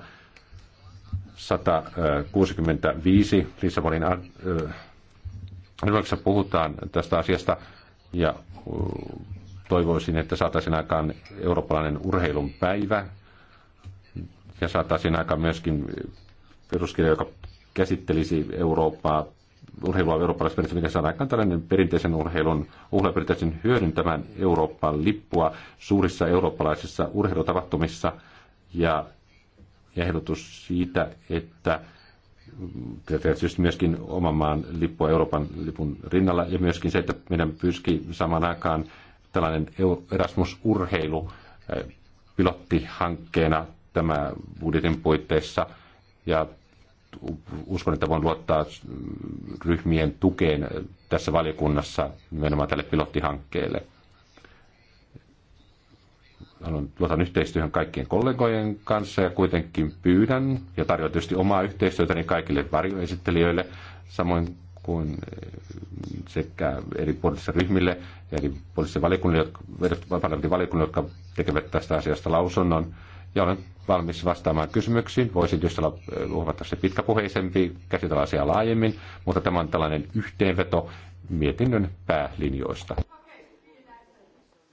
165 Lissabonin arvoksessa puhutaan tästä asiasta ja toivoisin, että saataisiin aikaan eurooppalainen urheilun päivä ja saataisiin aikaan myöskin peruskirja, joka käsittelisi Eurooppaa, urheilua eurooppalaisessa perinteessä, mikä saadaan aikaan tällainen perinteisen urheilun uhlaperinteisen hyödyntämään Euroopan lippua suurissa eurooppalaisissa urheilutapahtumissa ja ja ehdotus siitä, että tietysti myöskin oman maan lippua Euroopan lipun rinnalla ja myöskin se, että meidän pyrkii samaan aikaan tällainen Erasmus-urheilu eh, pilottihankkeena tämä budjetin puitteissa ja uskon, että voin luottaa mm, ryhmien tukeen tässä valiokunnassa nimenomaan tälle pilottihankkeelle haluan, luotan yhteistyöhön kaikkien kollegojen kanssa ja kuitenkin pyydän ja tarjoan tietysti omaa yhteistyötäni kaikille varjoesittelijöille, samoin kuin eh, sekä eri puolissa ryhmille ja eri puolissa valiokunnille, valiokunnille, jotka tekevät tästä asiasta lausunnon. Ja olen valmis vastaamaan kysymyksiin. Voisin tietysti olla eh, huomattavasti pitkäpuheisempi, käsitellä asiaa laajemmin, mutta tämä on tällainen yhteenveto mietinnön päälinjoista.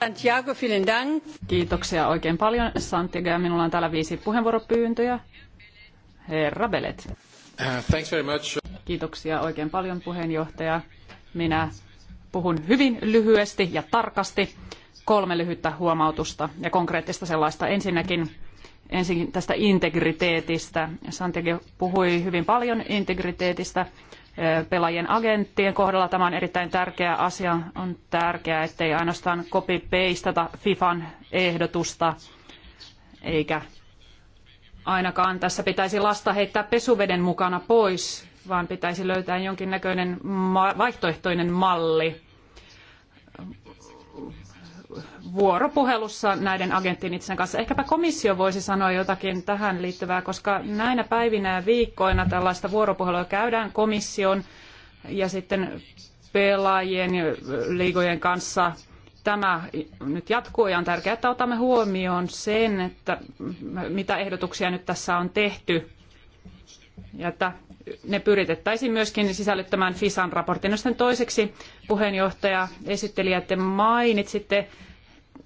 Santiago, vielen Dank. Kiitoksia oikein paljon, Santiago. Ja minulla on täällä viisi puheenvuoropyyntöjä. Herra Belet. Uh, thanks very much. Kiitoksia oikein paljon, puheenjohtaja. Minä puhun hyvin lyhyesti ja tarkasti kolme lyhyttä huomautusta ja konkreettista sellaista. Ensinnäkin ensin tästä integriteetistä. Santiago puhui hyvin paljon integriteetistä pelaajien agenttien kohdalla. Tämä on erittäin tärkeä asia. On tärkeää, ettei ainoastaan copy FIFAn ehdotusta, eikä ainakaan tässä pitäisi lasta heittää pesuveden mukana pois, vaan pitäisi löytää jonkinnäköinen vaihtoehtoinen malli vuoropuhelussa näiden agenttien kanssa. Ehkäpä komissio voisi sanoa jotakin tähän liittyvää, koska näinä päivinä ja viikkoina tällaista vuoropuhelua käydään komission ja sitten pelaajien liigojen kanssa. Tämä nyt jatkuu ja on tärkeää, että otamme huomioon sen, että mitä ehdotuksia nyt tässä on tehty ja että ne pyritettäisiin myöskin sisällyttämään FISAn raportin. No sitten toiseksi puheenjohtaja esitteli, että mainitsitte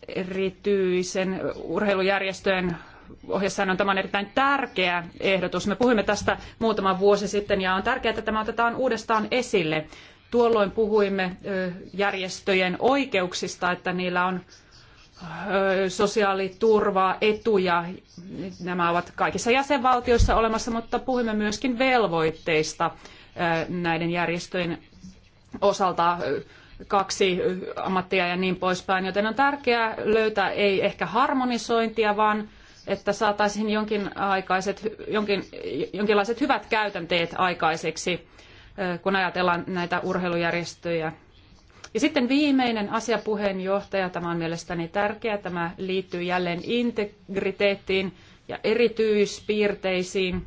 erityisen urheilujärjestöjen ohjesäännön. Tämä on erittäin tärkeä ehdotus. Me puhuimme tästä muutama vuosi sitten ja on tärkeää, että tämä otetaan uudestaan esille. Tuolloin puhuimme järjestöjen oikeuksista, että niillä on sosiaaliturvaa, etuja. Nämä ovat kaikissa jäsenvaltioissa olemassa, mutta puhumme myöskin velvoitteista näiden järjestöjen osalta kaksi ammattia ja niin poispäin, joten on tärkeää löytää ei ehkä harmonisointia, vaan että saataisiin jonkin aikaiset, jonkin, jonkinlaiset hyvät käytänteet aikaiseksi, kun ajatellaan näitä urheilujärjestöjä ja sitten viimeinen asia puheenjohtaja, tämä on mielestäni tärkeä, tämä liittyy jälleen integriteettiin ja erityispiirteisiin.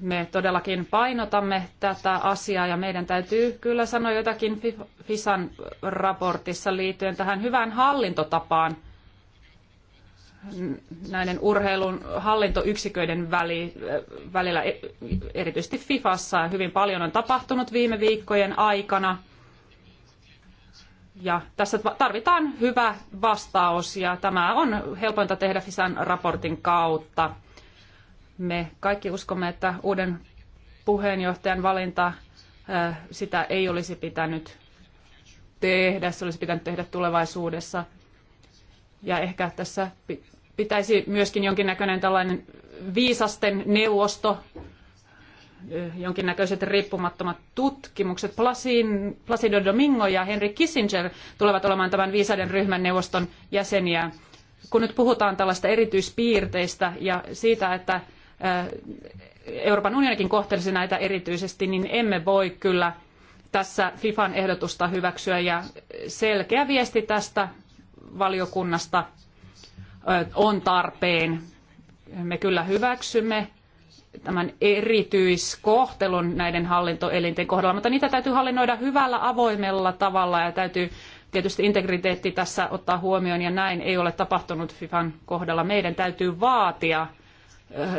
Me todellakin painotamme tätä asiaa ja meidän täytyy kyllä sanoa jotakin FISAN raportissa liittyen tähän hyvään hallintotapaan – näiden urheilun hallintoyksiköiden väli, välillä, e, erityisesti FIFassa. Hyvin paljon on tapahtunut viime viikkojen aikana. Ja tässä tarvitaan hyvä vastaus ja tämä on helpointa tehdä FISAn raportin kautta. Me kaikki uskomme, että uuden puheenjohtajan valinta sitä ei olisi pitänyt tehdä, se olisi pitänyt tehdä tulevaisuudessa. Ja ehkä tässä pitäisi myöskin jonkinnäköinen tällainen viisasten neuvosto, jonkinnäköiset riippumattomat tutkimukset. Plasin, Placido Domingo ja Henry Kissinger tulevat olemaan tämän viisaiden ryhmän neuvoston jäseniä. Kun nyt puhutaan tällaista erityispiirteistä ja siitä, että Euroopan unionikin kohtelisi näitä erityisesti, niin emme voi kyllä tässä FIFAn ehdotusta hyväksyä ja selkeä viesti tästä valiokunnasta on tarpeen. Me kyllä hyväksymme tämän erityiskohtelun näiden hallintoelinten kohdalla, mutta niitä täytyy hallinnoida hyvällä avoimella tavalla ja täytyy tietysti integriteetti tässä ottaa huomioon ja näin ei ole tapahtunut FIFAn kohdalla. Meidän täytyy vaatia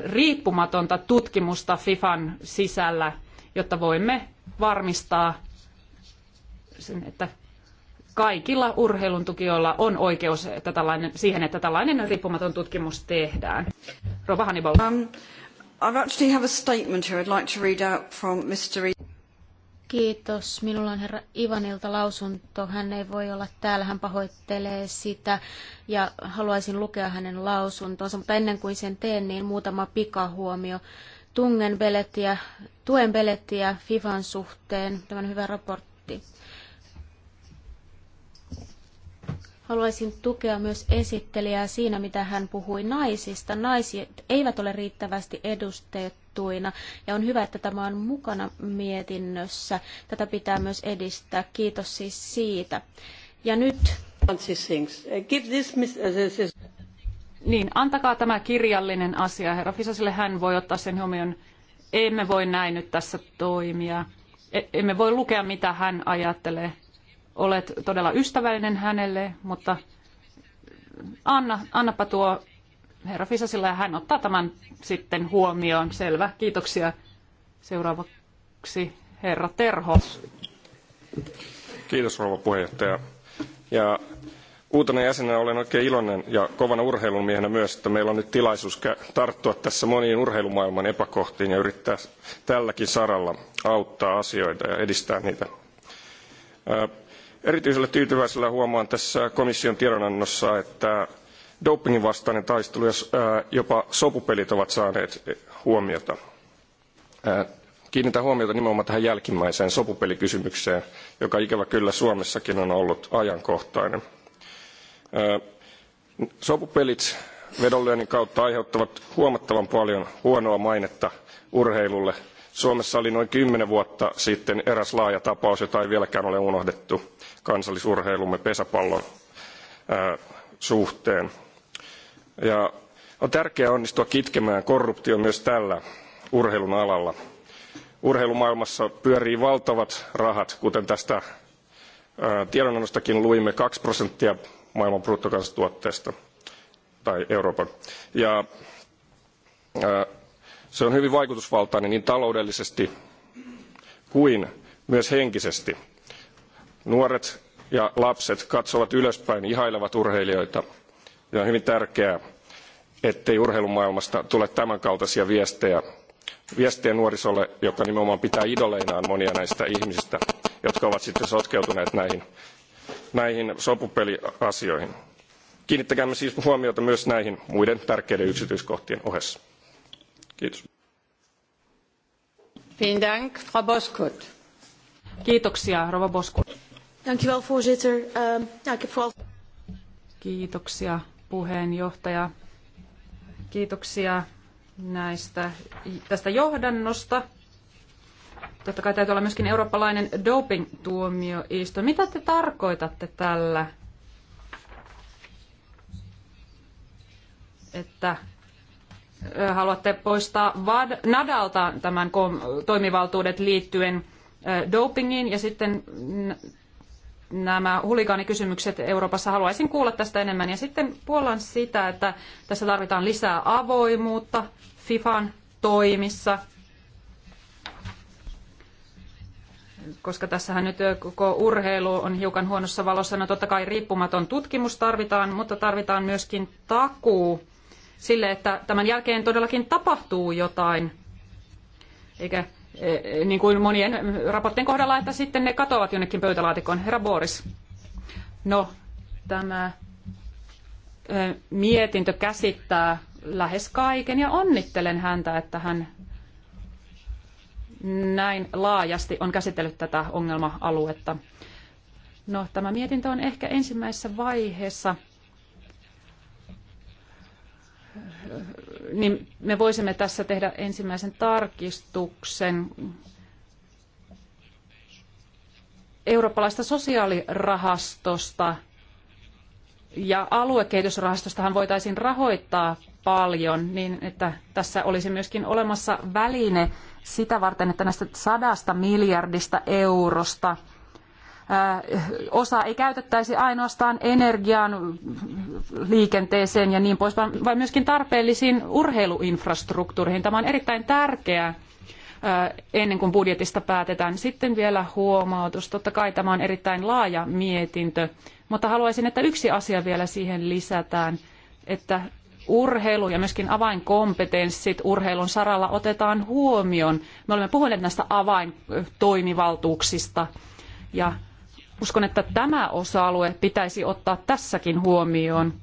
riippumatonta tutkimusta FIFAn sisällä, jotta voimme varmistaa sen, että kaikilla urheilun tukijoilla on oikeus että tällainen, siihen, että tällainen riippumaton tutkimus tehdään. Rova Hannibal. Um, I actually have a statement here I'd like to read out from Mr. E- Kiitos. Minulla on herra Ivanilta lausunto. Hän ei voi olla täällä. Hän pahoittelee sitä ja haluaisin lukea hänen lausuntonsa. Mutta ennen kuin sen teen, niin muutama pikahuomio. Tungen belettiä, tuen belettiä FIFAn suhteen. on hyvä raportti. Haluaisin tukea myös esittelijää siinä, mitä hän puhui naisista. Naiset eivät ole riittävästi edustettuina ja on hyvä, että tämä on mukana mietinnössä. Tätä pitää myös edistää. Kiitos siis siitä. Ja nyt... Uh, niin, antakaa tämä kirjallinen asia herra Fisasille. Hän voi ottaa sen huomioon. Emme voi näin nyt tässä toimia. E- emme voi lukea, mitä hän ajattelee olet todella ystävällinen hänelle, mutta anna, annapa tuo herra Fisasilla ja hän ottaa tämän sitten huomioon. Selvä, kiitoksia. Seuraavaksi herra Terho. Kiitos rouva puheenjohtaja. Ja uutena jäsenenä olen oikein iloinen ja kovana urheilumiehenä myös, että meillä on nyt tilaisuus tarttua tässä moniin urheilumaailman epäkohtiin ja yrittää tälläkin saralla auttaa asioita ja edistää niitä. Erityisellä tyytyväisellä huomaan tässä komission tiedonannossa, että dopingin vastainen taistelu ja jopa sopupelit ovat saaneet huomiota. Kiinnitän huomiota nimenomaan tähän jälkimmäiseen sopupelikysymykseen, joka ikävä kyllä Suomessakin on ollut ajankohtainen. Sopupelit vedonlyönnin kautta aiheuttavat huomattavan paljon huonoa mainetta urheilulle. Suomessa oli noin kymmenen vuotta sitten eräs laaja tapaus, jota ei vieläkään ole unohdettu kansallisurheilumme pesäpallon suhteen. Ja on tärkeää onnistua kitkemään korruptio myös tällä urheilun alalla. Urheilumaailmassa pyörii valtavat rahat, kuten tästä tiedonannostakin luimme, 2 prosenttia maailman bruttokansantuotteesta tai Euroopan. Ja, se on hyvin vaikutusvaltainen niin taloudellisesti kuin myös henkisesti. Nuoret ja lapset katsovat ylöspäin, ihailevat urheilijoita. Ja on hyvin tärkeää, ettei urheilumaailmasta tule tämänkaltaisia viestejä, viestejä nuorisolle, joka nimenomaan pitää idoleinaan monia näistä ihmisistä, jotka ovat sitten sotkeutuneet näihin, näihin sopupeliasioihin kiinnittäkäämme siis huomiota myös näihin muiden tärkeiden yksityiskohtien ohessa. Kiitos. Kiitoksia, Rova Boskut. Ehm, Kiitoksia, puheenjohtaja. Kiitoksia näistä, tästä johdannosta. Totta kai täytyy olla myöskin eurooppalainen doping-tuomioistuin. Mitä te tarkoitatte tällä? että haluatte poistaa Nadalta tämän toimivaltuudet liittyen dopingiin ja sitten nämä huligaanikysymykset Euroopassa. Haluaisin kuulla tästä enemmän. Ja sitten puolan sitä, että tässä tarvitaan lisää avoimuutta FIFAn toimissa, koska tässähän nyt koko urheilu on hiukan huonossa valossa. No totta kai riippumaton tutkimus tarvitaan, mutta tarvitaan myöskin takuu sille, että tämän jälkeen todellakin tapahtuu jotain, eikä eh, niin kuin monien raporttien kohdalla, että sitten ne katoavat jonnekin pöytälaatikkoon. Herra Boris, no tämä eh, mietintö käsittää lähes kaiken ja onnittelen häntä, että hän näin laajasti on käsitellyt tätä ongelma-aluetta. No, tämä mietintö on ehkä ensimmäisessä vaiheessa – niin me voisimme tässä tehdä ensimmäisen tarkistuksen eurooppalaista sosiaalirahastosta ja aluekehitysrahastostahan voitaisiin rahoittaa paljon, niin että tässä olisi myöskin olemassa väline sitä varten, että näistä sadasta miljardista eurosta – osa ei käytettäisi ainoastaan energiaan, liikenteeseen ja niin pois, vaan, vaan myöskin tarpeellisiin urheiluinfrastruktuureihin. Tämä on erittäin tärkeää ennen kuin budjetista päätetään. Sitten vielä huomautus. Totta kai tämä on erittäin laaja mietintö, mutta haluaisin, että yksi asia vielä siihen lisätään, että urheilu ja myöskin avainkompetenssit urheilun saralla otetaan huomioon. Me olemme puhuneet näistä avaintoimivaltuuksista ja Uskon, että tämä osa-alue pitäisi ottaa tässäkin huomioon.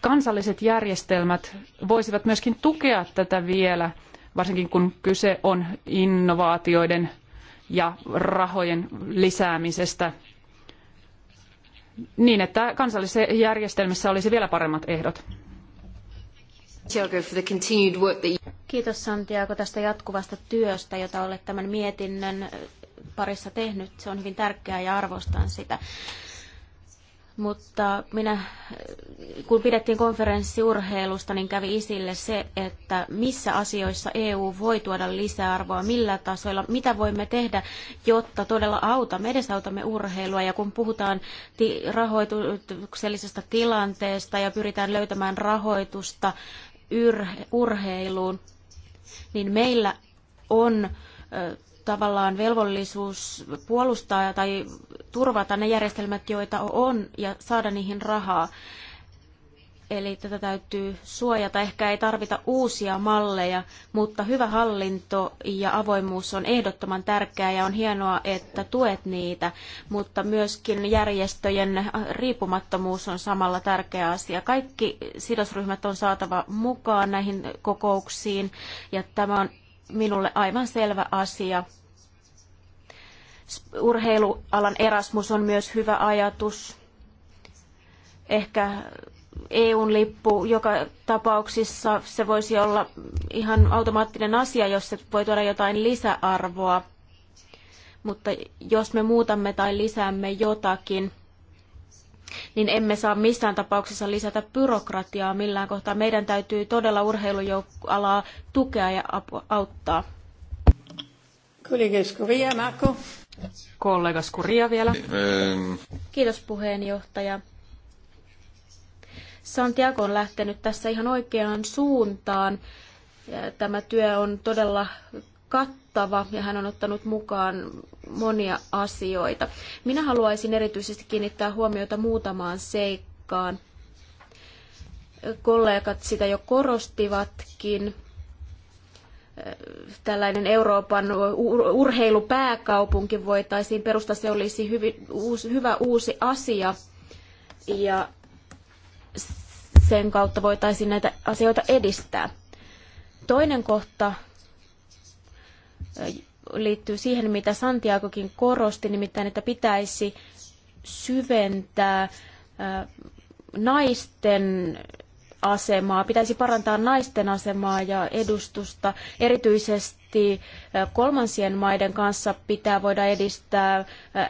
Kansalliset järjestelmät voisivat myöskin tukea tätä vielä, varsinkin kun kyse on innovaatioiden ja rahojen lisäämisestä niin, että kansallisissa järjestelmissä olisi vielä paremmat ehdot. Kiitos Santiago tästä jatkuvasta työstä, jota olet tämän mietinnön parissa tehnyt. Se on hyvin tärkeää ja arvostan sitä. Mutta minä, kun pidettiin konferenssi urheilusta, niin kävi isille se, että missä asioissa EU voi tuoda lisäarvoa, millä tasoilla, mitä voimme tehdä, jotta todella autamme, edesautamme urheilua. Ja kun puhutaan ti- rahoituksellisesta tilanteesta ja pyritään löytämään rahoitusta urheiluun, niin meillä on tavallaan velvollisuus puolustaa tai turvata ne järjestelmät, joita on, ja saada niihin rahaa. Eli tätä täytyy suojata. Ehkä ei tarvita uusia malleja, mutta hyvä hallinto ja avoimuus on ehdottoman tärkeää ja on hienoa, että tuet niitä, mutta myöskin järjestöjen riippumattomuus on samalla tärkeä asia. Kaikki sidosryhmät on saatava mukaan näihin kokouksiin ja tämä on minulle aivan selvä asia. Urheilualan Erasmus on myös hyvä ajatus. Ehkä EUn lippu joka tapauksessa se voisi olla ihan automaattinen asia, jos se voi tuoda jotain lisäarvoa. Mutta jos me muutamme tai lisäämme jotakin, niin emme saa missään tapauksessa lisätä byrokratiaa millään kohtaa. Meidän täytyy todella urheilujoukkualaa tukea ja apua, auttaa. Kollega Marko. Kollega Skuria vielä. Ähm. Kiitos puheenjohtaja. Santiago on lähtenyt tässä ihan oikeaan suuntaan. Tämä työ on todella kattava kattava ja hän on ottanut mukaan monia asioita. Minä haluaisin erityisesti kiinnittää huomiota muutamaan seikkaan. Kollegat sitä jo korostivatkin. Tällainen Euroopan urheilupääkaupunki voitaisiin perustaa. Se olisi hyvin, uusi, hyvä uusi asia. Ja sen kautta voitaisiin näitä asioita edistää. Toinen kohta liittyy siihen, mitä Santiagokin korosti, nimittäin, että pitäisi syventää naisten asemaa, pitäisi parantaa naisten asemaa ja edustusta. Erityisesti kolmansien maiden kanssa pitää voida edistää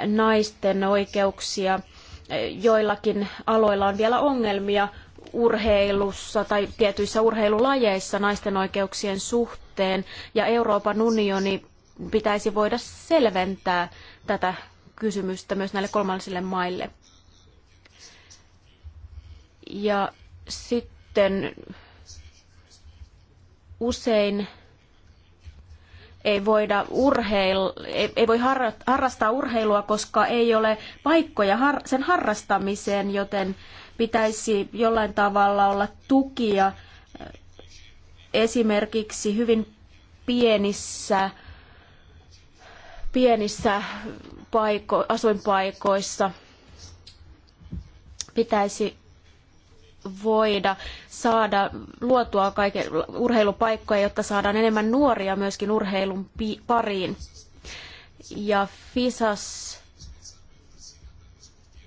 naisten oikeuksia. Joillakin aloilla on vielä ongelmia, urheilussa tai tietyissä urheilulajeissa naisten oikeuksien suhteen ja Euroopan unioni pitäisi voida selventää tätä kysymystä myös näille kolmansille maille. Ja sitten usein ei voida urheil, ei, ei voi harrastaa urheilua, koska ei ole paikkoja har, sen harrastamiseen, joten pitäisi jollain tavalla olla tukia esimerkiksi hyvin pienissä, pienissä paiko, asuinpaikoissa pitäisi voida saada luotua kaiken, urheilupaikkoja, jotta saadaan enemmän nuoria myöskin urheilun pariin. Ja FISAS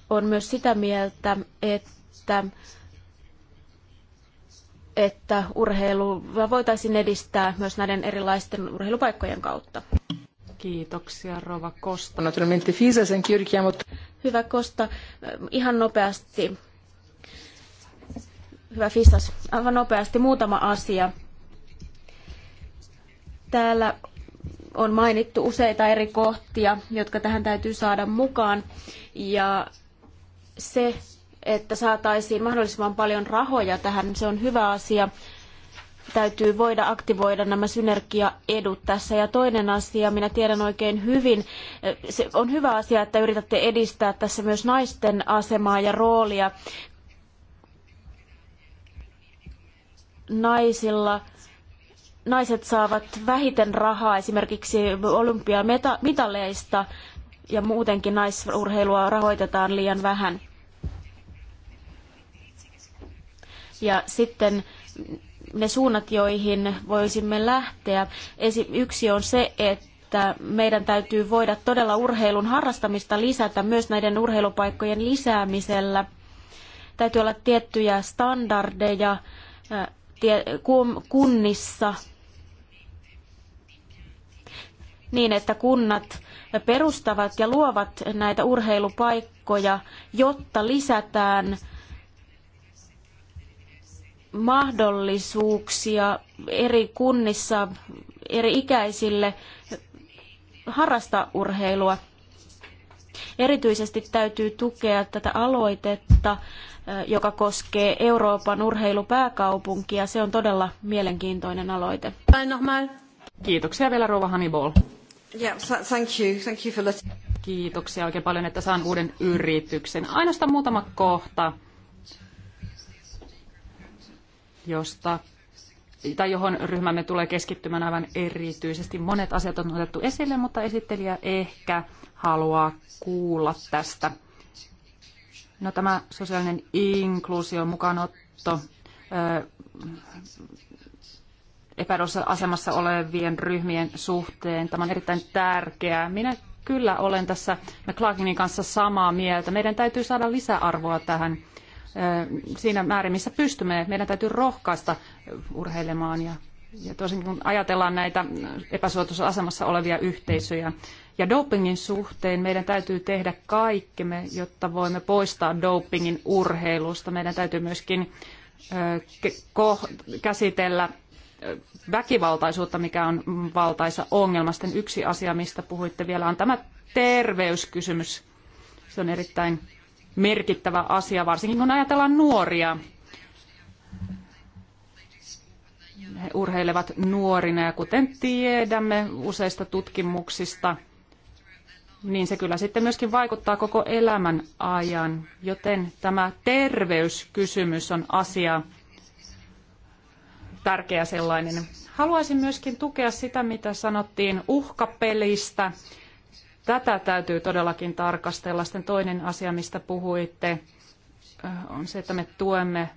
on myös sitä mieltä, että että että urheilua voitaisiin edistää myös näiden erilaisten urheilupaikkojen kautta. Kiitoksia Rova Kosta. Naturalmente Fisa, sen Hyvä Kosta, ihan nopeasti. Hyvä Fisas, aivan nopeasti muutama asia. Täällä on mainittu useita eri kohtia, jotka tähän täytyy saada mukaan. Ja se, että saataisiin mahdollisimman paljon rahoja tähän. Se on hyvä asia. Täytyy voida aktivoida nämä synergiaedut tässä. Ja toinen asia, minä tiedän oikein hyvin, eh, se on hyvä asia, että yritätte edistää tässä myös naisten asemaa ja roolia. Naisilla naiset saavat vähiten rahaa esimerkiksi olympiamitaleista ja muutenkin naisurheilua rahoitetaan liian vähän. ja sitten ne suunnat, joihin voisimme lähteä. Yksi on se, että meidän täytyy voida todella urheilun harrastamista lisätä myös näiden urheilupaikkojen lisäämisellä. Täytyy olla tiettyjä standardeja kunnissa niin, että kunnat perustavat ja luovat näitä urheilupaikkoja, jotta lisätään – mahdollisuuksia eri kunnissa eri ikäisille harrastaa urheilua. Erityisesti täytyy tukea tätä aloitetta, joka koskee Euroopan urheilupääkaupunkia. Se on todella mielenkiintoinen aloite. Kiitoksia vielä Rova Hannibal. Yeah, thank you. Thank you for Kiitoksia oikein paljon, että saan uuden yrityksen. Ainoastaan muutama kohta josta tai johon ryhmämme tulee keskittymään aivan erityisesti. Monet asiat on otettu esille, mutta esittelijä ehkä haluaa kuulla tästä. No tämä sosiaalinen inkluusio, mukaanotto, epäedussa asemassa olevien ryhmien suhteen. Tämä on erittäin tärkeää. Minä kyllä olen tässä McClarkinin kanssa samaa mieltä. Meidän täytyy saada lisäarvoa tähän siinä määrin, missä pystymme. Meidän täytyy rohkaista urheilemaan ja, ja tosin kun ajatellaan näitä epäsuotuisessa asemassa olevia yhteisöjä. Ja dopingin suhteen meidän täytyy tehdä kaikkemme, jotta voimme poistaa dopingin urheilusta. Meidän täytyy myöskin käsitellä väkivaltaisuutta, mikä on valtaisa ongelma. Sitten yksi asia, mistä puhuitte vielä, on tämä terveyskysymys. Se on erittäin merkittävä asia, varsinkin kun ajatellaan nuoria. He urheilevat nuorina ja kuten tiedämme useista tutkimuksista, niin se kyllä sitten myöskin vaikuttaa koko elämän ajan. Joten tämä terveyskysymys on asia, tärkeä sellainen. Haluaisin myöskin tukea sitä, mitä sanottiin uhkapelistä Tätä täytyy todellakin tarkastella. Sitten toinen asia, mistä puhuitte, on se, että me tuemme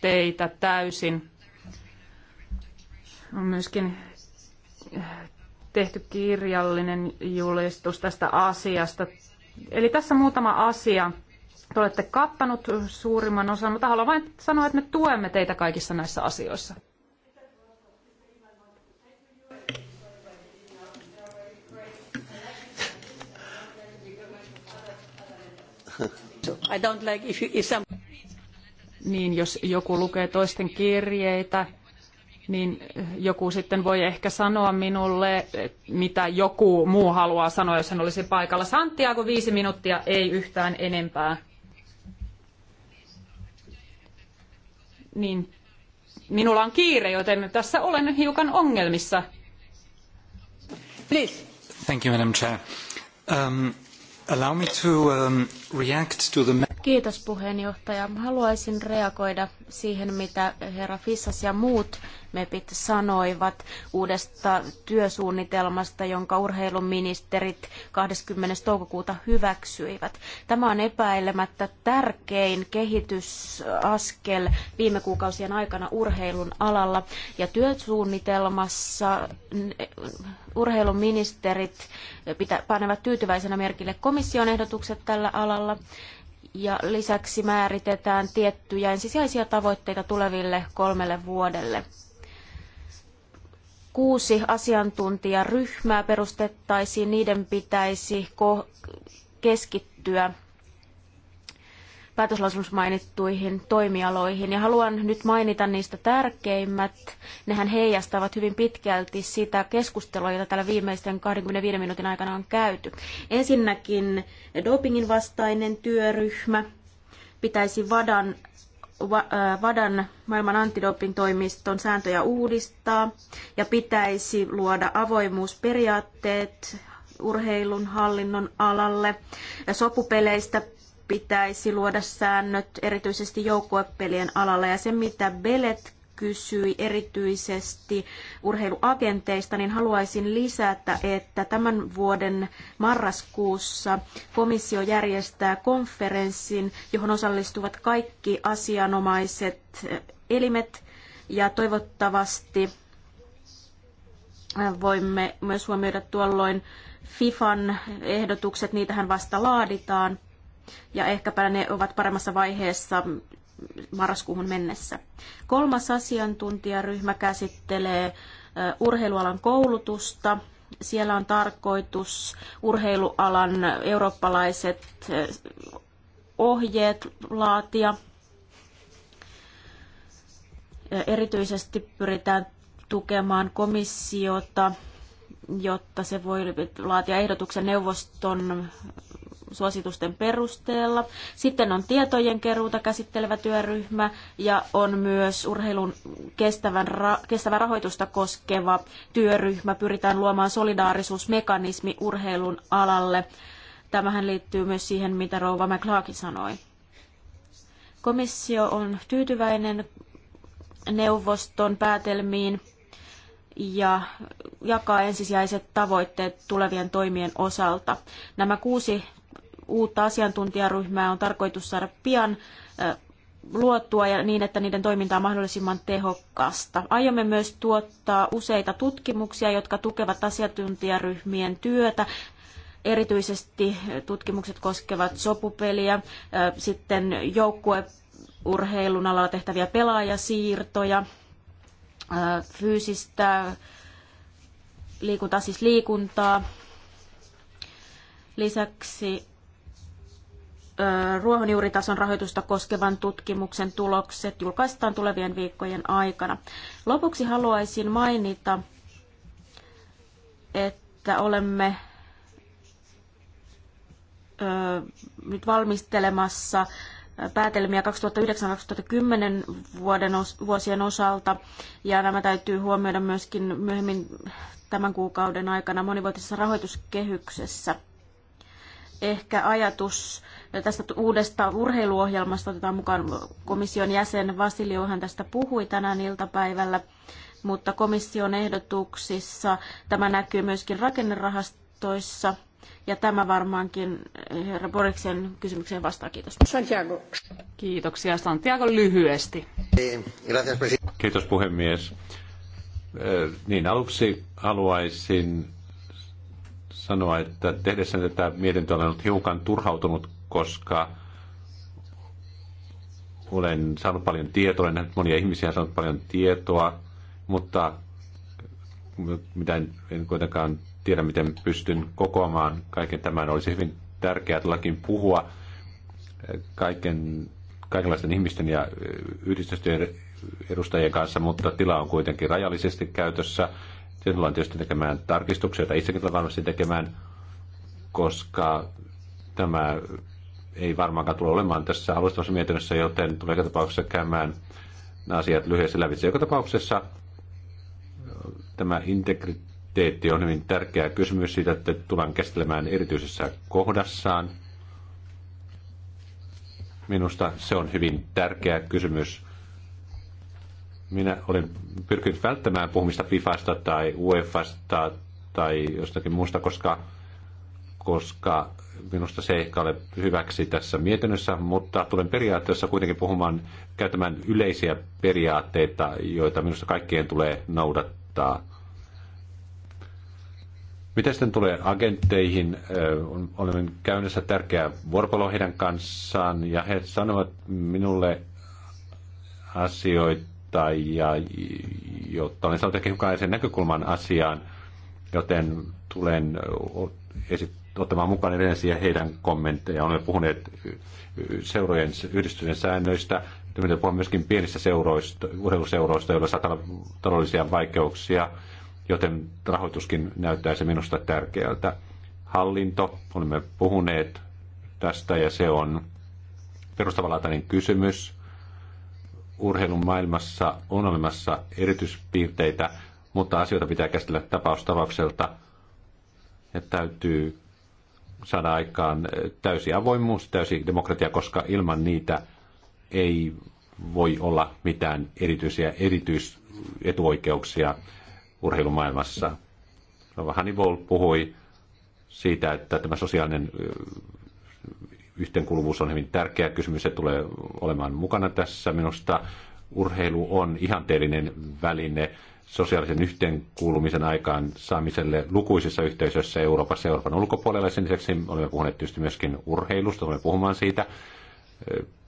teitä täysin. On myöskin tehty kirjallinen julistus tästä asiasta. Eli tässä muutama asia. Te olette kattanut suurimman osan, mutta haluan vain sanoa, että me tuemme teitä kaikissa näissä asioissa. I don't like if you, if some... Niin, jos joku lukee toisten kirjeitä, niin joku sitten voi ehkä sanoa minulle, mitä joku muu haluaa sanoa, jos hän olisi paikalla. Santiago viisi minuuttia, ei yhtään enempää. Niin, minulla on kiire, joten tässä olen hiukan ongelmissa. Please. Thank you, Madam Chair. Um... Allow me to um, react to the Kiitos puheenjohtaja. Haluaisin reagoida siihen, mitä herra Fissas ja muut MEPit sanoivat uudesta työsuunnitelmasta, jonka urheiluministerit 20. toukokuuta hyväksyivät. Tämä on epäilemättä tärkein kehitysaskel viime kuukausien aikana urheilun alalla. Ja työsuunnitelmassa urheiluministerit panevat tyytyväisenä merkille komission ehdotukset tällä alalla ja lisäksi määritetään tiettyjä ensisijaisia tavoitteita tuleville kolmelle vuodelle. Kuusi asiantuntijaryhmää perustettaisiin, niiden pitäisi keskittyä päätöslausunnossa mainittuihin toimialoihin. Ja haluan nyt mainita niistä tärkeimmät. Nehän heijastavat hyvin pitkälti sitä keskustelua, jota täällä viimeisten 25 minuutin aikana on käyty. Ensinnäkin dopingin vastainen työryhmä pitäisi VADAN, äh, VADAN maailman antidopingtoimiston sääntöjä uudistaa ja pitäisi luoda avoimuusperiaatteet urheilun hallinnon alalle. Sopupeleistä pitäisi luoda säännöt erityisesti joukkuepelien alalla. Ja se, mitä Belet kysyi erityisesti urheiluagenteista, niin haluaisin lisätä, että tämän vuoden marraskuussa komissio järjestää konferenssin, johon osallistuvat kaikki asianomaiset elimet ja toivottavasti voimme myös huomioida tuolloin FIFAn ehdotukset, niitähän vasta laaditaan – ja ehkäpä ne ovat paremmassa vaiheessa marraskuuhun mennessä. Kolmas asiantuntijaryhmä käsittelee urheilualan koulutusta. Siellä on tarkoitus urheilualan eurooppalaiset ohjeet laatia. Erityisesti pyritään tukemaan komissiota, jotta se voi laatia ehdotuksen neuvoston suositusten perusteella. Sitten on tietojen keruuta käsittelevä työryhmä ja on myös urheilun kestävän ra- kestävä rahoitusta koskeva työryhmä. Pyritään luomaan solidaarisuusmekanismi urheilun alalle. Tämähän liittyy myös siihen, mitä Rouva McLaakin sanoi. Komissio on tyytyväinen neuvoston päätelmiin ja jakaa ensisijaiset tavoitteet tulevien toimien osalta. Nämä kuusi uutta asiantuntijaryhmää on tarkoitus saada pian luotua ja niin, että niiden toiminta on mahdollisimman tehokasta. Aiomme myös tuottaa useita tutkimuksia, jotka tukevat asiantuntijaryhmien työtä. Erityisesti tutkimukset koskevat sopupeliä, sitten joukkueurheilun alalla tehtäviä pelaajasiirtoja, fyysistä liikuntaa, siis liikuntaa. Lisäksi ruohonjuuritason rahoitusta koskevan tutkimuksen tulokset julkaistaan tulevien viikkojen aikana. Lopuksi haluaisin mainita, että olemme nyt valmistelemassa päätelmiä 2009-2010 vuoden vuosien osalta, ja nämä täytyy huomioida myöskin myöhemmin tämän kuukauden aikana monivuotisessa rahoituskehyksessä ehkä ajatus tästä uudesta urheiluohjelmasta otetaan mukaan komission jäsen Vasiliohan tästä puhui tänään iltapäivällä, mutta komission ehdotuksissa tämä näkyy myöskin rakennerahastoissa. Ja tämä varmaankin herra Boriksen kysymykseen vastaa. Kiitos. Santiago. Kiitoksia Santiago lyhyesti. Kiitos puhemies. Niin aluksi haluaisin sanoa, että tehdessäni tätä mietintöä olen ollut hiukan turhautunut, koska olen saanut paljon tietoa, olen nähnyt monia ihmisiä, saanut paljon tietoa, mutta mitä en, en kuitenkaan tiedä, miten pystyn kokoamaan kaiken tämän. Olisi hyvin tärkeää todellakin puhua kaiken, kaikenlaisten ihmisten ja yhdistysten edustajien kanssa, mutta tila on kuitenkin rajallisesti käytössä. Sitten tullaan tietysti tekemään tarkistuksia, joita itsekin tullaan varmasti tekemään, koska tämä ei varmaankaan tule olemaan tässä alustavassa mietinnössä, joten tulee joka tapauksessa käymään asiat lyhyesti lävitse. Joka tapauksessa äh, tämä integriteetti on hyvin tärkeä kysymys siitä, että tullaan käsittelemään erityisessä kohdassaan. Minusta se on hyvin tärkeä kysymys minä olen pyrkinyt välttämään puhumista FIFAsta tai UEFasta tai jostakin muusta, koska, koska minusta se ei ehkä ole hyväksi tässä mietinnössä, mutta tulen periaatteessa kuitenkin puhumaan, käyttämään yleisiä periaatteita, joita minusta kaikkien tulee noudattaa. Mitä sitten tulee agentteihin? Olemme käynnissä tärkeää vuoropalo heidän kanssaan ja he sanovat minulle asioita, ja jotta olen saanut ehkä sen näkökulman asiaan, joten tulen ottamaan mukaan edellisiä heidän kommentteja. Olemme puhuneet seurojen yhdistyneiden säännöistä, mutta puhua myöskin pienistä seuroista, urheiluseuroista, joilla saattaa olla taloudellisia vaikeuksia, joten rahoituskin se minusta tärkeältä. Hallinto, olemme puhuneet tästä ja se on perustavanlaatainen kysymys urheilun maailmassa on olemassa erityispiirteitä, mutta asioita pitää käsitellä tapaustapaukselta ja täytyy saada aikaan täysi avoimuus, täysi demokratia, koska ilman niitä ei voi olla mitään erityisiä erityisetuoikeuksia urheilumaailmassa. Hannibal puhui siitä, että tämä sosiaalinen yhteenkuuluvuus on hyvin tärkeä kysymys, se tulee olemaan mukana tässä. Minusta urheilu on ihanteellinen väline sosiaalisen yhteenkuulumisen aikaan saamiselle lukuisissa yhteisöissä Euroopassa ja Euroopan ulkopuolella. Sen lisäksi olemme puhuneet tietysti myöskin urheilusta, olemme puhumaan siitä.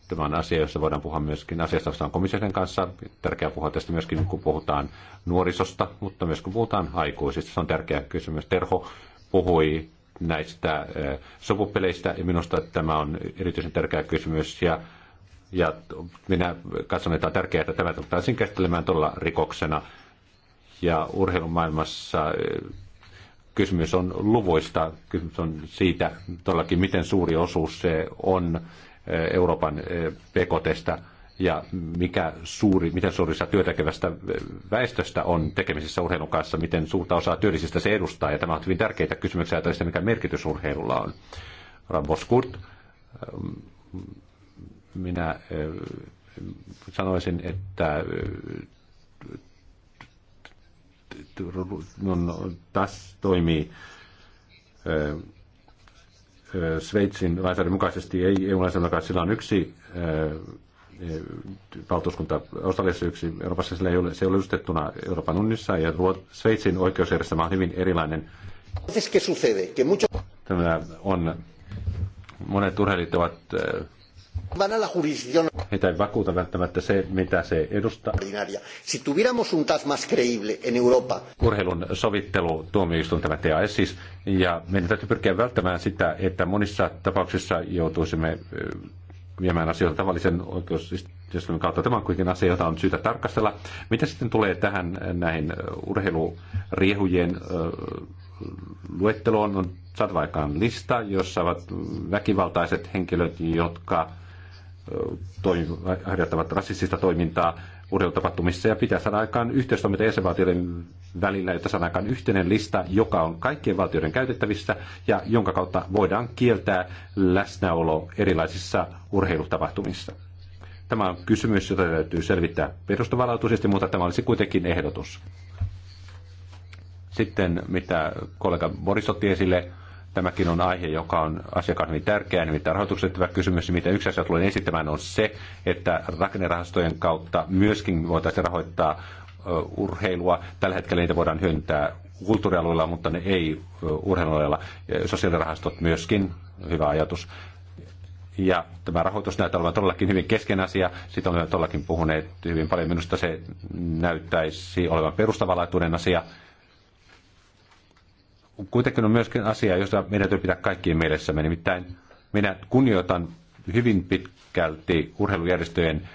Tämä on asia, jossa voidaan puhua myöskin asiasta, jossa on kanssa. Tärkeää puhua tästä myöskin, kun puhutaan nuorisosta, mutta myös kun puhutaan aikuisista. Se on tärkeä kysymys. Terho puhui näistä sopupeleistä, ja minusta tämä on erityisen tärkeä kysymys, ja, ja minä katson, että on tärkeää, että tämä tultaisiin käsittelemään tuolla rikoksena, ja urheilumaailmassa kysymys on luvuista, kysymys on siitä todellakin, miten suuri osuus se on Euroopan pekotesta ja mikä suuri, miten suuri osa työtäkevästä väestöstä on tekemisissä urheilun kanssa, miten suurta osaa työllisistä se edustaa. Ja tämä on hyvin tärkeitä kysymyksiä että mikä merkitys urheilulla on. Boskurt, ähm, minä äh, sanoisin, että äh, tässä toimii äh, Sveitsin lainsäädännön mukaisesti, ei EU-lainsäädännön mukaisesti, sillä on yksi Eh, valtuuskunta Australiassa yksi, Euroopassa sillä ei ole, se ei ole edustettuna Euroopan unionissa ja Sveitsin oikeusjärjestelmä on hyvin erilainen. Tämä on, monet urheilijat ovat eh, Heitä ei vakuuta välttämättä se, mitä se edustaa. Si tuviéramos un TAS más creíble en Europa. Urheilun sovittelu tuomioistuin tämä TAS siis, ja meidän täytyy pyrkiä välttämään sitä, että monissa tapauksissa joutuisimme eh, viemään asioita tavallisen oikeusjärjestelmän kautta. Tämä on kuitenkin asia, jota on syytä tarkastella. Mitä sitten tulee tähän eh, näihin eh, urheiluriehujen eh, luetteloon? On saatava aikaan lista, jossa ovat väkivaltaiset henkilöt, jotka harjoittavat rasistista toimintaa urheilutapahtumissa ja pitää saada aikaan yhteistoiminta jäsenvaltioiden välillä, jotta saadaan aikaan yhteinen lista, joka on kaikkien valtioiden käytettävissä ja jonka kautta voidaan kieltää läsnäolo erilaisissa urheilutapahtumissa. Tämä on kysymys, jota täytyy selvittää perustavanlaatuisesti, mutta tämä olisi kuitenkin ehdotus. Sitten mitä kollega Boris otti esille, Tämäkin on aihe, joka on asiakkaan hyvin tärkeä, nimittäin rahoitukset liittyvä kysymys. Mitä yksi asia tulen esittämään on se, että rakennerahastojen kautta myöskin voitaisiin rahoittaa urheilua. Tällä hetkellä niitä voidaan hyödyntää kulttuurialueilla, mutta ne ei urheilualueilla. Sosiaalirahastot myöskin, hyvä ajatus. Ja tämä rahoitus näyttää olevan todellakin hyvin kesken asia. Siitä olemme todellakin puhuneet hyvin paljon. Minusta se näyttäisi olevan perustavanlaatuinen asia kuitenkin on myöskin asia, josta meidän täytyy pitää kaikkien mielessämme. Nimittäin minä kunnioitan hyvin pitkälti urheilujärjestöjen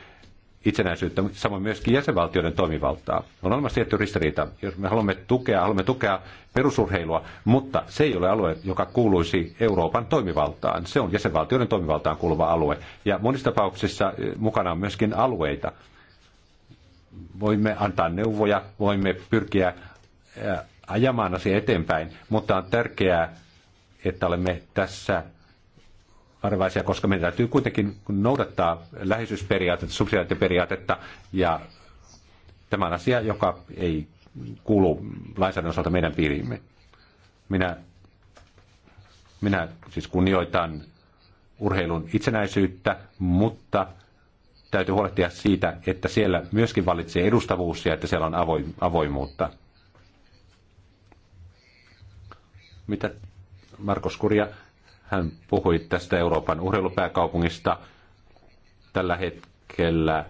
itsenäisyyttä, samoin myöskin jäsenvaltioiden toimivaltaa. On olemassa tietty ristiriita. Jos me haluamme tukea, haluamme tukea perusurheilua, mutta se ei ole alue, joka kuuluisi Euroopan toimivaltaan. Se on jäsenvaltioiden toimivaltaan kuuluva alue. Ja monissa tapauksissa eh, mukana on myöskin alueita. Voimme antaa neuvoja, voimme pyrkiä eh, ajamaan asia eteenpäin, mutta on tärkeää, että olemme tässä varovaisia, koska meidän täytyy kuitenkin noudattaa läheisyysperiaatetta, subsidiaatioperiaatetta, ja tämä on asia, joka ei kuulu lainsäädännön osalta meidän piiriimme. Minä, minä siis kunnioitan urheilun itsenäisyyttä, mutta täytyy huolehtia siitä, että siellä myöskin valitsee edustavuus ja että siellä on avoimuutta. mitä Markus Kurja, hän puhui tästä Euroopan urheilupääkaupungista. Tällä hetkellä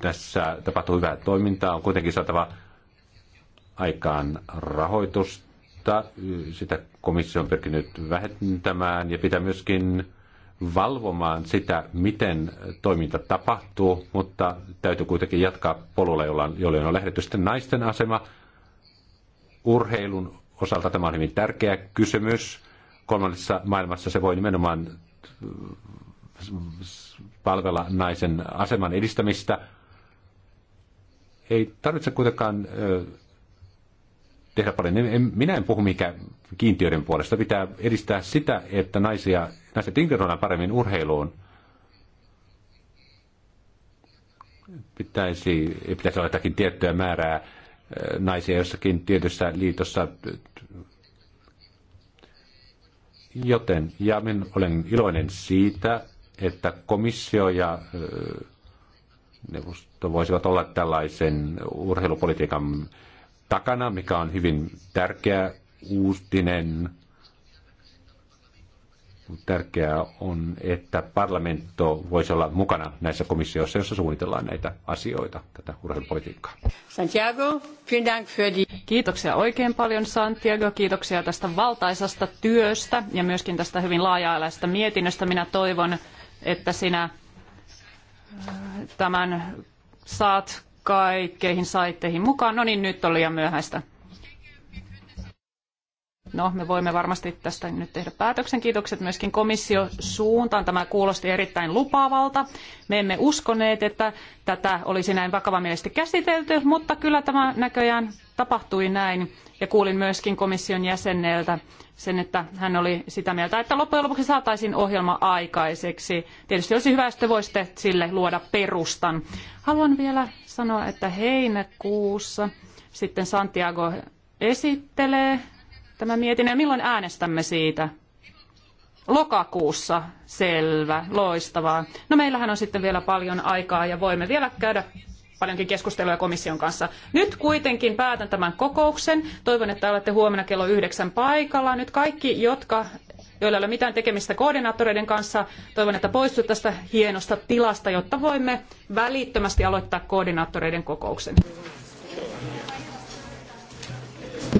tässä tapahtuu hyvää toimintaa. On kuitenkin saatava aikaan rahoitusta. Sitä komissio on pyrkinyt vähentämään ja pitää myöskin valvomaan sitä, miten toiminta tapahtuu, mutta täytyy kuitenkin jatkaa polulla, jolloin jolle on lähdetty sitten naisten asema urheilun osalta tämä on hyvin tärkeä kysymys. Kolmannessa maailmassa se voi nimenomaan äh, palvella naisen aseman edistämistä. Ei tarvitse kuitenkaan äh, tehdä paljon. Minä en puhu mikä kiintiöiden puolesta. Pitää edistää sitä, että naisia, naiset integroidaan paremmin urheiluun. Pitäisi, pitäisi olla jotakin tiettyä määrää naisia jossakin tietyssä liitossa. Joten, ja minä olen iloinen siitä, että komissio ja neuvosto voisivat olla tällaisen urheilupolitiikan takana, mikä on hyvin tärkeä uutinen Tärkeää on, että parlamentto voisi olla mukana näissä komissioissa, joissa suunnitellaan näitä asioita, tätä urheilupolitiikkaa. Santiago, dank für die... Kiitoksia oikein paljon Santiago, kiitoksia tästä valtaisasta työstä ja myöskin tästä hyvin laaja-alaisesta mietinnöstä. Minä toivon, että sinä äh, tämän saat kaikkeihin saitteihin mukaan. No niin, nyt on liian myöhäistä. No, me voimme varmasti tästä nyt tehdä päätöksen. Kiitokset myöskin komission suuntaan. Tämä kuulosti erittäin lupaavalta. Me emme uskoneet, että tätä olisi näin vakavamielisesti käsitelty, mutta kyllä tämä näköjään tapahtui näin. Ja kuulin myöskin komission jäseneltä sen, että hän oli sitä mieltä, että loppujen lopuksi saataisiin ohjelma aikaiseksi. Tietysti olisi hyvä, jos te voisitte sille luoda perustan. Haluan vielä sanoa, että heinäkuussa sitten Santiago esittelee tämän mietinnön. Milloin äänestämme siitä? Lokakuussa, selvä, loistavaa. No meillähän on sitten vielä paljon aikaa ja voimme vielä käydä paljonkin keskustelua komission kanssa. Nyt kuitenkin päätän tämän kokouksen. Toivon, että olette huomenna kello yhdeksän paikalla. Nyt kaikki, jotka joilla ei ole mitään tekemistä koordinaattoreiden kanssa. Toivon, että poistut tästä hienosta tilasta, jotta voimme välittömästi aloittaa koordinaattoreiden kokouksen.